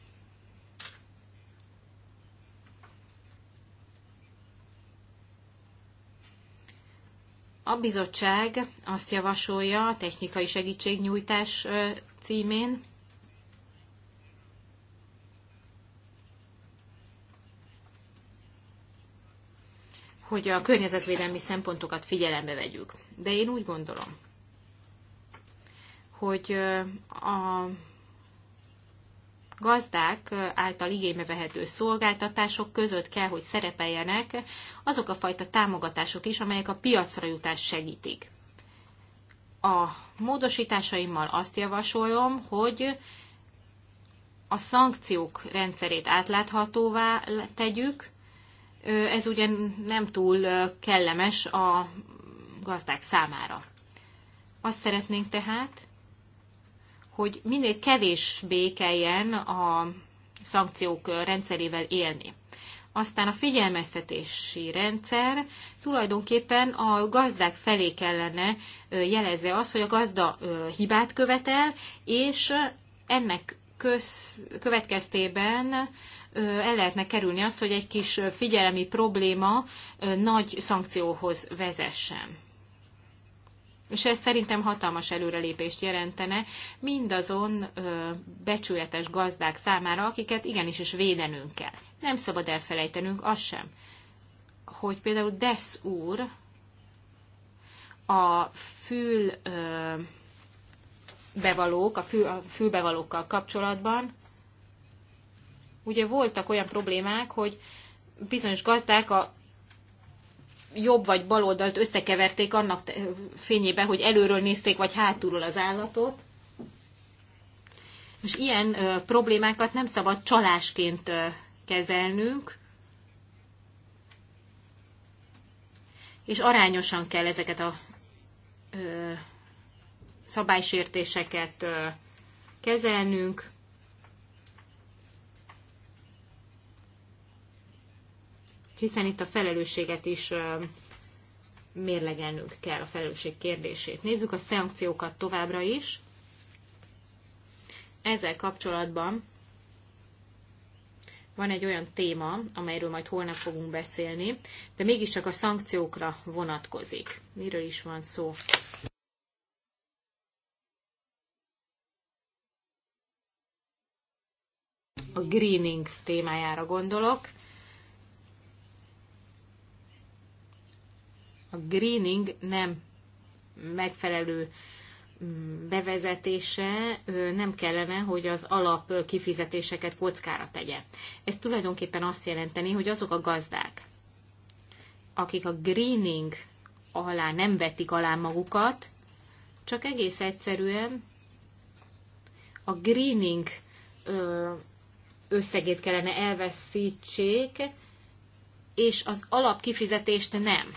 A bizottság azt javasolja a technikai segítségnyújtás címén, hogy a környezetvédelmi szempontokat figyelembe vegyük. De én úgy gondolom, hogy a gazdák által igénybe vehető szolgáltatások között kell, hogy szerepeljenek azok a fajta támogatások is, amelyek a piacra jutást segítik. A módosításaimmal azt javasolom, hogy a szankciók rendszerét átláthatóvá tegyük, ez ugye nem túl kellemes a gazdák számára. Azt szeretnénk tehát, hogy minél kevésbé kelljen a szankciók rendszerével élni. Aztán a figyelmeztetési rendszer tulajdonképpen a gazdák felé kellene jelezze az, hogy a gazda hibát követel, és ennek köz, következtében el lehetne kerülni azt, hogy egy kis figyelemi probléma nagy szankcióhoz vezessen. És ez szerintem hatalmas előrelépést jelentene mindazon ö, becsületes gazdák számára, akiket igenis is védenünk kell. Nem szabad elfelejtenünk azt sem, hogy például Desz úr a fül ö, bevalók, a, fül, a fülbevalókkal kapcsolatban Ugye voltak olyan problémák, hogy bizonyos gazdák a jobb vagy bal oldalt összekeverték annak fényében, hogy előről nézték, vagy hátulról az állatot. Most ilyen ö, problémákat nem szabad csalásként ö, kezelnünk, és arányosan kell ezeket a ö, szabálysértéseket ö, kezelnünk. hiszen itt a felelősséget is mérlegelnünk kell a felelősség kérdését. Nézzük a szankciókat továbbra is. Ezzel kapcsolatban van egy olyan téma, amelyről majd holnap fogunk beszélni, de mégiscsak a szankciókra vonatkozik. Miről is van szó? A greening témájára gondolok. a greening nem megfelelő mm, bevezetése nem kellene, hogy az alap kifizetéseket kockára tegye. Ez tulajdonképpen azt jelenteni, hogy azok a gazdák, akik a greening alá nem vetik alá magukat, csak egész egyszerűen a greening összegét kellene elveszítsék, és az alap kifizetést nem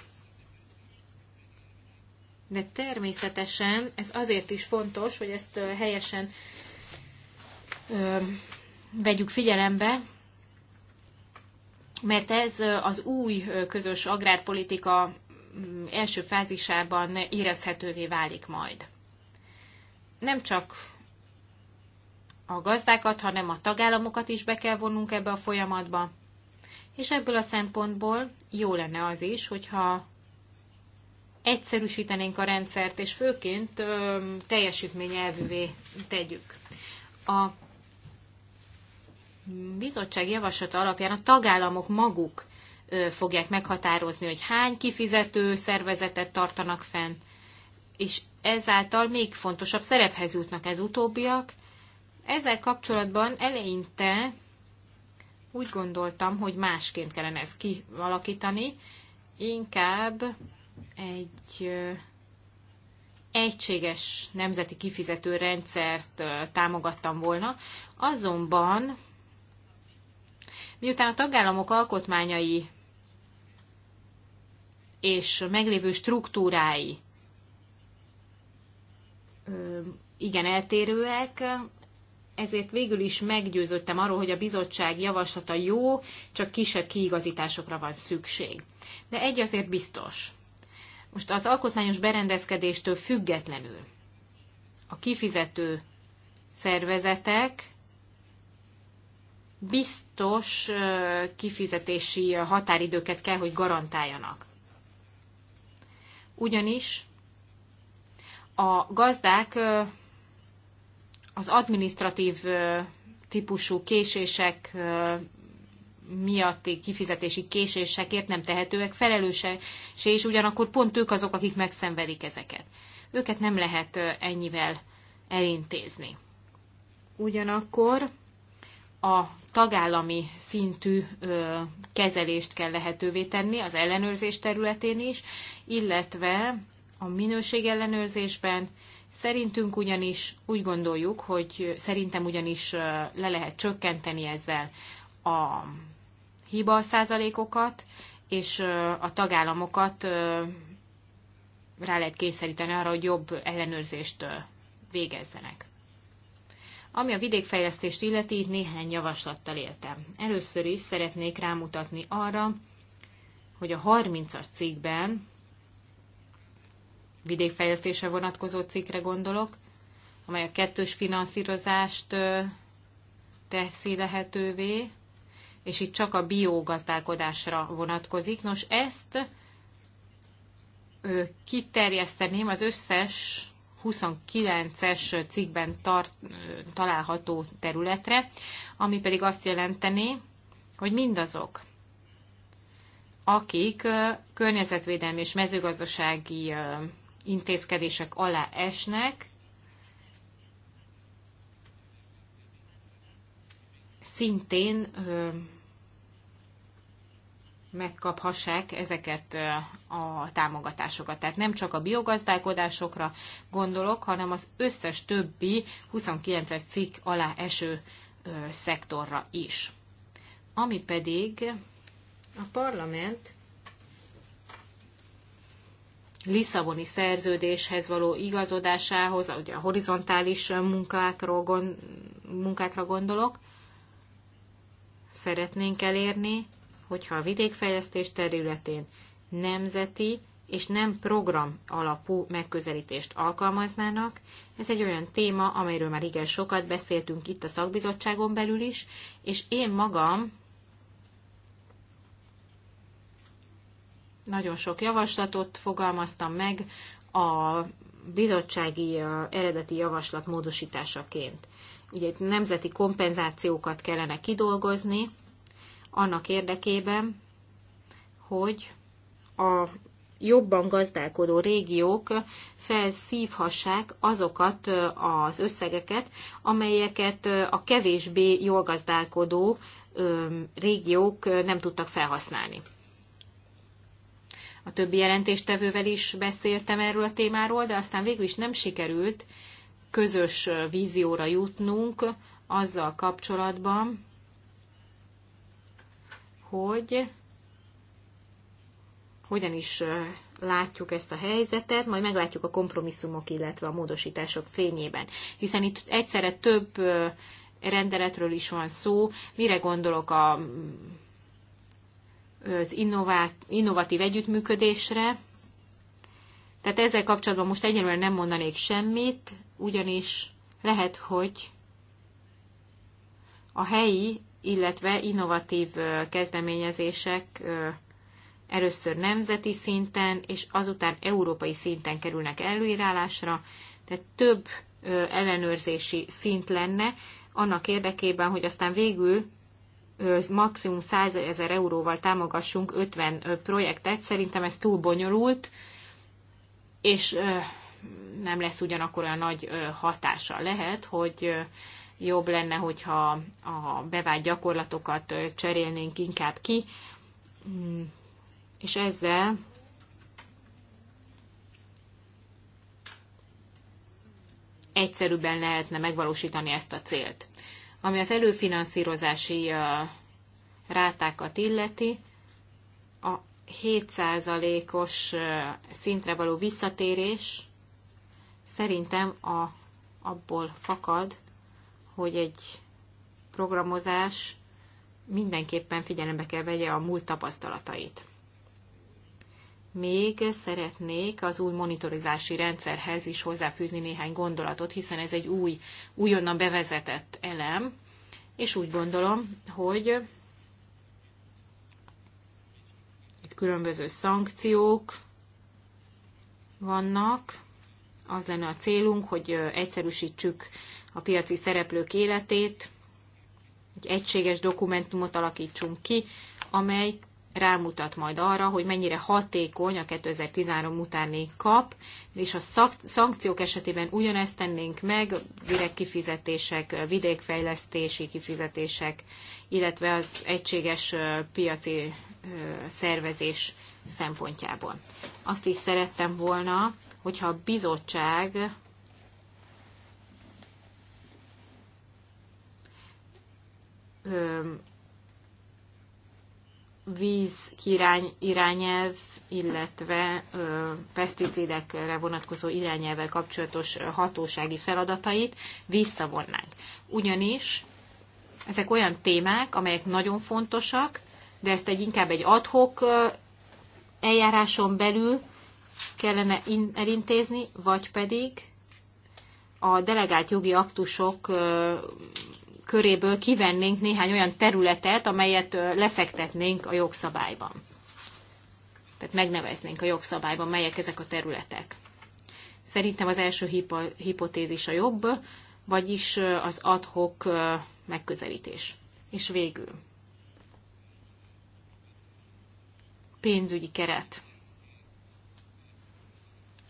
de természetesen ez azért is fontos, hogy ezt helyesen ö, vegyük figyelembe, mert ez az új közös agrárpolitika első fázisában érezhetővé válik majd. Nem csak a gazdákat, hanem a tagállamokat is be kell vonnunk ebbe a folyamatba. És ebből a szempontból jó lenne az is, hogyha egyszerűsítenénk a rendszert, és főként teljesítményelvűvé tegyük. A bizottság javaslata alapján a tagállamok maguk fogják meghatározni, hogy hány kifizető szervezetet tartanak fenn, és ezáltal még fontosabb szerephez jutnak ez utóbbiak. Ezzel kapcsolatban eleinte úgy gondoltam, hogy másként kellene ezt kialakítani, inkább egy egységes nemzeti kifizető rendszert támogattam volna, azonban miután a tagállamok alkotmányai és meglévő struktúrái igen eltérőek, ezért végül is meggyőződtem arról, hogy a bizottság javaslata jó, csak kisebb kiigazításokra van szükség. De egy azért biztos. Most az alkotmányos berendezkedéstől függetlenül a kifizető szervezetek biztos kifizetési határidőket kell, hogy garantáljanak. Ugyanis a gazdák az administratív típusú késések miatti kifizetési késésekért nem tehetőek felelőse, és ugyanakkor pont ők azok, akik megszenvedik ezeket. Őket nem lehet ennyivel elintézni. Ugyanakkor a tagállami szintű ö, kezelést kell lehetővé tenni az ellenőrzés területén is, illetve a minőségellenőrzésben szerintünk ugyanis úgy gondoljuk, hogy szerintem ugyanis le lehet csökkenteni ezzel a hiba százalékokat, és a tagállamokat rá lehet kényszeríteni arra, hogy jobb ellenőrzést végezzenek. Ami a vidékfejlesztést illeti, itt néhány javaslattal éltem. Először is szeretnék rámutatni arra, hogy a 30-as cikkben, vidékfejlesztésre vonatkozó cikkre gondolok, amely a kettős finanszírozást teszi lehetővé, és itt csak a biogazdálkodásra vonatkozik. Nos, ezt kiterjeszteném az összes 29-es cikkben tart, található területre, ami pedig azt jelenteni, hogy mindazok, akik környezetvédelmi és mezőgazdasági intézkedések alá esnek, szintén megkaphassák ezeket a támogatásokat. Tehát nem csak a biogazdálkodásokra gondolok, hanem az összes többi 29-es cikk alá eső szektorra is. Ami pedig a parlament Lisszaboni szerződéshez való igazodásához, ugye a horizontális munkákról munkákra gondolok, szeretnénk elérni, hogyha a vidékfejlesztés területén nemzeti és nem program alapú megközelítést alkalmaznának. Ez egy olyan téma, amelyről már igen sokat beszéltünk itt a szakbizottságon belül is, és én magam nagyon sok javaslatot fogalmaztam meg a bizottsági eredeti javaslat módosításaként. Ugye itt nemzeti kompenzációkat kellene kidolgozni, annak érdekében, hogy a jobban gazdálkodó régiók felszívhassák azokat az összegeket, amelyeket a kevésbé jól gazdálkodó régiók nem tudtak felhasználni. A többi jelentéstevővel is beszéltem erről a témáról, de aztán végül is nem sikerült közös vízióra jutnunk azzal kapcsolatban, hogy hogyan is látjuk ezt a helyzetet, majd meglátjuk a kompromisszumok, illetve a módosítások fényében. Hiszen itt egyszerre több rendeletről is van szó. Mire gondolok a, az innovát, innovatív együttműködésre? Tehát ezzel kapcsolatban most egyenlően nem mondanék semmit, ugyanis lehet, hogy a helyi illetve innovatív kezdeményezések először nemzeti szinten, és azután európai szinten kerülnek előírálásra, tehát több ellenőrzési szint lenne annak érdekében, hogy aztán végül maximum 100 ezer euróval támogassunk 50 projektet. Szerintem ez túl bonyolult, és nem lesz ugyanakkor olyan nagy hatása. Lehet, hogy jobb lenne, hogyha a bevált gyakorlatokat cserélnénk inkább ki, mm, és ezzel egyszerűbben lehetne megvalósítani ezt a célt. Ami az előfinanszírozási rátákat illeti, a 7%-os szintre való visszatérés szerintem a, abból fakad, hogy egy programozás mindenképpen figyelembe kell vegye a múlt tapasztalatait. Még szeretnék az új monitorizási rendszerhez is hozzáfűzni néhány gondolatot, hiszen ez egy új, újonnan bevezetett elem, és úgy gondolom, hogy itt különböző szankciók vannak. Az lenne a célunk, hogy egyszerűsítsük a piaci szereplők életét, egy egységes dokumentumot alakítsunk ki, amely rámutat majd arra, hogy mennyire hatékony a 2013 utáni kap, és a szankciók esetében ugyanezt tennénk meg, direkt kifizetések, vidékfejlesztési kifizetések, illetve az egységes piaci szervezés szempontjából. Azt is szerettem volna, hogyha a bizottság víz kirány, irányelv, illetve ö, peszticidekre vonatkozó irányelvvel kapcsolatos hatósági feladatait visszavonnánk. Ugyanis ezek olyan témák, amelyek nagyon fontosak, de ezt egy inkább egy adhok eljáráson belül kellene in, elintézni, vagy pedig a delegált jogi aktusok köréből kivennénk néhány olyan területet, amelyet lefektetnénk a jogszabályban. Tehát megneveznénk a jogszabályban, melyek ezek a területek. Szerintem az első hipo- hipotézis a jobb, vagyis az adhok megközelítés. És végül. Pénzügyi keret.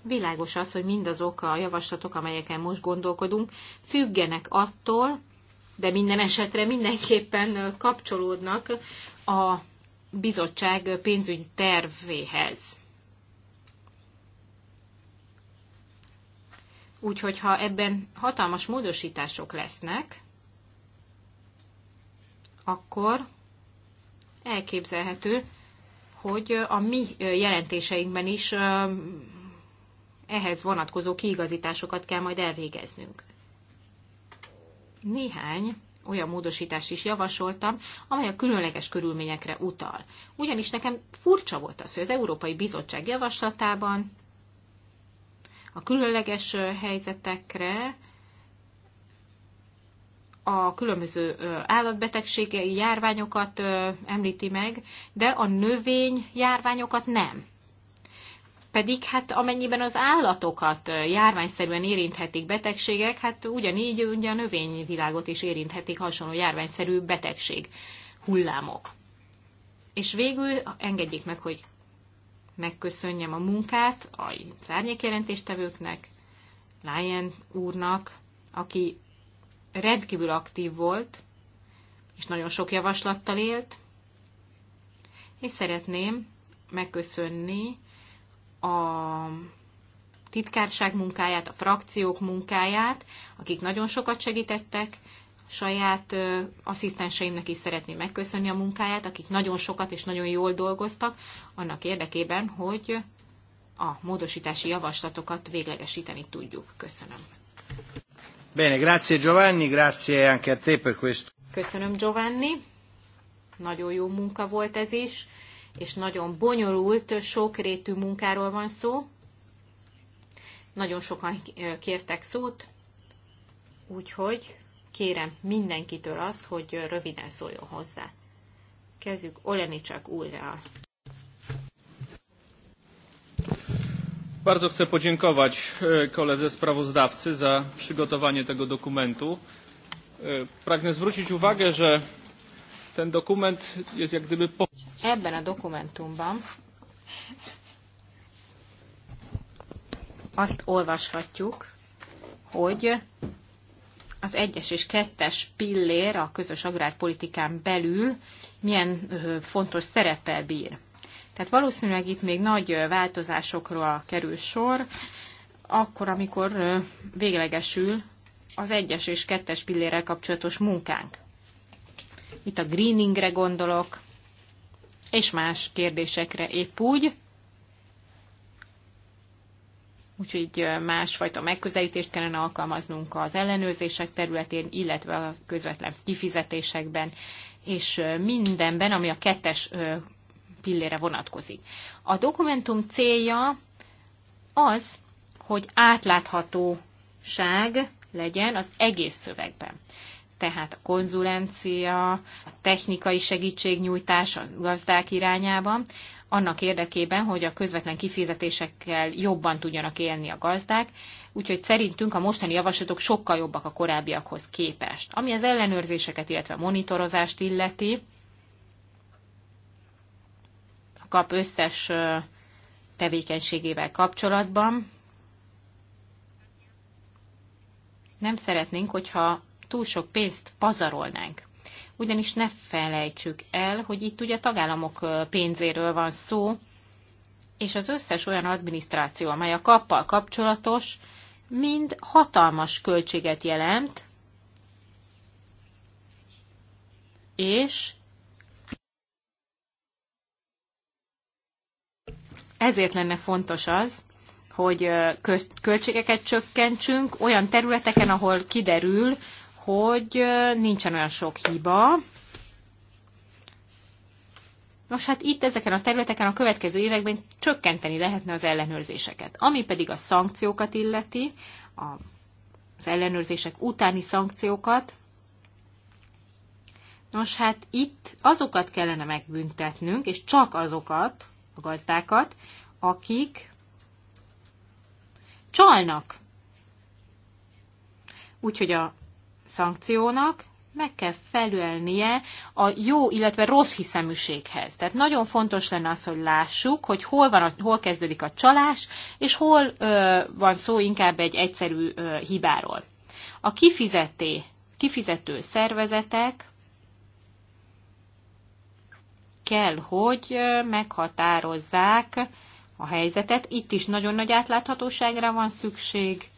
Világos az, hogy mindazok a javaslatok, amelyeken most gondolkodunk, függenek attól, de minden esetre mindenképpen kapcsolódnak a bizottság pénzügyi tervéhez. Úgyhogy ha ebben hatalmas módosítások lesznek, akkor elképzelhető, hogy a mi jelentéseinkben is ehhez vonatkozó kiigazításokat kell majd elvégeznünk néhány olyan módosítást is javasoltam, amely a különleges körülményekre utal. Ugyanis nekem furcsa volt az, hogy az Európai Bizottság javaslatában a különleges helyzetekre a különböző állatbetegségei járványokat említi meg, de a növény járványokat nem pedig hát amennyiben az állatokat járványszerűen érinthetik betegségek, hát ugyanígy ugye a növényvilágot is érinthetik hasonló járványszerű betegség hullámok. És végül engedjék meg, hogy megköszönjem a munkát a árnyékjelentéstevőknek, Lion úrnak, aki rendkívül aktív volt, és nagyon sok javaslattal élt, és szeretném megköszönni a titkárság munkáját, a frakciók munkáját, akik nagyon sokat segítettek, saját ö, asszisztenseimnek is szeretném megköszönni a munkáját, akik nagyon sokat és nagyon jól dolgoztak, annak érdekében, hogy a módosítási javaslatokat véglegesíteni tudjuk. Köszönöm. Bene, grazie Giovanni, grazie anche a te per questo. Köszönöm Giovanni, nagyon jó munka volt ez is és nagyon bonyolult, sokrétű munkáról van szó. Nagyon sokan kértek szót, úgyhogy kérem mindenkitől azt, hogy röviden szóljon hozzá. Kezdjük Olenicsak újra. Bardzo chcę podziękować e, koledze sprawozdawcy za przygotowanie tego dokumentu. E, pragnę zwrócić uwagę, że ten dokument jest jak gdyby... Po... Ebben a dokumentumban azt olvashatjuk, hogy az egyes és kettes pillér a közös agrárpolitikán belül milyen fontos szerepel bír. Tehát valószínűleg itt még nagy változásokról kerül sor, akkor, amikor véglegesül az egyes és kettes pillérrel kapcsolatos munkánk itt a greeningre gondolok, és más kérdésekre épp úgy. Úgyhogy másfajta megközelítést kellene alkalmaznunk az ellenőrzések területén, illetve a közvetlen kifizetésekben, és mindenben, ami a kettes pillére vonatkozik. A dokumentum célja az, hogy átláthatóság legyen az egész szövegben tehát a konzulencia, a technikai segítségnyújtás a gazdák irányában, annak érdekében, hogy a közvetlen kifizetésekkel jobban tudjanak élni a gazdák, úgyhogy szerintünk a mostani javaslatok sokkal jobbak a korábbiakhoz képest. Ami az ellenőrzéseket, illetve a monitorozást illeti, a kap összes tevékenységével kapcsolatban, nem szeretnénk, hogyha túl sok pénzt pazarolnánk. Ugyanis ne felejtsük el, hogy itt ugye tagállamok pénzéről van szó, és az összes olyan adminisztráció, amely a kappal kapcsolatos, mind hatalmas költséget jelent, és ezért lenne fontos az, hogy költségeket csökkentsünk olyan területeken, ahol kiderül, hogy nincsen olyan sok hiba. Nos, hát itt ezeken a területeken a következő években csökkenteni lehetne az ellenőrzéseket. Ami pedig a szankciókat illeti, az ellenőrzések utáni szankciókat, Nos, hát itt azokat kellene megbüntetnünk, és csak azokat, a gazdákat, akik csalnak. Úgyhogy a szankciónak meg kell felülnie a jó, illetve rossz hiszeműséghez. Tehát nagyon fontos lenne az, hogy lássuk, hogy hol, van a, hol kezdődik a csalás, és hol ö, van szó inkább egy egyszerű ö, hibáról. A kifizeté, kifizető szervezetek kell, hogy meghatározzák a helyzetet. Itt is nagyon nagy átláthatóságra van szükség,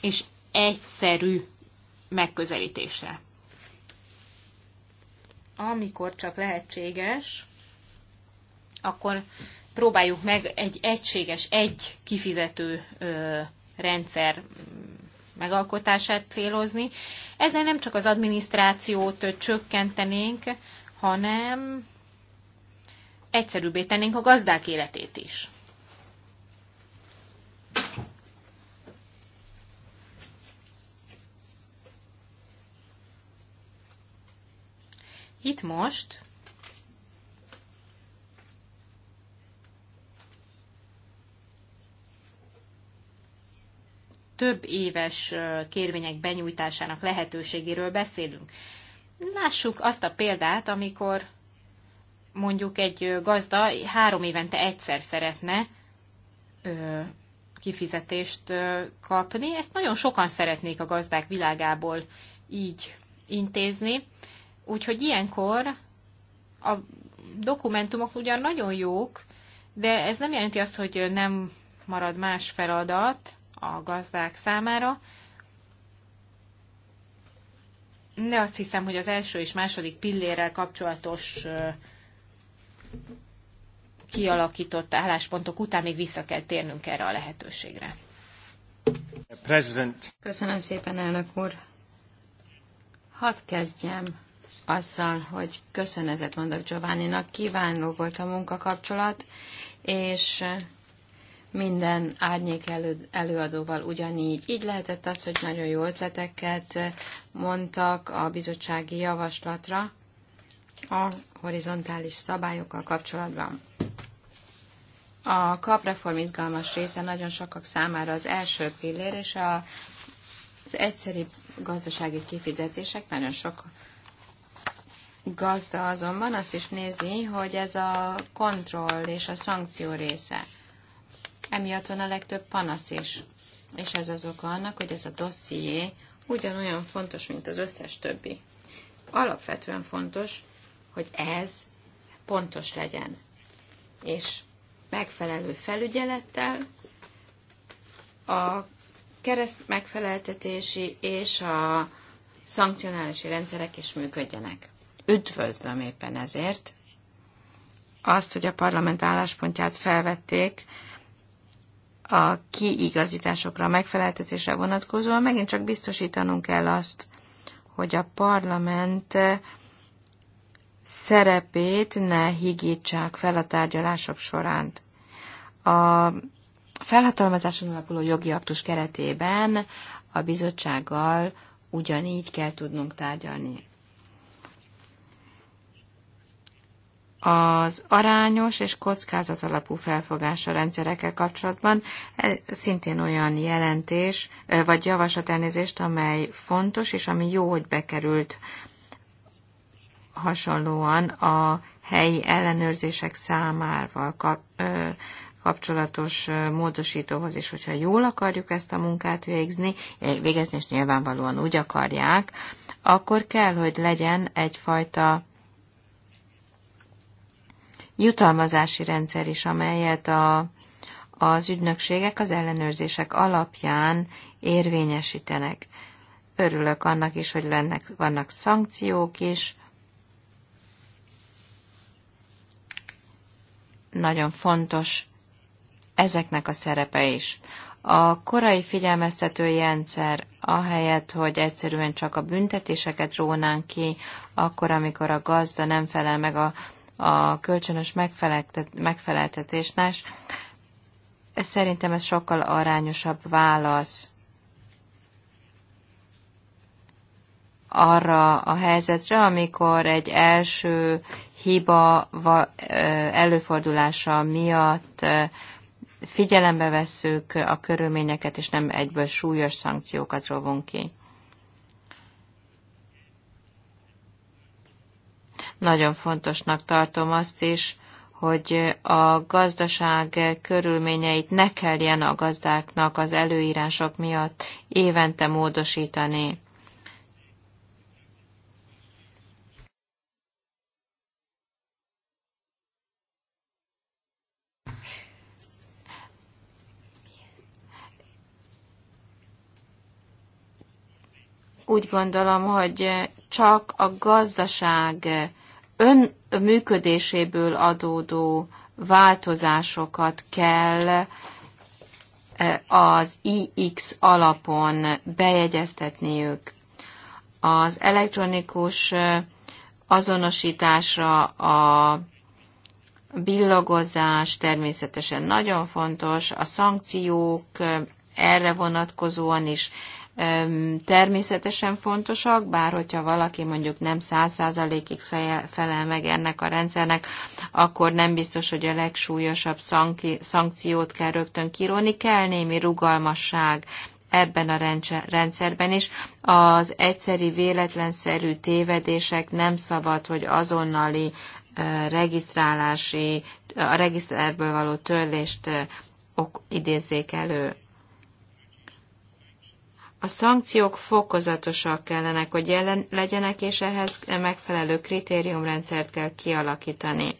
és egyszerű megközelítése. Amikor csak lehetséges, akkor próbáljuk meg egy egységes, egy kifizető ö, rendszer mm, megalkotását célozni. Ezzel nem csak az adminisztrációt csökkentenénk, hanem egyszerűbbé tennénk a gazdák életét is. Itt most több éves kérvények benyújtásának lehetőségéről beszélünk. Lássuk azt a példát, amikor mondjuk egy gazda három évente egyszer szeretne ö, kifizetést ö, kapni. Ezt nagyon sokan szeretnék a gazdák világából így intézni, Úgyhogy ilyenkor a dokumentumok ugyan nagyon jók, de ez nem jelenti azt, hogy nem marad más feladat a gazdák számára, de azt hiszem, hogy az első és második pillérrel kapcsolatos kialakított álláspontok után még vissza kell térnünk erre a lehetőségre. President. Köszönöm szépen, elnök úr. Hadd kezdjem azzal, hogy köszönetet mondok Giovanninak, kívánó volt a munkakapcsolat, és minden árnyék elő, előadóval ugyanígy. Így lehetett az, hogy nagyon jó ötleteket mondtak a bizottsági javaslatra a horizontális szabályokkal kapcsolatban. A kapreform izgalmas része nagyon sokak számára az első pillér, és a, az egyszerű gazdasági kifizetések nagyon sok gazda azonban azt is nézi, hogy ez a kontroll és a szankció része. Emiatt van a legtöbb panasz is. És ez az oka annak, hogy ez a dosszié ugyanolyan fontos, mint az összes többi. Alapvetően fontos, hogy ez pontos legyen. És megfelelő felügyelettel a kereszt megfeleltetési és a szankcionálási rendszerek is működjenek. Üdvözlöm éppen ezért azt, hogy a parlament álláspontját felvették a kiigazításokra, a megfeleltetésre vonatkozóan. Megint csak biztosítanunk kell azt, hogy a parlament szerepét ne higítsák fel a tárgyalások során. A felhatalmazáson alapuló jogi aktus keretében a bizottsággal ugyanígy kell tudnunk tárgyalni. az arányos és kockázat alapú felfogás a rendszerekkel kapcsolatban szintén olyan jelentés, vagy javaslat elnézést, amely fontos, és ami jó, hogy bekerült hasonlóan a helyi ellenőrzések számával kap, ö, kapcsolatos módosítóhoz, és hogyha jól akarjuk ezt a munkát végzni, eh, végezni, és nyilvánvalóan úgy akarják, akkor kell, hogy legyen egyfajta jutalmazási rendszer is, amelyet a, az ügynökségek az ellenőrzések alapján érvényesítenek. Örülök annak is, hogy lennek, vannak szankciók is. Nagyon fontos ezeknek a szerepe is. A korai figyelmeztető rendszer, ahelyett, hogy egyszerűen csak a büntetéseket rónánk ki, akkor, amikor a gazda nem felel meg a a kölcsönös megfeleltetésnál. Ez szerintem ez sokkal arányosabb válasz arra a helyzetre, amikor egy első hiba előfordulása miatt figyelembe vesszük a körülményeket, és nem egyből súlyos szankciókat rovunk ki. Nagyon fontosnak tartom azt is, hogy a gazdaság körülményeit ne kelljen a gazdáknak az előírások miatt évente módosítani. Úgy gondolom, hogy csak a gazdaság ön működéséből adódó változásokat kell eh, az IX alapon bejegyeztetniük. Az elektronikus eh, azonosításra a billagozás természetesen nagyon fontos, a szankciók eh, erre vonatkozóan is természetesen fontosak, bár hogyha valaki mondjuk nem száz százalékig felel meg ennek a rendszernek, akkor nem biztos, hogy a legsúlyosabb szankciót kell rögtön kiróni, kell némi rugalmasság ebben a rendszerben is. Az egyszeri véletlenszerű tévedések nem szabad, hogy azonnali regisztrálási, a regiszterből való törlést ok, idézzék elő a szankciók fokozatosak kellenek, hogy jelen legyenek, és ehhez megfelelő kritériumrendszert kell kialakítani.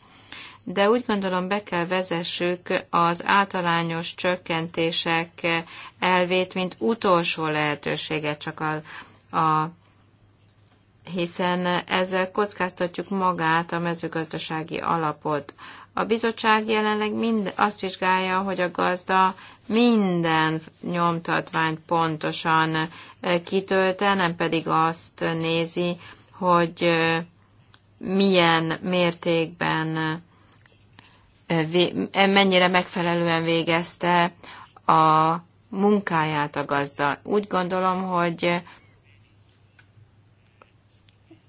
De úgy gondolom be kell vezessük az általányos csökkentések elvét, mint utolsó lehetőséget csak a, a hiszen ezzel kockáztatjuk magát a mezőgazdasági alapot. A bizottság jelenleg mind azt vizsgálja, hogy a gazda minden nyomtatványt pontosan e, kitölte, nem pedig azt nézi, hogy e, milyen mértékben, e, mennyire megfelelően végezte a munkáját a gazda. Úgy gondolom, hogy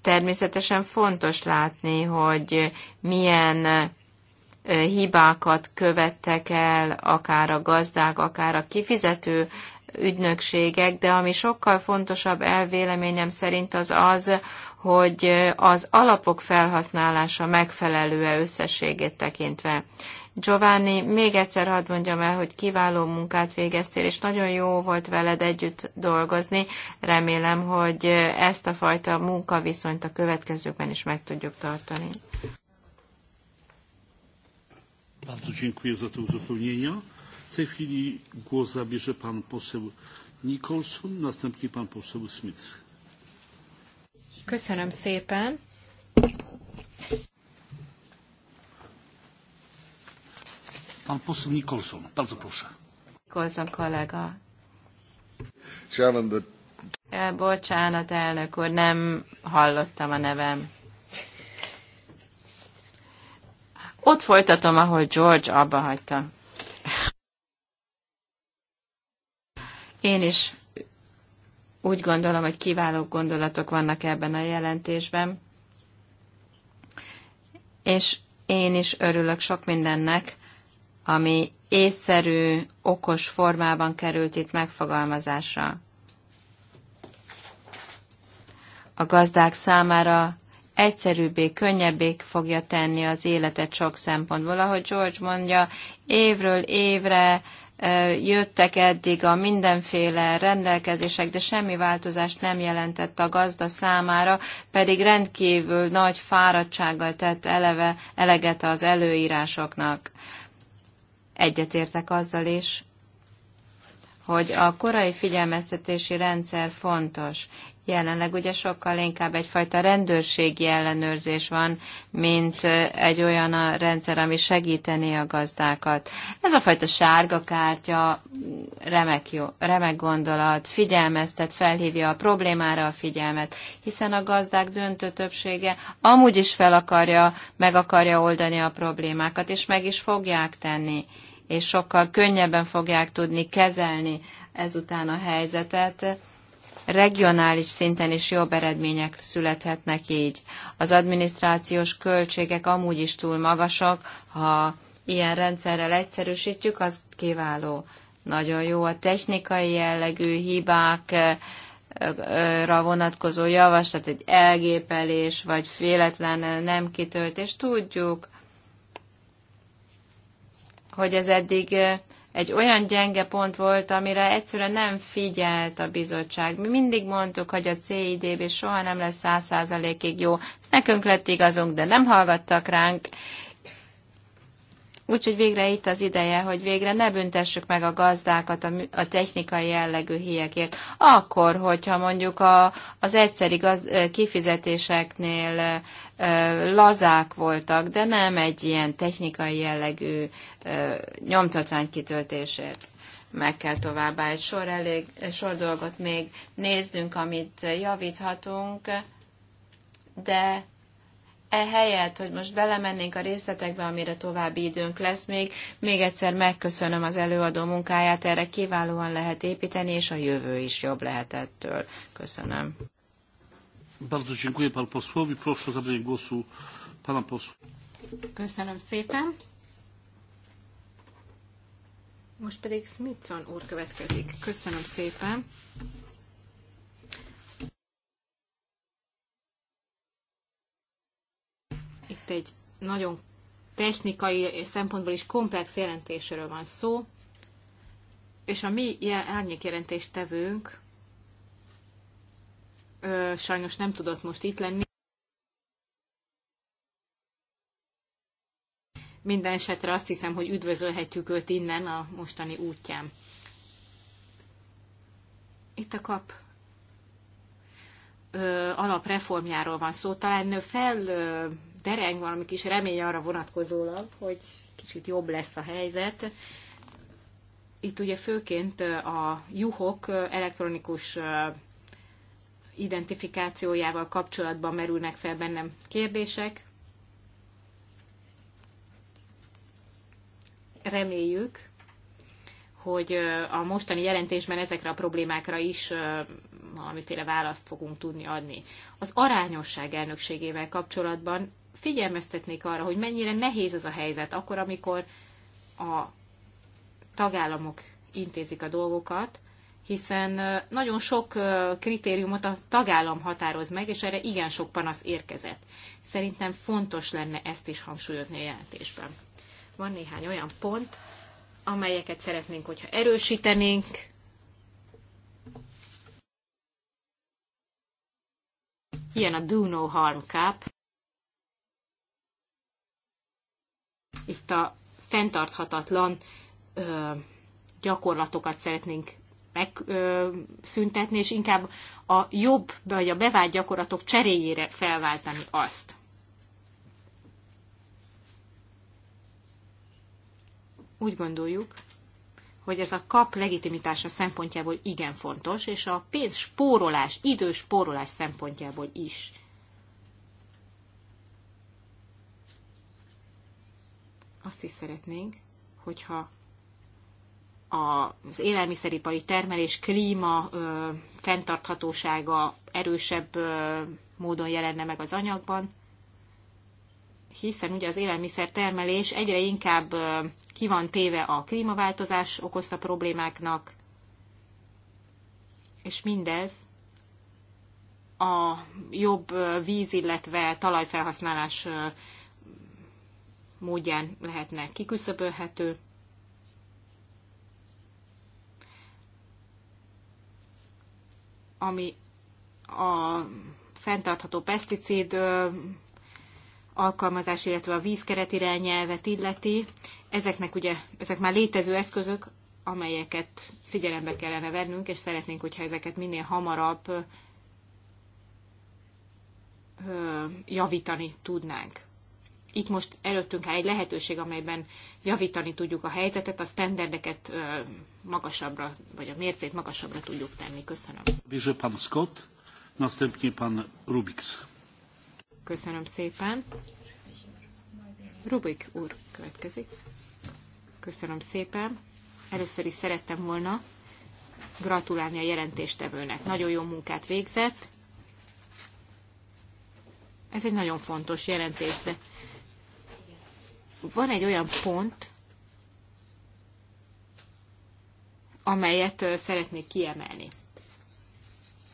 természetesen fontos látni, hogy milyen hibákat követtek el, akár a gazdák, akár a kifizető ügynökségek, de ami sokkal fontosabb elvéleményem szerint az az, hogy az alapok felhasználása megfelelő-e összességét tekintve. Giovanni, még egyszer hadd mondjam el, hogy kiváló munkát végeztél, és nagyon jó volt veled együtt dolgozni. Remélem, hogy ezt a fajta munkaviszonyt a következőkben is meg tudjuk tartani. Bardzo dziękuję za te uzupełnienia. W tej chwili głos zabierze pan poseł Nicholson, następnie pan poseł Smith. Köszönöm szépen. Pan poseł Nicholson, bardzo proszę. Nicholson kollega. E, bocsánat, elnök úr, nem hallottam a nevem. Ott folytatom, ahol George abba hagyta. Én is úgy gondolom, hogy kiváló gondolatok vannak ebben a jelentésben, és én is örülök sok mindennek, ami észszerű, okos formában került itt megfogalmazásra. A gazdák számára egyszerűbbé, könnyebbé fogja tenni az életet sok szempontból. Ahogy George mondja, évről évre jöttek eddig a mindenféle rendelkezések, de semmi változást nem jelentett a gazda számára, pedig rendkívül nagy fáradtsággal tett eleve eleget az előírásoknak. Egyetértek azzal is, hogy a korai figyelmeztetési rendszer fontos, Jelenleg ugye sokkal inkább egyfajta rendőrségi ellenőrzés van, mint egy olyan a rendszer, ami segítené a gazdákat. Ez a fajta sárga kártya remek, jó, remek gondolat, figyelmeztet, felhívja a problémára a figyelmet, hiszen a gazdák döntő többsége amúgy is fel akarja, meg akarja oldani a problémákat, és meg is fogják tenni, és sokkal könnyebben fogják tudni kezelni ezután a helyzetet, regionális szinten is jobb eredmények születhetnek így. Az adminisztrációs költségek amúgy is túl magasak, ha ilyen rendszerrel egyszerűsítjük, az kiváló. Nagyon jó a technikai jellegű hibák, vonatkozó javaslat, egy elgépelés, vagy féletlen nem kitöltés. Tudjuk, hogy ez eddig egy olyan gyenge pont volt, amire egyszerűen nem figyelt a bizottság. Mi mindig mondtuk, hogy a CIDB soha nem lesz száz százalékig jó. Nekünk lett igazunk, de nem hallgattak ránk, Úgyhogy végre itt az ideje, hogy végre ne büntessük meg a gazdákat a, a technikai jellegű hiekért. Akkor, hogyha mondjuk a, az egyszeri gaz, kifizetéseknél ö, lazák voltak, de nem egy ilyen technikai jellegű ö, nyomtatvány kitöltésért. Meg kell továbbá egy sor, elég, sor dolgot még néznünk, amit javíthatunk, de ehelyett, hogy most belemennénk a részletekbe, amire további időnk lesz még, még egyszer megköszönöm az előadó munkáját, erre kiválóan lehet építeni, és a jövő is jobb lehet ettől. Köszönöm. Bardzo dziękuję panu posłowi. Proszę o zabranie głosu pana posła. Köszönöm szépen. Most pedig Smithson úr következik. Köszönöm szépen. Itt egy nagyon technikai szempontból is komplex jelentésről van szó, és a mi árnyékjelentéstevőnk ö, sajnos nem tudott most itt lenni. Minden esetre azt hiszem, hogy üdvözölhetjük őt innen a mostani útján. Itt a kap ö, alapreformjáról van szó. Talán fel ö, dereng, valami kis remény arra vonatkozólag, hogy kicsit jobb lesz a helyzet. Itt ugye főként a juhok elektronikus identifikációjával kapcsolatban merülnek fel bennem kérdések. Reméljük, hogy a mostani jelentésben ezekre a problémákra is valamiféle választ fogunk tudni adni. Az arányosság elnökségével kapcsolatban figyelmeztetnék arra, hogy mennyire nehéz ez a helyzet, akkor, amikor a tagállamok intézik a dolgokat, hiszen nagyon sok kritériumot a tagállam határoz meg, és erre igen sok panasz érkezett. Szerintem fontos lenne ezt is hangsúlyozni a jelentésben. Van néhány olyan pont, amelyeket szeretnénk, hogyha erősítenénk, ilyen a Do No Harm Cup, itt a fenntarthatatlan ö, gyakorlatokat szeretnénk megszüntetni, és inkább a jobb vagy a bevált gyakorlatok cseréjére felváltani azt. Úgy gondoljuk, hogy ez a kap legitimitása szempontjából igen fontos, és a pénz spórolás idős spórolás szempontjából is. azt is szeretnénk, hogyha az élelmiszeripari termelés klíma ö, fenntarthatósága erősebb ö, módon jelenne meg az anyagban, hiszen ugye az élelmiszer termelés egyre inkább ö, ki van téve a klímaváltozás okozta problémáknak, és mindez a jobb víz, illetve talajfelhasználás módján lehetne kiküszöbölhető. Ami a fenntartható peszticid alkalmazás, illetve a vízkeret irányelvet illeti, ezeknek ugye, ezek már létező eszközök, amelyeket figyelembe kellene vennünk, és szeretnénk, hogyha ezeket minél hamarabb javítani tudnánk itt most előttünk áll egy lehetőség, amelyben javítani tudjuk a helyzetet, a standardeket magasabbra, vagy a mércét magasabbra tudjuk tenni. Köszönöm. pan Scott, następnie pan Rubix. Köszönöm szépen. Rubik úr következik. Köszönöm szépen. Először is szerettem volna gratulálni a jelentéstevőnek. Nagyon jó munkát végzett. Ez egy nagyon fontos jelentés, de van egy olyan pont, amelyet szeretnék kiemelni.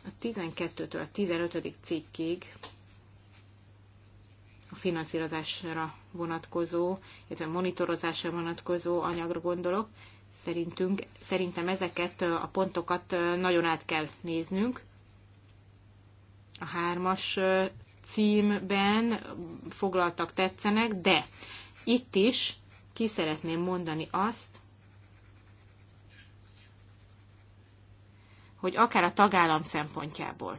A 12-től a 15. cikkig a finanszírozásra vonatkozó, illetve monitorozásra vonatkozó anyagra gondolok, szerintünk, szerintem ezeket a pontokat nagyon át kell néznünk. A hármas címben foglaltak tetszenek, de itt is ki szeretném mondani azt, hogy akár a tagállam szempontjából.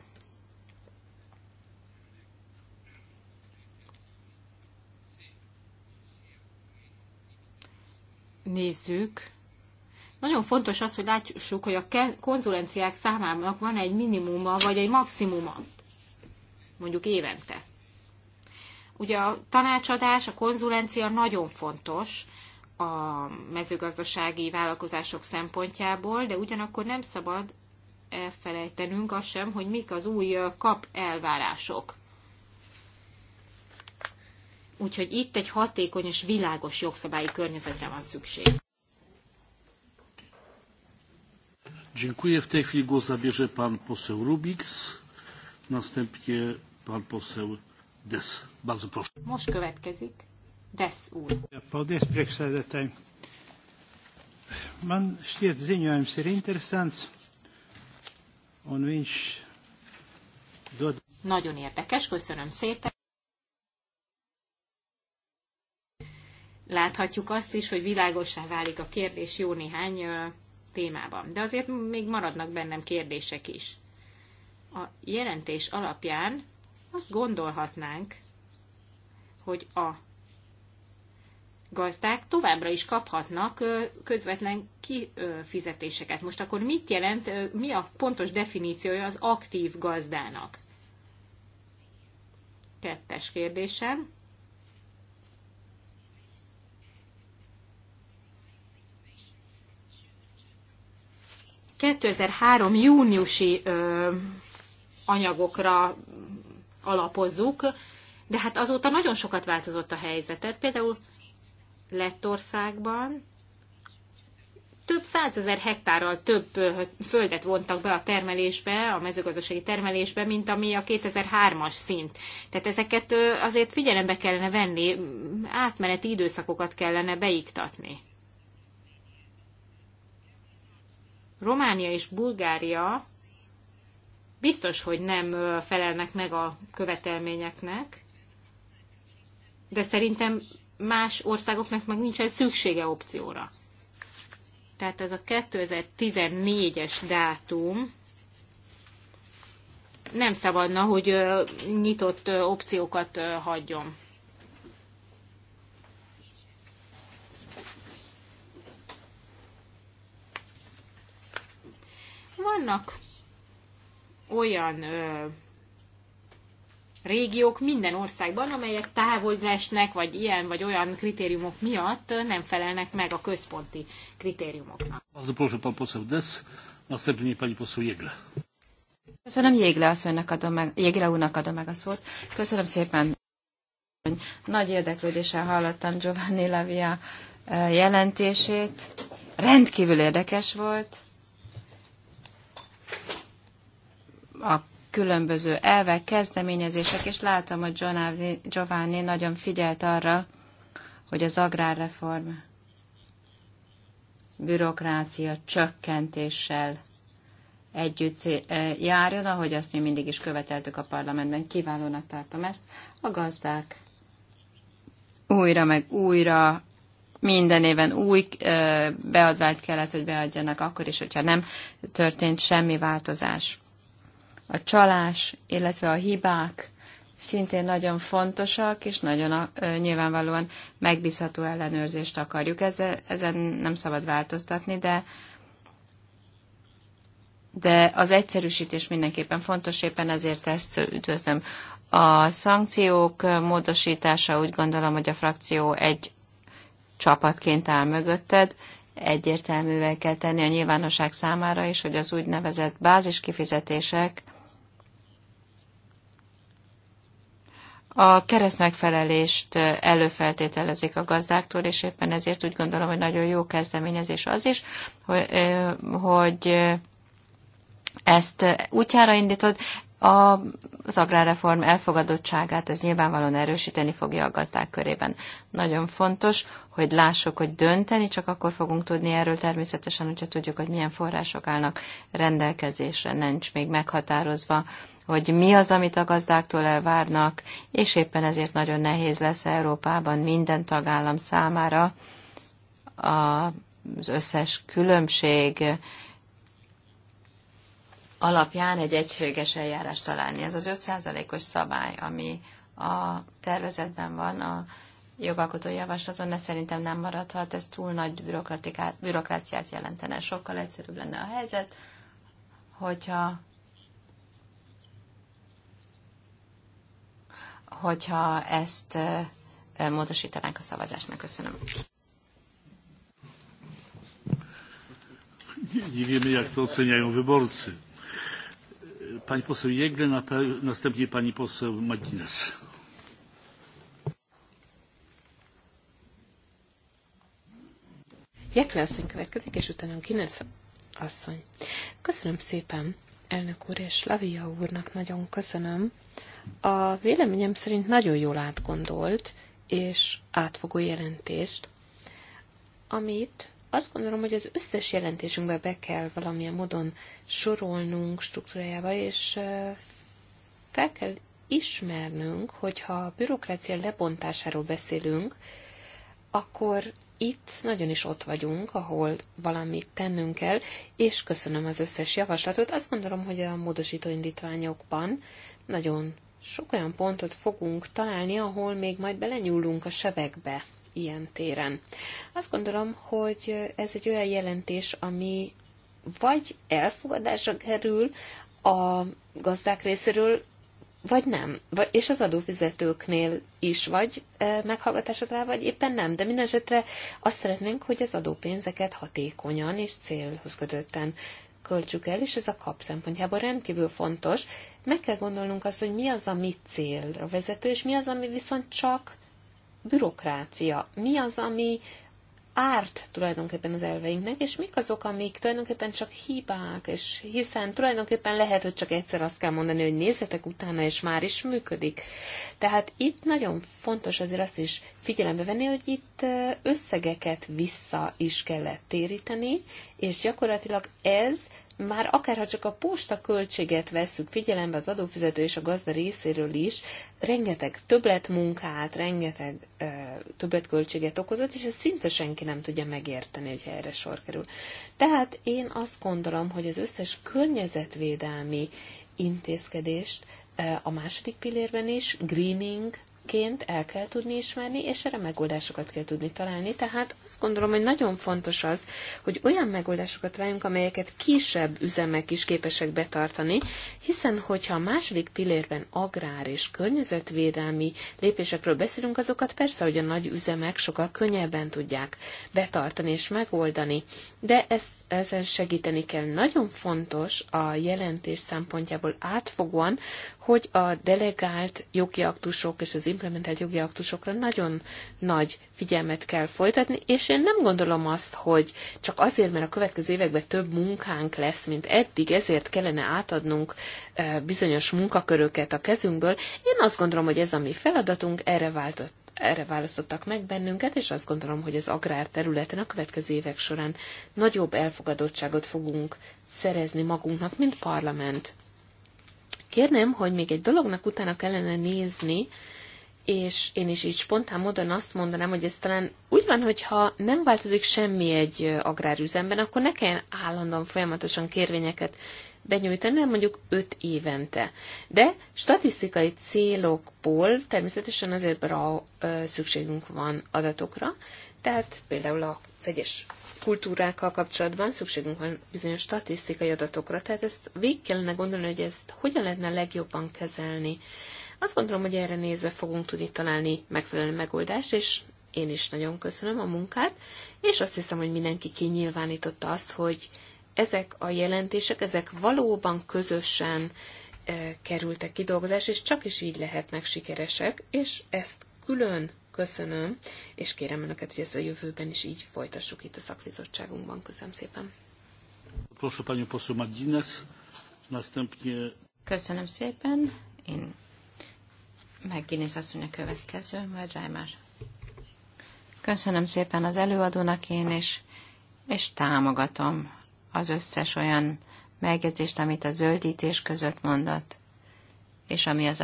Nézzük. Nagyon fontos az, hogy látsuk, hogy a konzulenciák számának van egy minimuma, vagy egy maximuma, mondjuk évente. Ugye a tanácsadás, a konzulencia nagyon fontos a mezőgazdasági vállalkozások szempontjából, de ugyanakkor nem szabad elfelejtenünk azt sem, hogy mik az új kap elvárások. Úgyhogy itt egy hatékony és világos jogszabályi környezetre van szükség. Dziękuję. W tej chwili głos zabierze pan poseł Rubiks, następnie pan poseł Des. Bardzo proszę. Most következik Des úr. Paldies, priekšsēdētāji. Man šķiet ziņojums ir interesants, un viņš dod... Nagyon érdekes, köszönöm szépen. Láthatjuk azt is, hogy világosá válik a kérdés jó néhány témában. De azért még maradnak bennem kérdések is. A jelentés alapján azt gondolhatnánk, hogy a gazdák továbbra is kaphatnak közvetlen kifizetéseket. Most akkor mit jelent, mi a pontos definíciója az aktív gazdának? Kettes kérdésem. ...2003 júniusi ö, anyagokra alapozzuk de hát azóta nagyon sokat változott a helyzetet. Például Lettországban több százezer hektárral több földet vontak be a termelésbe, a mezőgazdasági termelésbe, mint ami a 2003-as szint. Tehát ezeket azért figyelembe kellene venni, átmeneti időszakokat kellene beiktatni. Románia és Bulgária biztos, hogy nem felelnek meg a követelményeknek, de szerintem más országoknak meg nincsen szüksége opcióra. Tehát ez a 2014-es dátum nem szabadna, hogy nyitott opciókat hagyjon. Vannak olyan régiók minden országban, amelyek távol lesnek, vagy ilyen vagy olyan kritériumok miatt nem felelnek meg a központi kritériumoknak. Az utolsó pan poseł Des, następnie pani Jegle. Köszönöm Jégle, asszonynak adom meg, Jégle úrnak adom meg a szót. Köszönöm szépen. Nagy érdeklődéssel hallottam Giovanni Lavia e, jelentését. Rendkívül érdekes volt. A különböző elvek, kezdeményezések, és látom, hogy Giovanni nagyon figyelt arra, hogy az agrárreform bürokrácia csökkentéssel együtt eh, járjon, ahogy azt mi mindig is követeltük a parlamentben. Kiválónak tartom ezt. A gazdák újra meg újra minden éven új eh, beadványt kellett, hogy beadjanak, akkor is, hogyha nem történt semmi változás a csalás, illetve a hibák szintén nagyon fontosak, és nagyon a, nyilvánvalóan megbízható ellenőrzést akarjuk. Ezzel, ezen nem szabad változtatni, de de az egyszerűsítés mindenképpen fontos, éppen ezért ezt üdvözlöm. A szankciók módosítása úgy gondolom, hogy a frakció egy csapatként áll mögötted, egyértelművel kell tenni a nyilvánosság számára is, hogy az úgynevezett bázis kifizetések a keresztmegfelelést előfeltételezik a gazdáktól, és éppen ezért úgy gondolom, hogy nagyon jó kezdeményezés az is, hogy, hogy ezt útjára indítod, a, az agrárreform elfogadottságát ez nyilvánvalóan erősíteni fogja a gazdák körében. Nagyon fontos, hogy lássuk, hogy dönteni, csak akkor fogunk tudni erről természetesen, hogyha tudjuk, hogy milyen források állnak rendelkezésre, nincs még meghatározva hogy mi az, amit a gazdáktól elvárnak, és éppen ezért nagyon nehéz lesz Európában minden tagállam számára az összes különbség alapján egy egységes eljárást találni. Ez az 5%-os szabály, ami a tervezetben van, a jogalkotó javaslaton, de szerintem nem maradhat, ez túl nagy bürokráciát jelentene. Sokkal egyszerűbb lenne a helyzet, hogyha hogyha ezt módosítanánk a szavazásnak. Köszönöm. Nie wiemy, jak to oceniają wyborcy. Pani poseł Jegle, następnie pani poseł Magines. Jekle asszony következik, és utána Guinness asszony. Köszönöm szépen, elnök úr és Lavia úrnak nagyon köszönöm a véleményem szerint nagyon jól átgondolt és átfogó jelentést, amit azt gondolom, hogy az összes jelentésünkbe be kell valamilyen módon sorolnunk struktúrájába, és fel kell ismernünk, hogyha a bürokrácia lebontásáról beszélünk, akkor itt nagyon is ott vagyunk, ahol valamit tennünk kell, és köszönöm az összes javaslatot. Azt gondolom, hogy a módosító indítványokban nagyon sok olyan pontot fogunk találni, ahol még majd belenyúlunk a sebekbe ilyen téren. Azt gondolom, hogy ez egy olyan jelentés, ami vagy elfogadásra kerül a gazdák részéről, vagy nem, és az adófizetőknél is vagy e, vagy éppen nem. De minden esetre azt szeretnénk, hogy az adópénzeket hatékonyan és célhoz kötötten költsük el, és ez a kap szempontjából rendkívül fontos. Meg kell gondolnunk azt, hogy mi az, ami célra vezető, és mi az, ami viszont csak bürokrácia. Mi az, ami árt tulajdonképpen az elveinknek, és mik azok, amik tulajdonképpen csak hibák, és hiszen tulajdonképpen lehet, hogy csak egyszer azt kell mondani, hogy nézzetek utána, és már is működik. Tehát itt nagyon fontos azért azt is figyelembe venni, hogy itt összegeket vissza is kellett téríteni, és gyakorlatilag ez már akárha csak a posta költséget veszük figyelembe az adófizető és a gazda részéről is, rengeteg többletmunkát, rengeteg ö, többletköltséget okozott, és ezt szinte senki nem tudja megérteni, hogy erre sor kerül. Tehát én azt gondolom, hogy az összes környezetvédelmi intézkedést a második pillérben is, greening, ként el kell tudni ismerni, és erre megoldásokat kell tudni találni. Tehát azt gondolom, hogy nagyon fontos az, hogy olyan megoldásokat találjunk, amelyeket kisebb üzemek is képesek betartani, hiszen hogyha a második pillérben agrár és környezetvédelmi lépésekről beszélünk, azokat persze, hogy a nagy üzemek sokkal könnyebben tudják betartani és megoldani. De ezt ezen segíteni kell. Nagyon fontos a jelentés szempontjából átfogóan, hogy a delegált jogi aktusok és az implementált jogi aktusokra nagyon nagy figyelmet kell folytatni, és én nem gondolom azt, hogy csak azért, mert a következő években több munkánk lesz, mint eddig, ezért kellene átadnunk eh, bizonyos munkaköröket a kezünkből. Én azt gondolom, hogy ez a mi feladatunk, erre váltott erre választottak meg bennünket, és azt gondolom, hogy az területen a következő évek során nagyobb elfogadottságot fogunk szerezni magunknak, mint parlament. Kérném, hogy még egy dolognak utána kellene nézni, és én is így spontán módon azt mondanám, hogy ez talán úgy van, hogyha nem változik semmi egy agrárüzemben, akkor ne kelljen állandóan folyamatosan kérvényeket benyújtani, hanem mondjuk 5 évente. De statisztikai célokból természetesen azért rá szükségünk van adatokra, tehát például az egyes kultúrákkal kapcsolatban szükségünk van bizonyos statisztikai adatokra, tehát ezt végig kellene gondolni, hogy ezt hogyan lehetne legjobban kezelni. Azt gondolom, hogy erre nézve fogunk tudni találni megfelelő megoldást, és én is nagyon köszönöm a munkát, és azt hiszem, hogy mindenki kinyilvánította azt, hogy ezek a jelentések, ezek valóban közösen e, kerültek kidolgozás, és csak is így lehetnek sikeresek, és ezt külön köszönöm, és kérem Önöket, hogy ezt a jövőben is így folytassuk itt a szakbizottságunkban. Köszönöm szépen. Köszönöm szépen. Én meg asszony a következő, majd Reimer. Köszönöm szépen az előadónak én is, és támogatom az összes olyan megjegyzést, amit a zöldítés között mondott, és ami az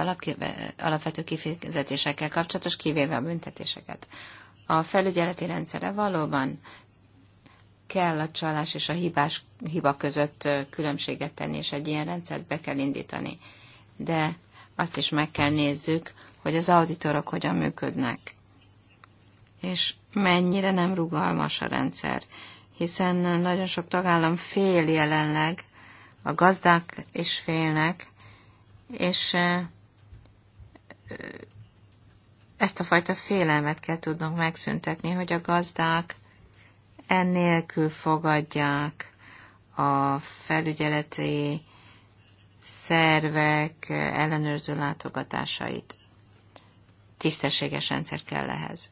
alapvető kifizetésekkel kapcsolatos, kivéve a büntetéseket. A felügyeleti rendszere valóban kell a csalás és a hibás, hiba között különbséget tenni, és egy ilyen rendszert be kell indítani. De azt is meg kell nézzük, hogy az auditorok hogyan működnek, és mennyire nem rugalmas a rendszer hiszen nagyon sok tagállam fél jelenleg, a gazdák is félnek, és ezt a fajta félelmet kell tudnunk megszüntetni, hogy a gazdák ennélkül fogadják a felügyeleti szervek ellenőrző látogatásait. Tisztességes rendszer kell ehhez.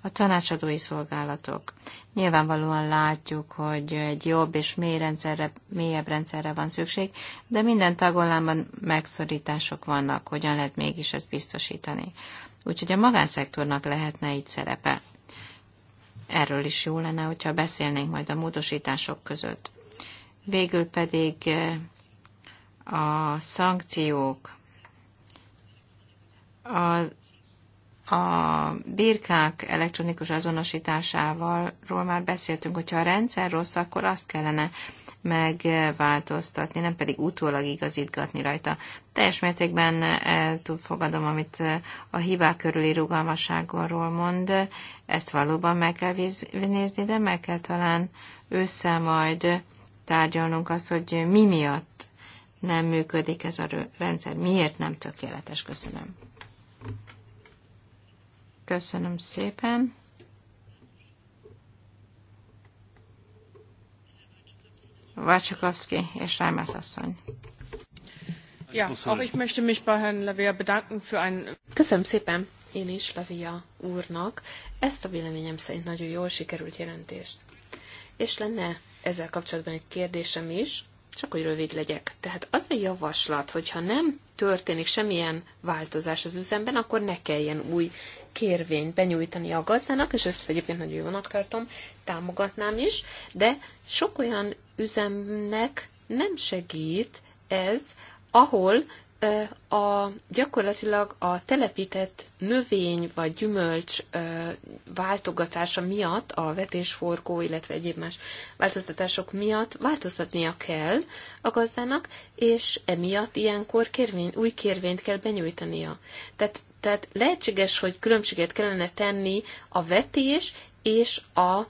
A tanácsadói szolgálatok. Nyilvánvalóan látjuk, hogy egy jobb és mély rendszerre, mélyebb rendszerre van szükség, de minden tagolában megszorítások vannak, hogyan lehet mégis ezt biztosítani. Úgyhogy a magánszektornak lehetne itt szerepe. Erről is jó lenne, hogyha beszélnénk majd a módosítások között. Végül pedig eh, a szankciók, az a birkák elektronikus azonosításával ról már beszéltünk, hogyha a rendszer rossz, akkor azt kellene megváltoztatni, nem pedig utólag igazítgatni rajta. Teljes mértékben fogadom, amit a hibák körüli rugalmasságról mond, ezt valóban meg kell nézni, de meg kell talán össze majd tárgyalnunk azt, hogy mi miatt nem működik ez a rendszer, miért nem tökéletes. Köszönöm. Köszönöm szépen. Vácsakovszki és Rámász asszony. Ja, auch ich möchte mich bei Herrn Lavia bedanken für Köszönöm szépen én is Lavia úrnak. Ezt a véleményem szerint nagyon jól sikerült jelentést. És lenne ezzel kapcsolatban egy kérdésem is, csak hogy rövid legyek. Tehát az a javaslat, hogyha nem történik semmilyen változás az üzemben, akkor ne kelljen új kérvényt benyújtani a gazdának, és ezt egyébként nagyon jónak tartom, támogatnám is, de sok olyan üzemnek nem segít ez, ahol a, gyakorlatilag a telepített növény vagy gyümölcs váltogatása miatt, a vetésforgó, illetve egyéb más változtatások miatt változtatnia kell a gazdának, és emiatt ilyenkor kérvény, új kérvényt kell benyújtania. Tehát, tehát lehetséges, hogy különbséget kellene tenni a vetés és a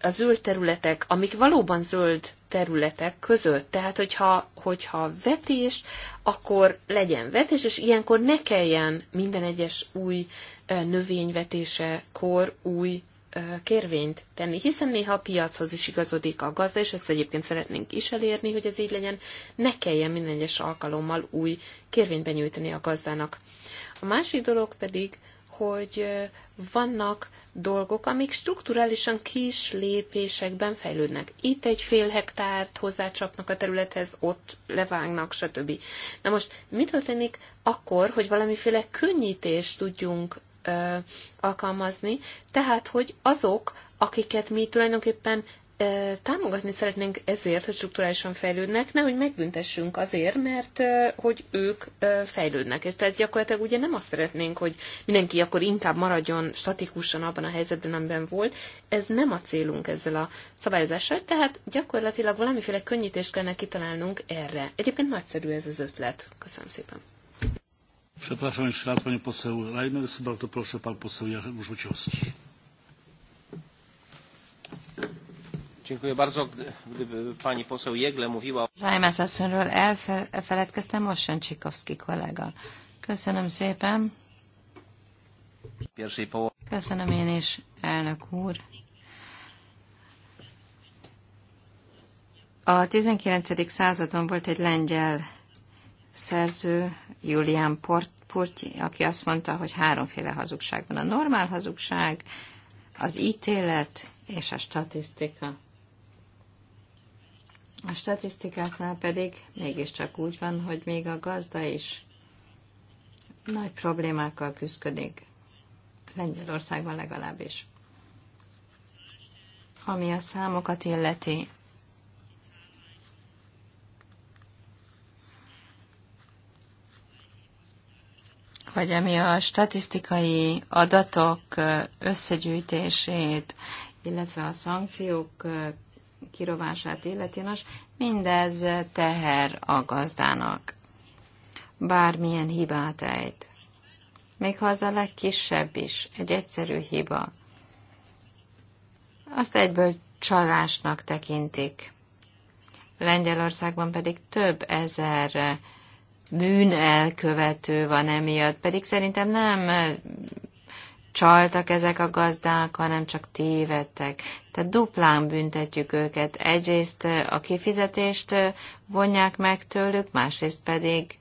a zöld területek, amik valóban zöld területek között. Tehát, hogyha, hogyha vetés, akkor legyen vetés, és ilyenkor ne kelljen minden egyes új növényvetésekor új kérvényt tenni, hiszen néha a piachoz is igazodik a gazda, és ezt egyébként szeretnénk is elérni, hogy ez így legyen, ne kelljen minden egyes alkalommal új kérvényt benyújtani a gazdának. A másik dolog pedig hogy vannak dolgok, amik strukturálisan kis lépésekben fejlődnek. Itt egy fél hektárt hozzácsapnak a területhez, ott levágnak, stb. Na most mi történik akkor, hogy valamiféle könnyítést tudjunk ö, alkalmazni, tehát hogy azok, akiket mi tulajdonképpen támogatni szeretnénk ezért, hogy strukturálisan fejlődnek, nehogy megbüntessünk azért, mert hogy ők fejlődnek. És Tehát gyakorlatilag ugye nem azt szeretnénk, hogy mindenki akkor inkább maradjon statikusan abban a helyzetben, amiben volt. Ez nem a célunk ezzel a szabályozással, tehát gyakorlatilag valamiféle könnyítést kellene kitalálnunk erre. Egyébként nagyszerű ez az ötlet. Köszönöm szépen. Przepraszam jeszcze raz, pani poseł Reimer. Bardzo proszę, pan poseł Jarek Dziękuję bardzo. Gdyby pani poseł Jegle mówiła... Rájmász asszonyról elfeledkeztem, most jön Csikovszki kollega. Köszönöm szépen. Köszönöm én is, elnök úr. A 19. században volt egy lengyel szerző, Julian Port, aki azt mondta, hogy háromféle hazugság van. A normál hazugság, az ítélet és a statisztika. A statisztikáknál pedig mégiscsak úgy van, hogy még a gazda is nagy problémákkal küzdik. Lengyelországban legalábbis. Ami a számokat illeti, vagy ami a statisztikai adatok összegyűjtését, illetve a szankciók kirovását illeti, nos, mindez teher a gazdának. Bármilyen hibát ejt. Még ha az a legkisebb is, egy egyszerű hiba. Azt egyből csalásnak tekintik. Lengyelországban pedig több ezer bűnelkövető van emiatt, pedig szerintem nem csaltak ezek a gazdák, hanem csak tévedtek. Tehát duplán büntetjük őket. Egyrészt a kifizetést vonják meg tőlük, másrészt pedig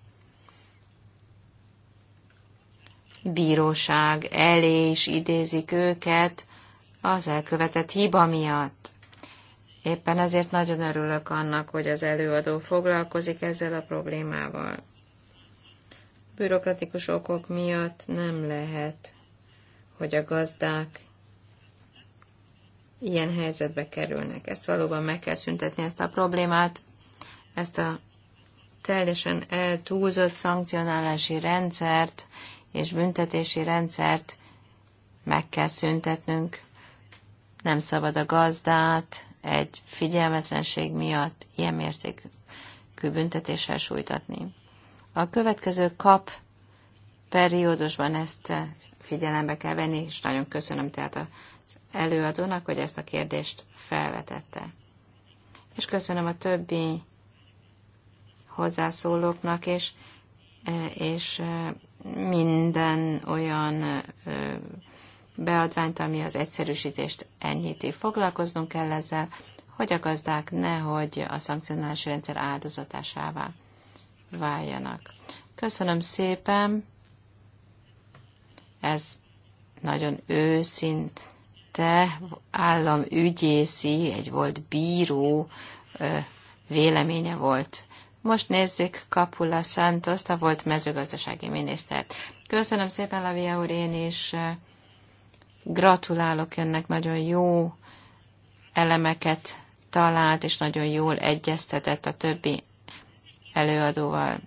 bíróság elé is idézik őket az elkövetett hiba miatt. Éppen ezért nagyon örülök annak, hogy az előadó foglalkozik ezzel a problémával. Bürokratikus okok miatt nem lehet hogy a gazdák ilyen helyzetbe kerülnek. Ezt valóban meg kell szüntetni, ezt a problémát, ezt a teljesen túlzott szankcionálási rendszert és büntetési rendszert meg kell szüntetnünk. Nem szabad a gazdát egy figyelmetlenség miatt ilyen mértékű büntetéssel sújtatni. A következő kap periódusban ezt figyelembe kell venni, és nagyon köszönöm tehát az előadónak, hogy ezt a kérdést felvetette. És köszönöm a többi hozzászólóknak, e, és, és e, minden olyan e, beadványt, ami az egyszerűsítést enyhíti. Foglalkoznunk kell ezzel, hogy a gazdák nehogy a szankcionálási rendszer áldozatásává váljanak. Köszönöm szépen! Ez nagyon őszinte ügyészi, egy volt bíró véleménye volt. Most nézzük Kapula santos a volt mezőgazdasági minisztert. Köszönöm szépen, Lavia úr, én is gratulálok önnek, nagyon jó elemeket talált, és nagyon jól egyeztetett a többi előadóval.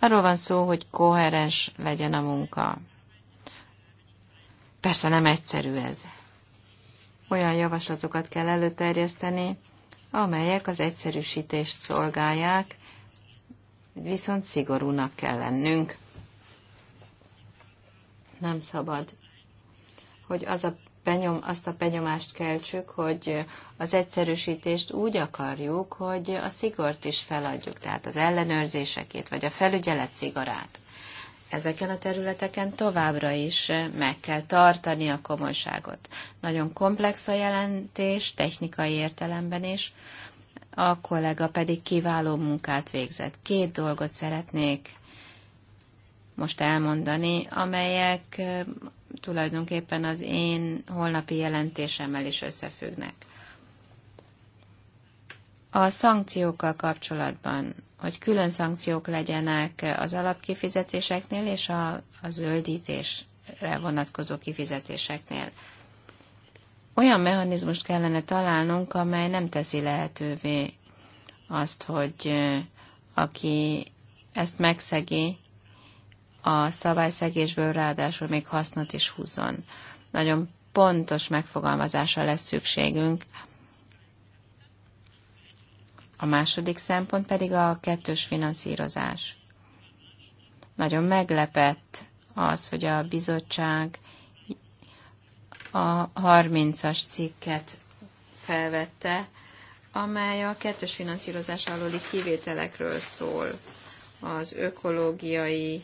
Arról van szó, hogy koherens legyen a munka. Persze nem egyszerű ez. Olyan javaslatokat kell előterjeszteni, amelyek az egyszerűsítést szolgálják, viszont szigorúnak kell lennünk. Nem szabad, hogy az a benyom, azt a benyomást keltsük, hogy az egyszerűsítést úgy akarjuk, hogy a szigort is feladjuk, tehát az ellenőrzésekét, vagy a felügyelet szigorát ezeken a területeken továbbra is meg kell tartani a komolyságot. Nagyon komplex a jelentés, technikai értelemben is, a kollega pedig kiváló munkát végzett. Két dolgot szeretnék most elmondani, amelyek tulajdonképpen az én holnapi jelentésemmel is összefüggnek. A szankciókkal kapcsolatban hogy külön szankciók legyenek az alapkifizetéseknél és a, a zöldítésre vonatkozó kifizetéseknél. Olyan mechanizmust kellene találnunk, amely nem teszi lehetővé azt, hogy aki ezt megszegi, a szabályszegésből ráadásul még hasznot is húzon. Nagyon pontos megfogalmazásra lesz szükségünk, a második szempont pedig a kettős finanszírozás. Nagyon meglepett az, hogy a bizottság a 30-as cikket felvette, amely a kettős finanszírozás alóli kivételekről szól. Az ökológiai,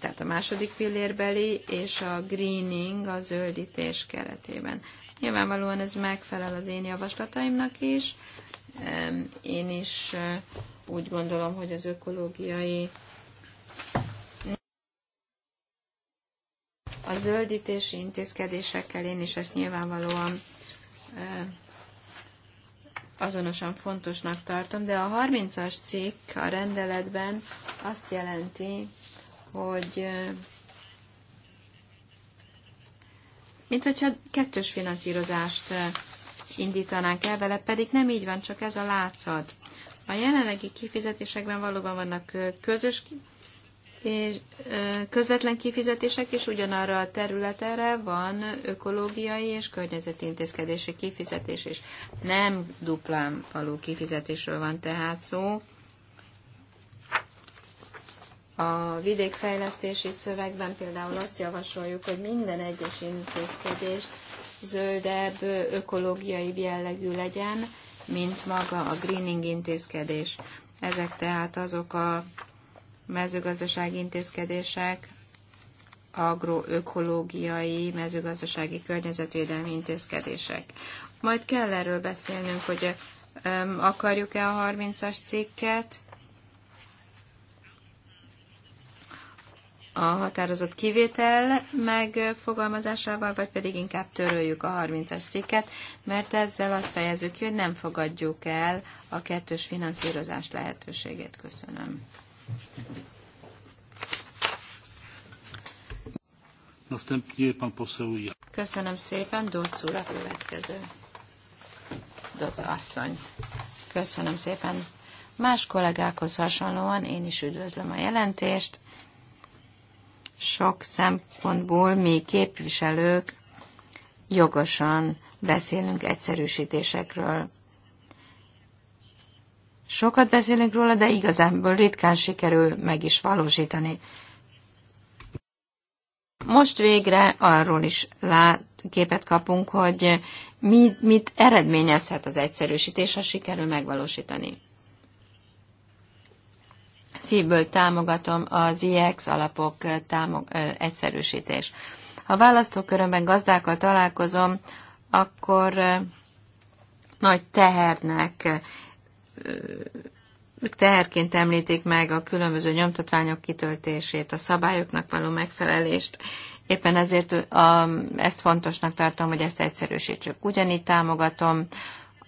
tehát a második pillérbeli és a greening, a zöldítés keretében. Nyilvánvalóan ez megfelel az én javaslataimnak is. Én is úgy gondolom, hogy az ökológiai a zöldítési intézkedésekkel én is ezt nyilvánvalóan azonosan fontosnak tartom, de a 30-as cikk a rendeletben azt jelenti, hogy mint hogyha kettős finanszírozást eh, indítanánk el vele, pedig nem így van, csak ez a látszat. A jelenlegi kifizetésekben valóban vannak eh, közös és eh, közvetlen kifizetések is ugyanarra a területre van ökológiai és környezeti intézkedési kifizetés is. Nem duplán való kifizetésről van tehát szó, a vidékfejlesztési szövegben például azt javasoljuk, hogy minden egyes intézkedés zöldebb, ökológiai jellegű legyen, mint maga a greening intézkedés. Ezek tehát azok a mezőgazdasági intézkedések, agroökológiai, mezőgazdasági környezetvédelmi intézkedések. Majd kell erről beszélnünk, hogy akarjuk-e a 30-as cikket, a határozott kivétel megfogalmazásával, vagy pedig inkább töröljük a 30-as cikket, mert ezzel azt fejezzük ki, hogy nem fogadjuk el a kettős finanszírozás lehetőségét. Köszönöm. Köszönöm szépen, Dóc úr a következő. Dóc asszony. Köszönöm szépen. Más kollégákhoz hasonlóan én is üdvözlöm a jelentést sok szempontból mi képviselők jogosan beszélünk egyszerűsítésekről. Sokat beszélünk róla, de igazából ritkán sikerül meg is valósítani. Most végre arról is lát, képet kapunk, hogy mit, mit eredményezhet az egyszerűsítés, ha sikerül megvalósítani szívből támogatom az IEX alapok eh, támog, eh, egyszerűsítés. Ha választókörömben gazdákkal találkozom, akkor eh, nagy tehernek teherként említik meg a különböző nyomtatványok kitöltését, a szabályoknak való megfelelést. Éppen ezért a, ezt fontosnak tartom, hogy ezt egyszerűsítsük. Ugyanígy támogatom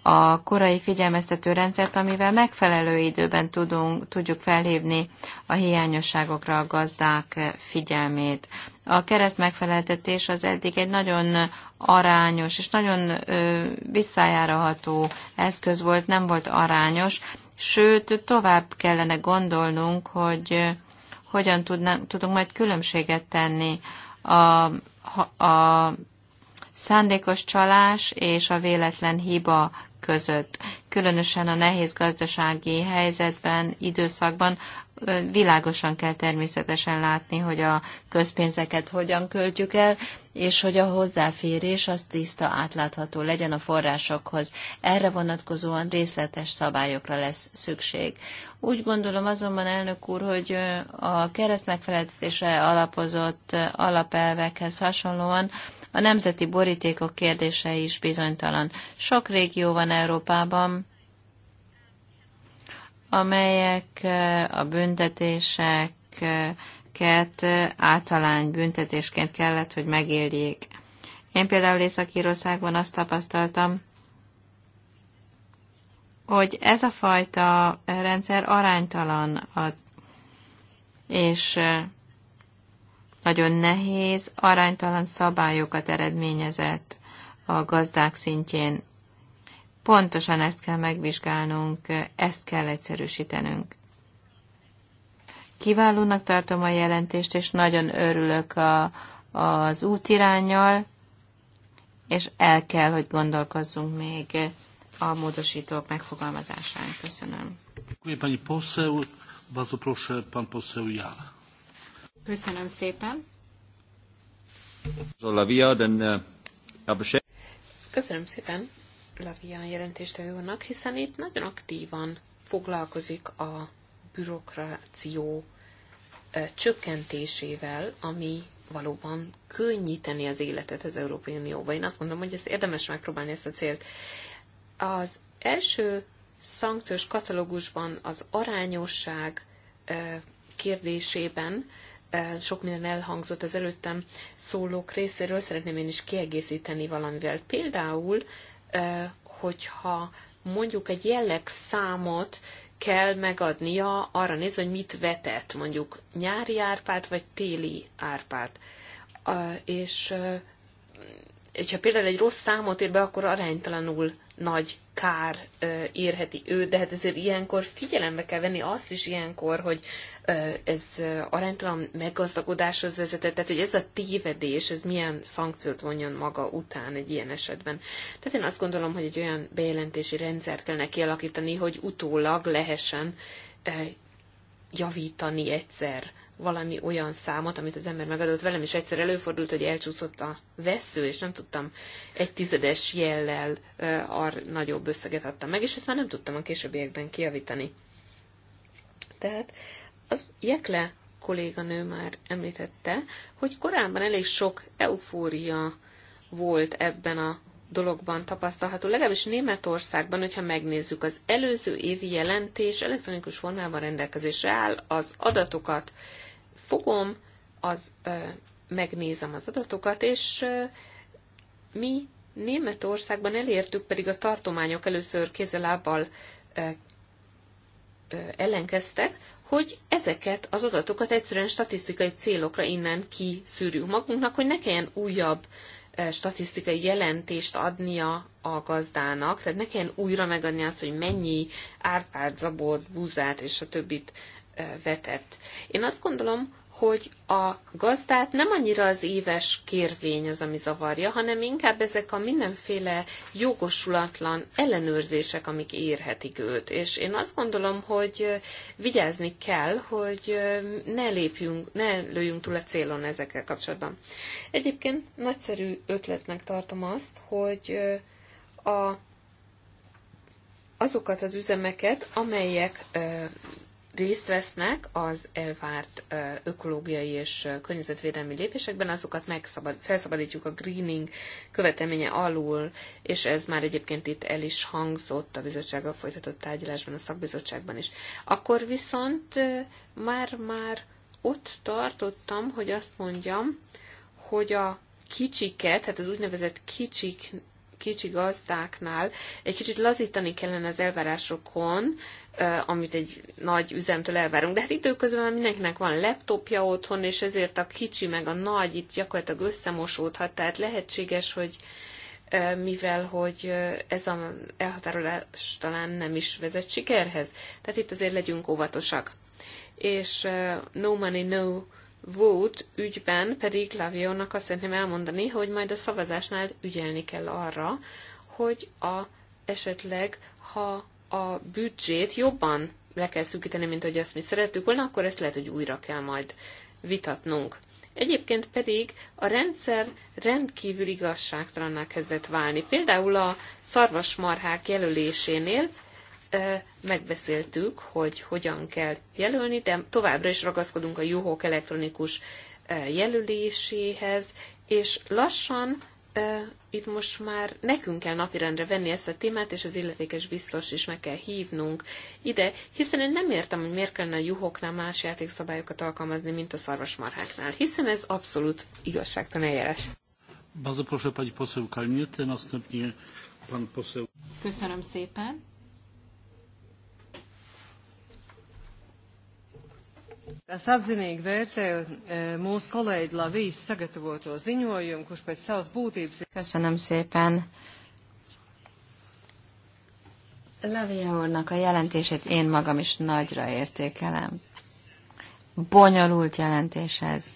a korai figyelmeztető rendszert, amivel megfelelő időben tudunk, tudjuk felhívni a hiányosságokra a gazdák figyelmét. A kereszt megfeleltetés az eddig egy nagyon arányos és nagyon ö, eszköz volt, nem volt arányos, sőt tovább kellene gondolnunk, hogy hogyan tudnánk, tudunk majd különbséget tenni a, a szándékos csalás és a véletlen hiba között, különösen a nehéz gazdasági helyzetben, időszakban világosan kell természetesen látni, hogy a közpénzeket hogyan költjük el, és hogy a hozzáférés az tiszta, átlátható legyen a forrásokhoz. Erre vonatkozóan részletes szabályokra lesz szükség. Úgy gondolom azonban, elnök úr, hogy a kereszt megfeleltetésre alapozott alapelvekhez hasonlóan a nemzeti borítékok kérdése is bizonytalan. Sok régió van Európában, amelyek a büntetések, amiket általány büntetésként kellett, hogy megéljék. Én például Észak-Írországban azt tapasztaltam, hogy ez a fajta rendszer aránytalan, és nagyon nehéz, aránytalan szabályokat eredményezett a gazdák szintjén. Pontosan ezt kell megvizsgálnunk, ezt kell egyszerűsítenünk. Kiválónak tartom a jelentést, és nagyon örülök a, az útirányjal, és el kell, hogy gondolkozzunk még a módosítók megfogalmazásán. Köszönöm. Köszönöm szépen. Eh, Köszönöm szépen Lavia jelentéstevő hiszen itt nagyon aktívan foglalkozik a bürokráció csökkentésével, ami valóban könnyíteni az életet az Európai Unióban. Én azt gondolom, hogy ezt érdemes megpróbálni ezt a célt. Az első szankciós katalógusban az arányosság kérdésében sok minden elhangzott az előttem szólók részéről, szeretném én is kiegészíteni valamivel. Például, hogyha mondjuk egy jellegszámot kell megadnia arra nézve, hogy mit vetett, mondjuk nyári árpát vagy téli árpát. És, és ha például egy rossz számot ér be, akkor aránytalanul nagy kár érheti őt, de hát ezért ilyenkor figyelembe kell venni azt is ilyenkor, hogy ez aránytalan meggazdagodáshoz vezetett, tehát hogy ez a tévedés, ez milyen szankciót vonjon maga után egy ilyen esetben. Tehát én azt gondolom, hogy egy olyan bejelentési rendszert kellene kialakítani, hogy utólag lehessen javítani egyszer valami olyan számot, amit az ember megadott velem, és egyszer előfordult, hogy elcsúszott a vesző, és nem tudtam egy tizedes jellel ar nagyobb összeget adtam meg, és ezt már nem tudtam a későbbiekben kiavítani. Tehát az Jekle kolléganő már említette, hogy korábban elég sok eufória volt ebben a dologban tapasztalható, legalábbis Németországban, hogyha megnézzük, az előző évi jelentés elektronikus formában rendelkezésre áll, az adatokat fogom, az megnézem az adatokat, és mi Németországban elértük pedig a tartományok először kézzelábbal ellenkeztek, hogy ezeket az adatokat egyszerűen statisztikai célokra innen kiszűrjük magunknak, hogy ne kelljen újabb statisztikai jelentést adnia a gazdának, tehát ne kelljen újra megadni azt, hogy mennyi árpád, zabot, búzát és a többit vetett. Én azt gondolom, hogy a gazdát nem annyira az éves kérvény az, ami zavarja, hanem inkább ezek a mindenféle jogosulatlan ellenőrzések, amik érhetik őt. És én azt gondolom, hogy vigyázni kell, hogy ne lépjünk, ne lőjünk túl a célon ezekkel kapcsolatban. Egyébként nagyszerű ötletnek tartom azt, hogy a azokat az üzemeket, amelyek részt vesznek az elvárt ökológiai és környezetvédelmi lépésekben, azokat megszabad, felszabadítjuk a greening követelménye alul, és ez már egyébként itt el is hangzott a bizottsággal folytatott tárgyalásban, a szakbizottságban is. Akkor viszont már-már ott tartottam, hogy azt mondjam, hogy a kicsiket, tehát az úgynevezett kicsik kicsi gazdáknál egy kicsit lazítani kellene az elvárásokon, amit egy nagy üzemtől elvárunk. De hát időközben mindenkinek van laptopja otthon, és ezért a kicsi meg a nagy itt gyakorlatilag összemosódhat, tehát lehetséges, hogy mivel hogy ez a elhatárolás talán nem is vezet sikerhez. Tehát itt azért legyünk óvatosak. És no money, no Vót ügyben pedig Laviónak azt szeretném elmondani, hogy majd a szavazásnál ügyelni kell arra, hogy a, esetleg, ha a büdzsét jobban le kell szűkíteni, mint ahogy azt mi szerettük volna, akkor ezt lehet, hogy újra kell majd vitatnunk. Egyébként pedig a rendszer rendkívül igazságtalanná kezdett válni. Például a szarvasmarhák jelölésénél megbeszéltük, hogy hogyan kell jelölni, de továbbra is ragaszkodunk a juhok elektronikus jelöléséhez, és lassan itt most már nekünk kell napirendre venni ezt a témát, és az illetékes biztos is meg kell hívnunk ide, hiszen én nem értem, hogy miért kellene a juhoknál más játékszabályokat alkalmazni, mint a szarvasmarháknál, hiszen ez abszolút igazságtan eljárás. Bardzo proszę pani poseł Kalniete, następnie pan poseł. Köszönöm szépen. Es atzinīgi vērtēju e, mūsu kolēģi Lavijas sagatavoto ziņojumu, kurš pēc savas būtības ir. Kasanam szépen. Lavija úrnak a jelentését én magam is nagyra értékelem. Bonyolult jelentés ez.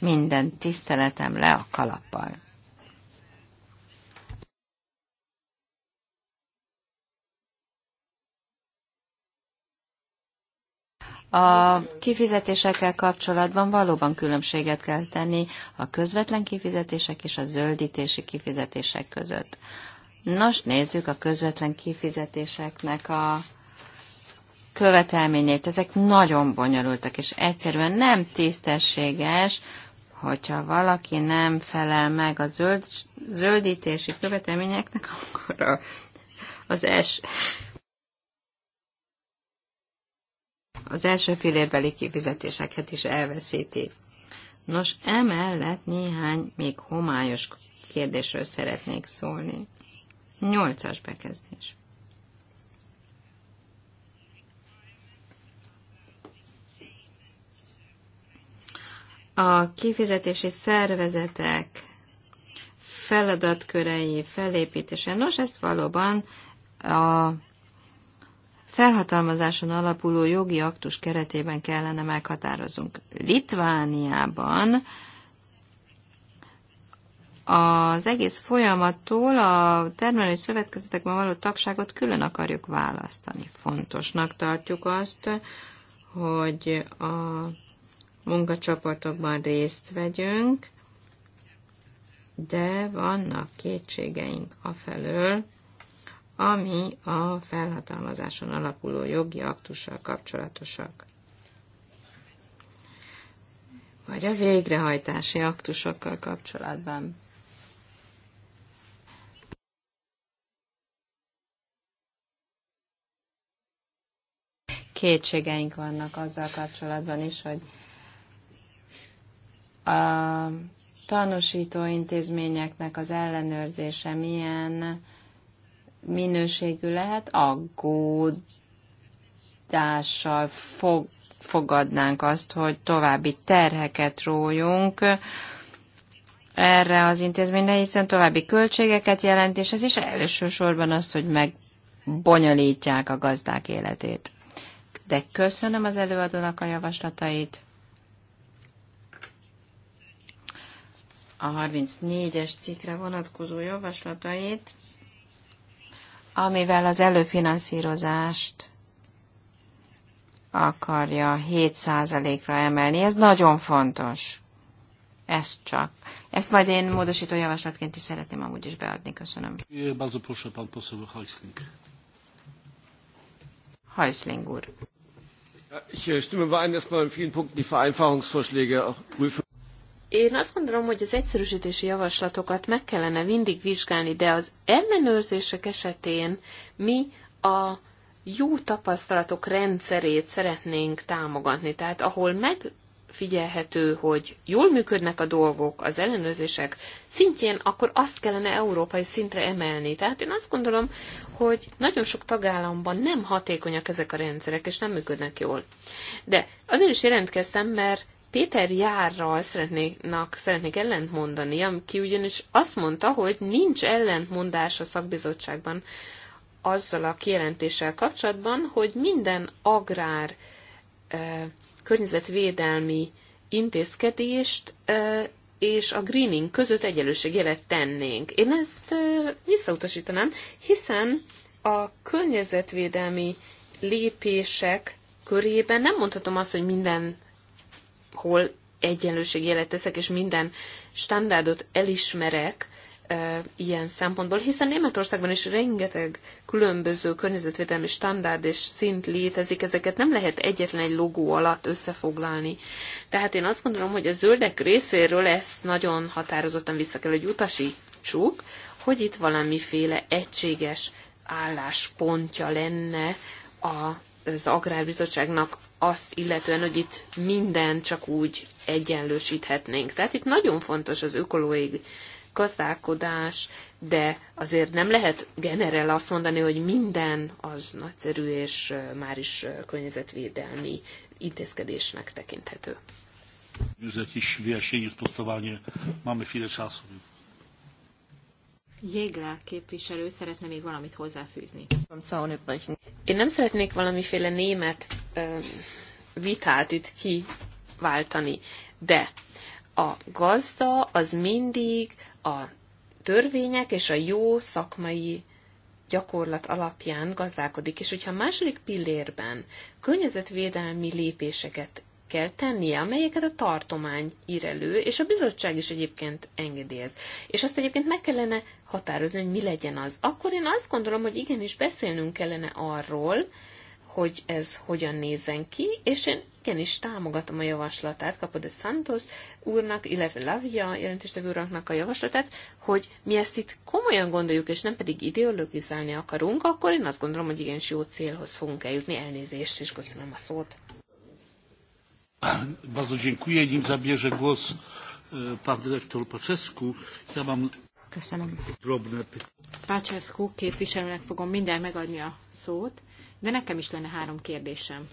Minden tiszteletem le a kalappal. A kifizetésekkel kapcsolatban valóban különbséget kell tenni a közvetlen kifizetések és a zöldítési kifizetések között. Nos, nézzük a közvetlen kifizetéseknek a követelményét. Ezek nagyon bonyolultak, és egyszerűen nem tisztességes, hogyha valaki nem felel meg a zöld, zöldítési követelményeknek, akkor a, az es, az első félérbeli kifizetéseket is elveszíti. Nos, emellett néhány még homályos kérdésről szeretnék szólni. Nyolcas bekezdés. A kifizetési szervezetek feladatkörei felépítése. Nos, ezt valóban a felhatalmazáson alapuló jogi aktus keretében kellene meghatározunk. Litvániában az egész folyamattól a termelői szövetkezetekben való tagságot külön akarjuk választani. Fontosnak tartjuk azt, hogy a munkacsoportokban részt vegyünk, de vannak kétségeink afelől, ami a felhatalmazáson alapuló jogi aktussal kapcsolatosak, vagy a végrehajtási aktusokkal kapcsolatban. Kétségeink vannak azzal kapcsolatban is, hogy a tanúsító intézményeknek az ellenőrzése milyen minőségű lehet, aggódással fog, fogadnánk azt, hogy további terheket rójunk erre az intézményre, hiszen további költségeket jelent, és ez is elsősorban azt, hogy megbonyolítják a gazdák életét. De köszönöm az előadónak a javaslatait. A 34-es cikkre vonatkozó javaslatait amivel az előfinanszírozást akarja 7%-ra emelni. Ez nagyon fontos. Ez csak. Ezt majd én módosító javaslatként is szeretném amúgy is beadni. Köszönöm. Bardzo Heusling úr. Ich äh, stimme überein, dass man in vielen Punkten die Vereinfachungsvorschläge auch prüfen én azt gondolom, hogy az egyszerűsítési javaslatokat meg kellene mindig vizsgálni, de az ellenőrzések esetén mi a jó tapasztalatok rendszerét szeretnénk támogatni. Tehát ahol megfigyelhető, hogy jól működnek a dolgok, az ellenőrzések szintjén, akkor azt kellene európai szintre emelni. Tehát én azt gondolom, hogy nagyon sok tagállamban nem hatékonyak ezek a rendszerek, és nem működnek jól. De azért is jelentkeztem, mert Péter Járral szeretnék, szeretnék ellentmondani, aki ugyanis azt mondta, hogy nincs ellentmondás a szakbizottságban azzal a kijelentéssel kapcsolatban, hogy minden agrár eh, környezetvédelmi intézkedést eh, és a greening között egyenlőségjelet tennénk. Én ezt eh, visszautasítanám, hiszen a környezetvédelmi lépések körében nem mondhatom azt, hogy minden hol jelet teszek, és minden standardot elismerek, ilyen szempontból, hiszen Németországban is rengeteg különböző környezetvédelmi standard és szint létezik, ezeket nem lehet egyetlen egy logó alatt összefoglalni. Tehát én azt gondolom, hogy a zöldek részéről ezt nagyon határozottan vissza kell, hogy utasítsuk, hogy itt valamiféle egységes álláspontja lenne a az Agrárbizottságnak azt illetően, hogy itt minden csak úgy egyenlősíthetnénk. Tehát itt nagyon fontos az ökológiai gazdálkodás, de azért nem lehet generel azt mondani, hogy minden az nagyszerű és már is környezetvédelmi intézkedésnek tekinthető. József is Mamy chwilę czasu. Jéglá képviselő szeretne még valamit hozzáfűzni. Én nem szeretnék valamiféle német vitát itt kiváltani, de a gazda az mindig a törvények és a jó szakmai gyakorlat alapján gazdálkodik, és hogyha a második pillérben környezetvédelmi lépéseket kell tennie, amelyeket a tartomány ír elő, és a bizottság is egyébként engedélyez. És azt egyébként meg kellene határozni, hogy mi legyen az. Akkor én azt gondolom, hogy igenis beszélnünk kellene arról, hogy ez hogyan nézen ki, és én igenis támogatom a javaslatát, kapod a Santos úrnak, illetve Lavia jelentéstevő úrnak a javaslatát, hogy mi ezt itt komolyan gondoljuk, és nem pedig ideologizálni akarunk, akkor én azt gondolom, hogy igenis jó célhoz fogunk eljutni. Elnézést, és köszönöm a szót. Bardzo dziękuję. Nim zabierze głos e, pan dyrektor Paczesku, ja mam Köszönöm. drobne Pacseszkó képviselőnek fogom mindjárt megadni a szót, de nekem is lenne három kérdésem.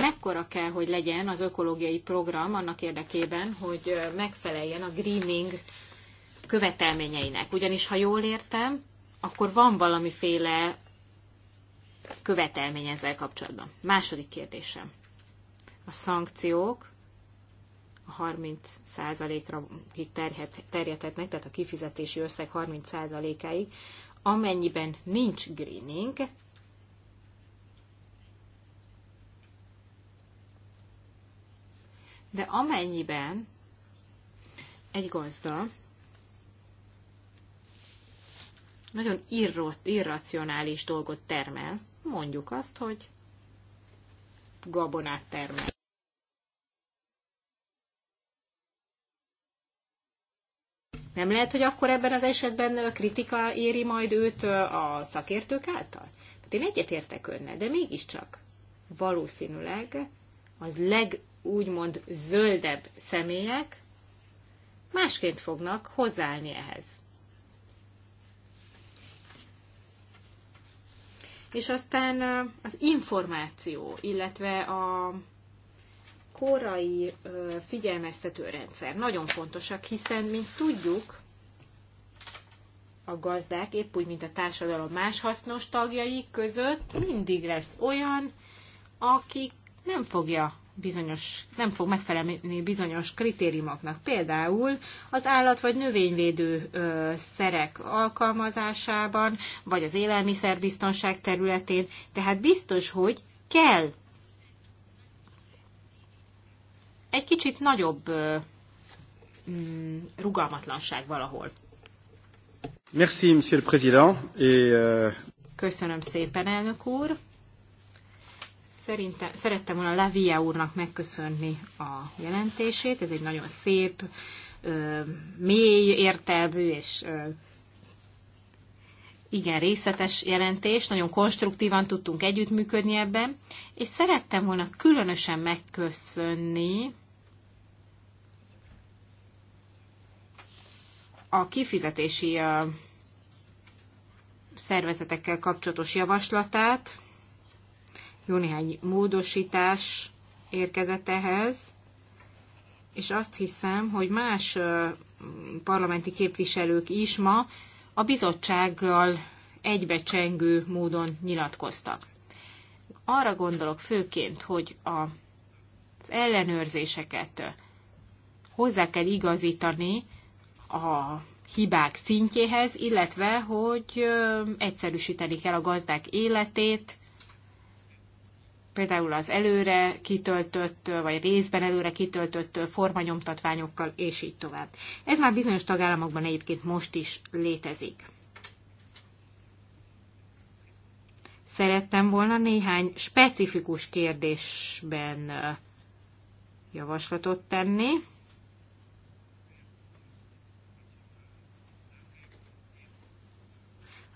mekkora kell, hogy legyen az ökológiai program annak érdekében, hogy megfeleljen a greening követelményeinek. Ugyanis, ha jól értem, akkor van valamiféle követelmény ezzel kapcsolatban. Második kérdésem. A szankciók a 30%-ra terjedhetnek, tehát a kifizetési összeg 30%-áig, amennyiben nincs greening, de amennyiben egy gazda nagyon irrot, irracionális dolgot termel. Mondjuk azt, hogy gabonát termel. Nem lehet, hogy akkor ebben az esetben kritika éri majd őt a szakértők által? Hát én egyetértek önne, de mégiscsak valószínűleg az leg úgymond zöldebb személyek másként fognak hozzáállni ehhez. És aztán az információ, illetve a korai figyelmeztető rendszer nagyon fontosak, hiszen, mint tudjuk, a gazdák, épp úgy, mint a társadalom más hasznos tagjai között mindig lesz olyan, aki nem fogja bizonyos, nem fog megfelelni bizonyos kritériumoknak. Például az állat- vagy növényvédő ö, szerek alkalmazásában, vagy az élelmiszerbiztonság területén. Tehát biztos, hogy kell egy kicsit nagyobb ö, mm, rugalmatlanság valahol. Merci, monsieur le président. Et, euh... Köszönöm szépen, elnök úr. Szerinte szerettem volna Lavia úrnak megköszönni a jelentését. Ez egy nagyon szép, mély, értelmű és igen részletes jelentés, nagyon konstruktívan tudtunk együttműködni ebben, és szerettem volna különösen megköszönni a kifizetési szervezetekkel kapcsolatos javaslatát, jó néhány módosítás érkezett ehhez, és azt hiszem, hogy más parlamenti képviselők is ma a bizottsággal egybecsengő módon nyilatkoztak. Arra gondolok főként, hogy a, az ellenőrzéseket hozzá kell igazítani a hibák szintjéhez, illetve hogy egyszerűsíteni kell a gazdák életét, például az előre kitöltött, vagy részben előre kitöltött formanyomtatványokkal, és így tovább. Ez már bizonyos tagállamokban egyébként most is létezik. Szerettem volna néhány specifikus kérdésben javaslatot tenni.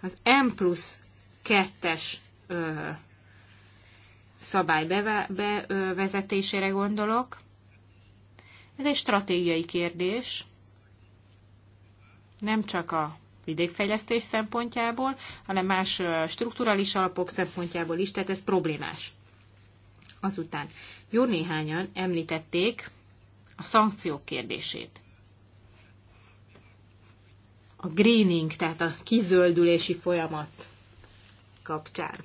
Az M plusz kettes szabály bevezetésére gondolok. Ez egy stratégiai kérdés, nem csak a vidékfejlesztés szempontjából, hanem más strukturális alapok szempontjából is, tehát ez problémás. Azután jó néhányan említették a szankciók kérdését. A greening, tehát a kizöldülési folyamat kapcsán.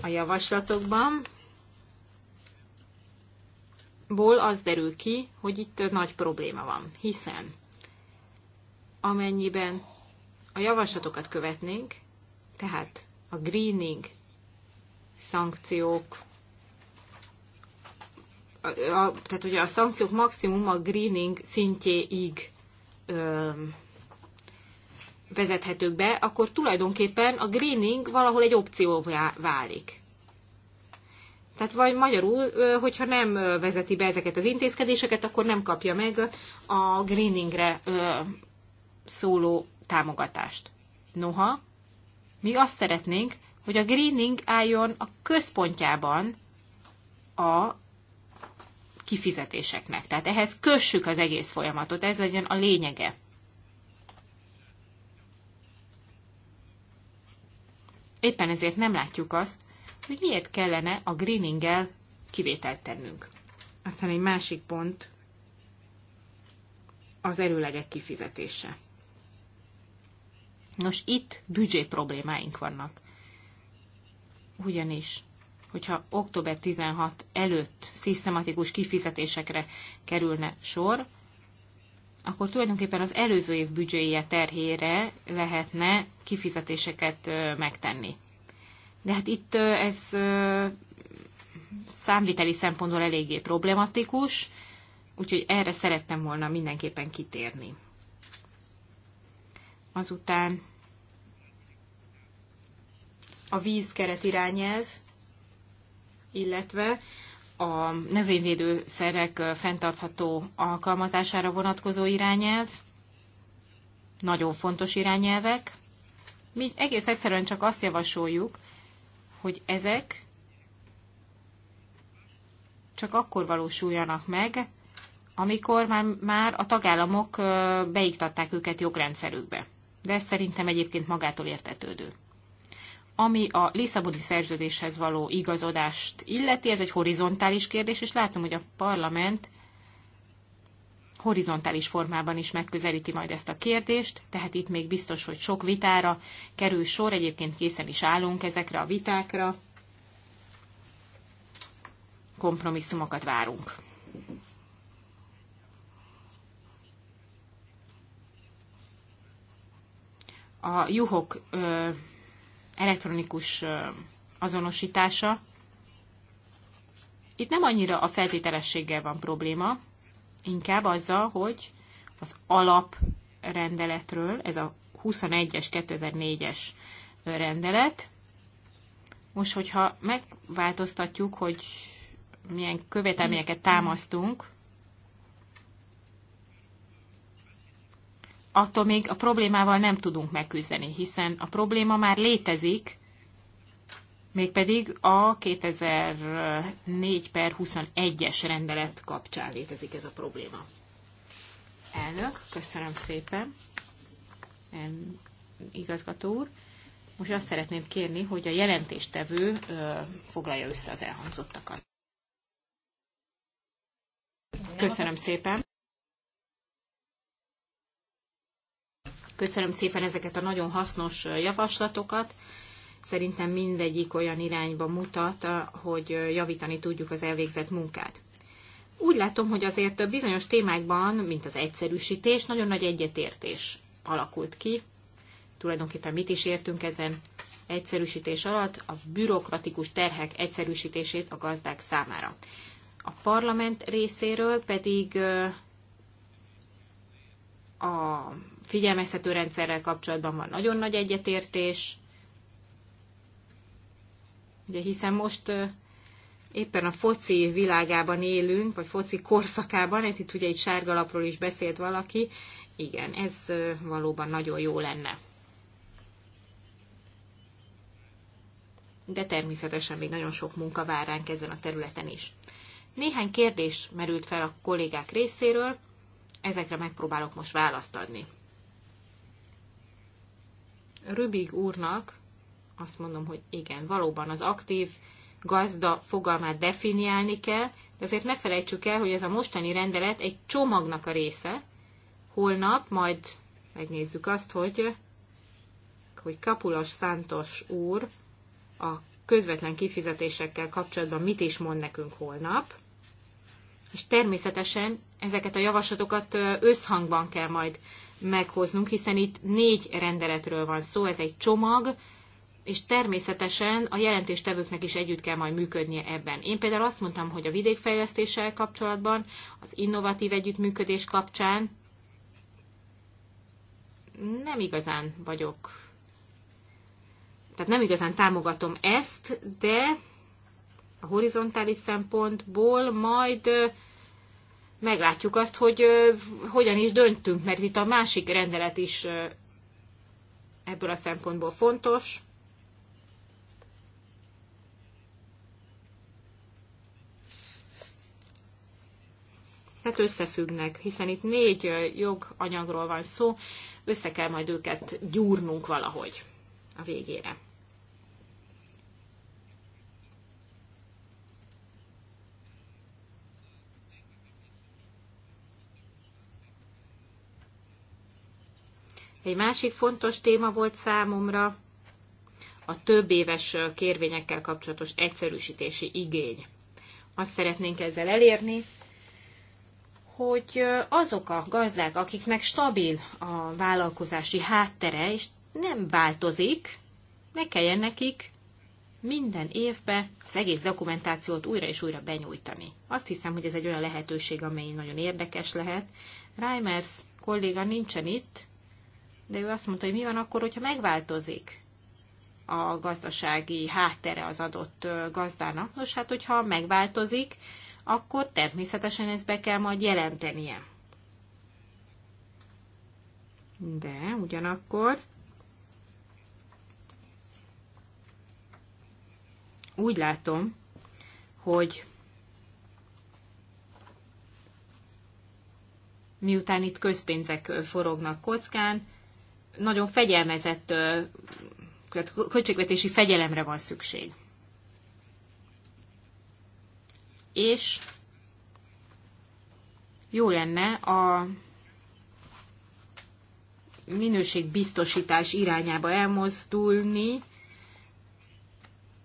a javaslatokban, ból az derül ki, hogy itt nagy probléma van, hiszen amennyiben a javaslatokat követnénk, tehát a greening szankciók, a, a, tehát ugye a szankciók maximum a greening szintjéig ö, vezethetők be, akkor tulajdonképpen a greening valahol egy opcióvá válik. Tehát vagy magyarul, hogyha nem vezeti be ezeket az intézkedéseket, akkor nem kapja meg a greeningre szóló támogatást. Noha, mi azt szeretnénk, hogy a greening álljon a központjában a kifizetéseknek. Tehát ehhez kössük az egész folyamatot, ez legyen a lényege. Éppen ezért nem látjuk azt, hogy miért kellene a greeninggel kivételt tennünk. Aztán egy másik pont az előlegek kifizetése. Nos, itt büdzsé problémáink vannak. Ugyanis, hogyha október 16 előtt szisztematikus kifizetésekre kerülne sor, akkor tulajdonképpen az előző év büdzséje terhére lehetne kifizetéseket megtenni. De hát itt ez számviteli szempontból eléggé problematikus, úgyhogy erre szerettem volna mindenképpen kitérni. Azután a vízkeret irányelv, illetve a növényvédőszerek fenntartható alkalmazására vonatkozó irányelv, nagyon fontos irányelvek. Mi egész egyszerűen csak azt javasoljuk, hogy ezek csak akkor valósuljanak meg, amikor már, már a tagállamok beiktatták őket jogrendszerükbe. De ez szerintem egyébként magától értetődő ami a Lisszaboni szerződéshez való igazodást illeti, ez egy horizontális kérdés, és látom, hogy a parlament horizontális formában is megközelíti majd ezt a kérdést, tehát itt még biztos, hogy sok vitára kerül sor, egyébként készen is állunk ezekre a vitákra, kompromisszumokat várunk. A juhok elektronikus azonosítása. Itt nem annyira a feltételességgel van probléma, inkább azzal, hogy az alaprendeletről, ez a 21-es, 2004-es rendelet, most, hogyha megváltoztatjuk, hogy milyen követelményeket mm. támasztunk attól még a problémával nem tudunk megküzdeni, hiszen a probléma már létezik, mégpedig a 2004 per 21-es rendelet kapcsán létezik ez a probléma. Elnök, köszönöm szépen, en, igazgató úr. Most azt szeretném kérni, hogy a jelentéstevő ö, foglalja össze az elhangzottakat. Köszönöm szépen. Köszönöm szépen ezeket a nagyon hasznos javaslatokat. Szerintem mindegyik olyan irányba mutat, hogy javítani tudjuk az elvégzett munkát. Úgy látom, hogy azért bizonyos témákban, mint az egyszerűsítés, nagyon nagy egyetértés alakult ki. Tulajdonképpen mit is értünk ezen egyszerűsítés alatt? A bürokratikus terhek egyszerűsítését a gazdák számára. A parlament részéről pedig a figyelmeztető rendszerrel kapcsolatban van nagyon nagy egyetértés, ugye hiszen most éppen a foci világában élünk, vagy foci korszakában, ez hát itt ugye egy sárgalapról is beszélt valaki, igen, ez valóban nagyon jó lenne. De természetesen még nagyon sok munka vár ránk ezen a területen is. Néhány kérdés merült fel a kollégák részéről, ezekre megpróbálok most választ adni. Rübig úrnak azt mondom, hogy igen, valóban az aktív gazda fogalmát definiálni kell, de azért ne felejtsük el, hogy ez a mostani rendelet egy csomagnak a része. Holnap majd megnézzük azt, hogy, hogy Kapulas Szántos úr a közvetlen kifizetésekkel kapcsolatban mit is mond nekünk holnap. És természetesen ezeket a javaslatokat összhangban kell majd meghoznunk, hiszen itt négy rendeletről van szó, ez egy csomag, és természetesen a jelentéstevőknek is együtt kell majd működnie ebben. Én például azt mondtam, hogy a vidékfejlesztéssel kapcsolatban, az innovatív együttműködés kapcsán nem igazán vagyok. Tehát nem igazán támogatom ezt, de a horizontális szempontból majd meglátjuk azt, hogy hogyan is döntünk, mert itt a másik rendelet is ebből a szempontból fontos. Tehát összefüggnek, hiszen itt négy joganyagról van szó, össze kell majd őket gyúrnunk valahogy a végére. Egy másik fontos téma volt számomra a több éves kérvényekkel kapcsolatos egyszerűsítési igény. Azt szeretnénk ezzel elérni, hogy azok a gazdák, akiknek stabil a vállalkozási háttere, és nem változik, ne kelljen nekik minden évben az egész dokumentációt újra és újra benyújtani. Azt hiszem, hogy ez egy olyan lehetőség, amely nagyon érdekes lehet. Reimers kolléga nincsen itt, de ő azt mondta, hogy mi van akkor, hogyha megváltozik a gazdasági háttere az adott gazdának. Nos, hát hogyha megváltozik, akkor természetesen ezt be kell majd jelentenie. De ugyanakkor úgy látom, hogy miután itt közpénzek forognak kockán, nagyon fegyelmezett költségvetési fegyelemre van szükség. És jó lenne a minőségbiztosítás irányába elmozdulni,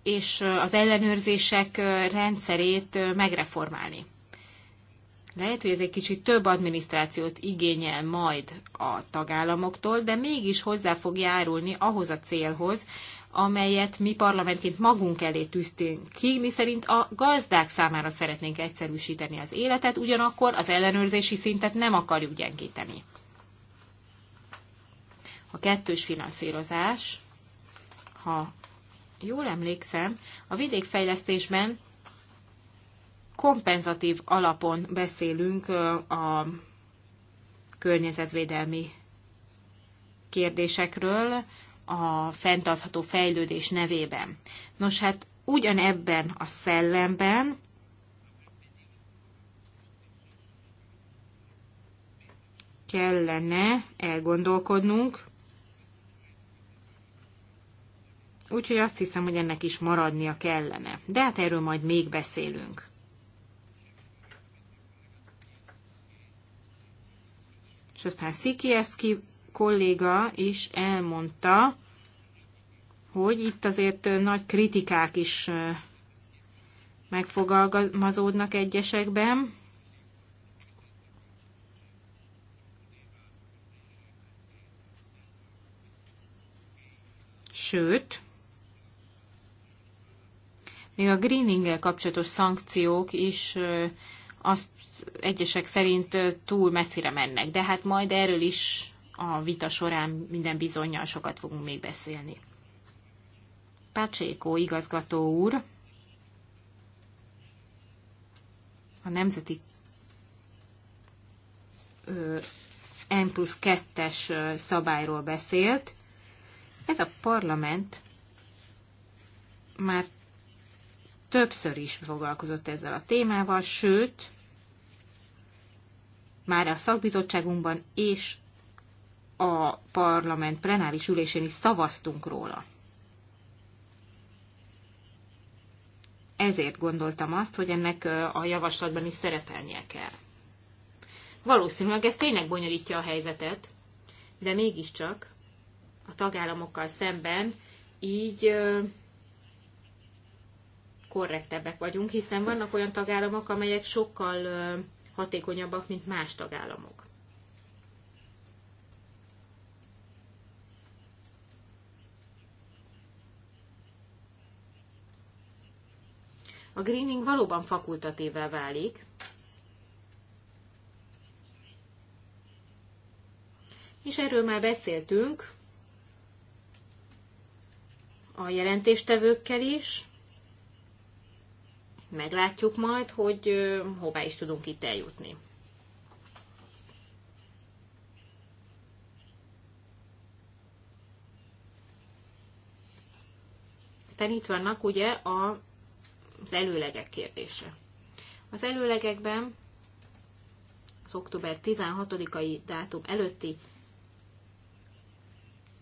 és az ellenőrzések rendszerét megreformálni. Lehet, hogy ez egy kicsit több adminisztrációt igényel majd a tagállamoktól, de mégis hozzá fog járulni ahhoz a célhoz, amelyet mi parlamentként magunk elé tűztünk ki, mi szerint a gazdák számára szeretnénk egyszerűsíteni az életet, ugyanakkor az ellenőrzési szintet nem akarjuk gyengíteni. A kettős finanszírozás, ha jól emlékszem, a vidékfejlesztésben kompenzatív alapon beszélünk a környezetvédelmi kérdésekről a fenntartható fejlődés nevében. Nos, hát ugyanebben a szellemben kellene elgondolkodnunk, úgyhogy azt hiszem, hogy ennek is maradnia kellene. De hát erről majd még beszélünk. és aztán Szikieszki kolléga is elmondta, hogy itt azért nagy kritikák is megfogalmazódnak egyesekben. Sőt, még a greeninggel kapcsolatos szankciók is azt egyesek szerint túl messzire mennek, de hát majd erről is a vita során minden bizonyal sokat fogunk még beszélni. Pacséko igazgató úr, a Nemzeti N plusz 2-es szabályról beszélt. Ez a parlament már többször is foglalkozott ezzel a témával, sőt, már a szakbizottságunkban és a parlament plenáris ülésén is szavaztunk róla. Ezért gondoltam azt, hogy ennek a javaslatban is szerepelnie kell. Valószínűleg ez tényleg bonyolítja a helyzetet, de mégiscsak a tagállamokkal szemben így korrektebbek vagyunk, hiszen vannak olyan tagállamok, amelyek sokkal hatékonyabbak, mint más tagállamok. A greening valóban fakultatívá válik, és erről már beszéltünk a jelentéstevőkkel is, Meglátjuk majd, hogy hová is tudunk itt eljutni. Aztán itt vannak ugye a, az előlegek kérdése. Az előlegekben az október 16-ai dátum előtti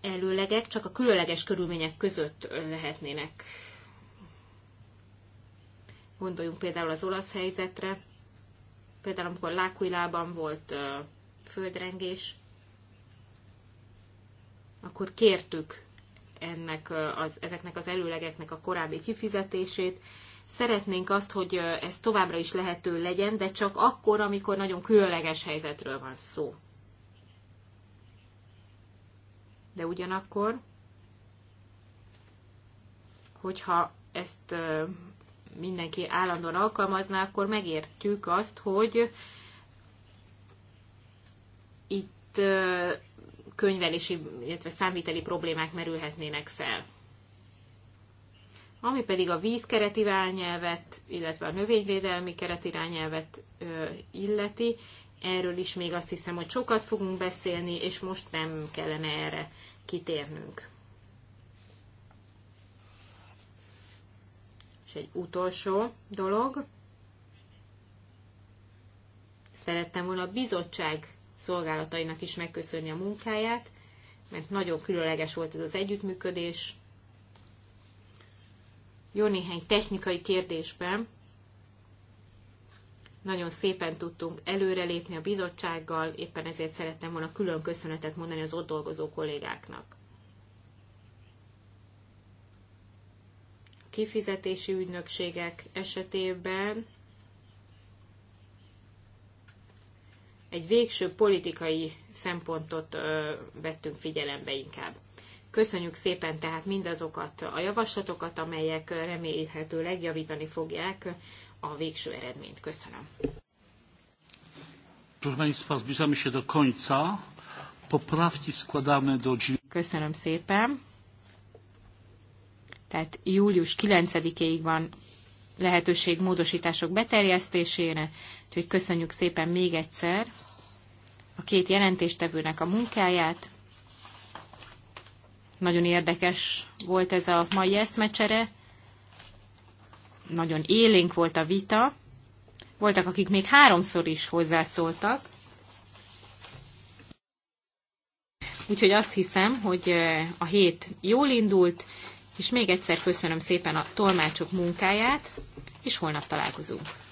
előlegek csak a különleges körülmények között lehetnének Gondoljunk például az olasz helyzetre, például amikor Lákuilában volt ö, földrengés, akkor kértük ennek az, ezeknek az előlegeknek a korábbi kifizetését. Szeretnénk azt, hogy ez továbbra is lehető legyen, de csak akkor, amikor nagyon különleges helyzetről van szó. De ugyanakkor, hogyha ezt mindenki állandóan alkalmazná, akkor megértjük azt, hogy itt könyvelési, illetve számviteli problémák merülhetnének fel. Ami pedig a vízkeret irányelvet, illetve a növényvédelmi keret irányelvet illeti, erről is még azt hiszem, hogy sokat fogunk beszélni, és most nem kellene erre kitérnünk. egy utolsó dolog. Szerettem volna a bizottság szolgálatainak is megköszönni a munkáját, mert nagyon különleges volt ez az együttműködés. Jó néhány technikai kérdésben nagyon szépen tudtunk előrelépni a bizottsággal, éppen ezért szerettem volna külön köszönetet mondani az ott dolgozó kollégáknak. kifizetési ügynökségek esetében egy végső politikai szempontot vettünk figyelembe inkább. Köszönjük szépen tehát mindazokat a javaslatokat, amelyek remélhetőleg javítani fogják a végső eredményt. Köszönöm. Köszönöm szépen tehát július 9-ig van lehetőség módosítások beterjesztésére, úgyhogy köszönjük szépen még egyszer a két jelentéstevőnek a munkáját. Nagyon érdekes volt ez a mai eszmecsere, nagyon élénk volt a vita, voltak, akik még háromszor is hozzászóltak, Úgyhogy azt hiszem, hogy eh, a hét jól indult, és még egyszer köszönöm szépen a tolmácsok munkáját, és holnap találkozunk.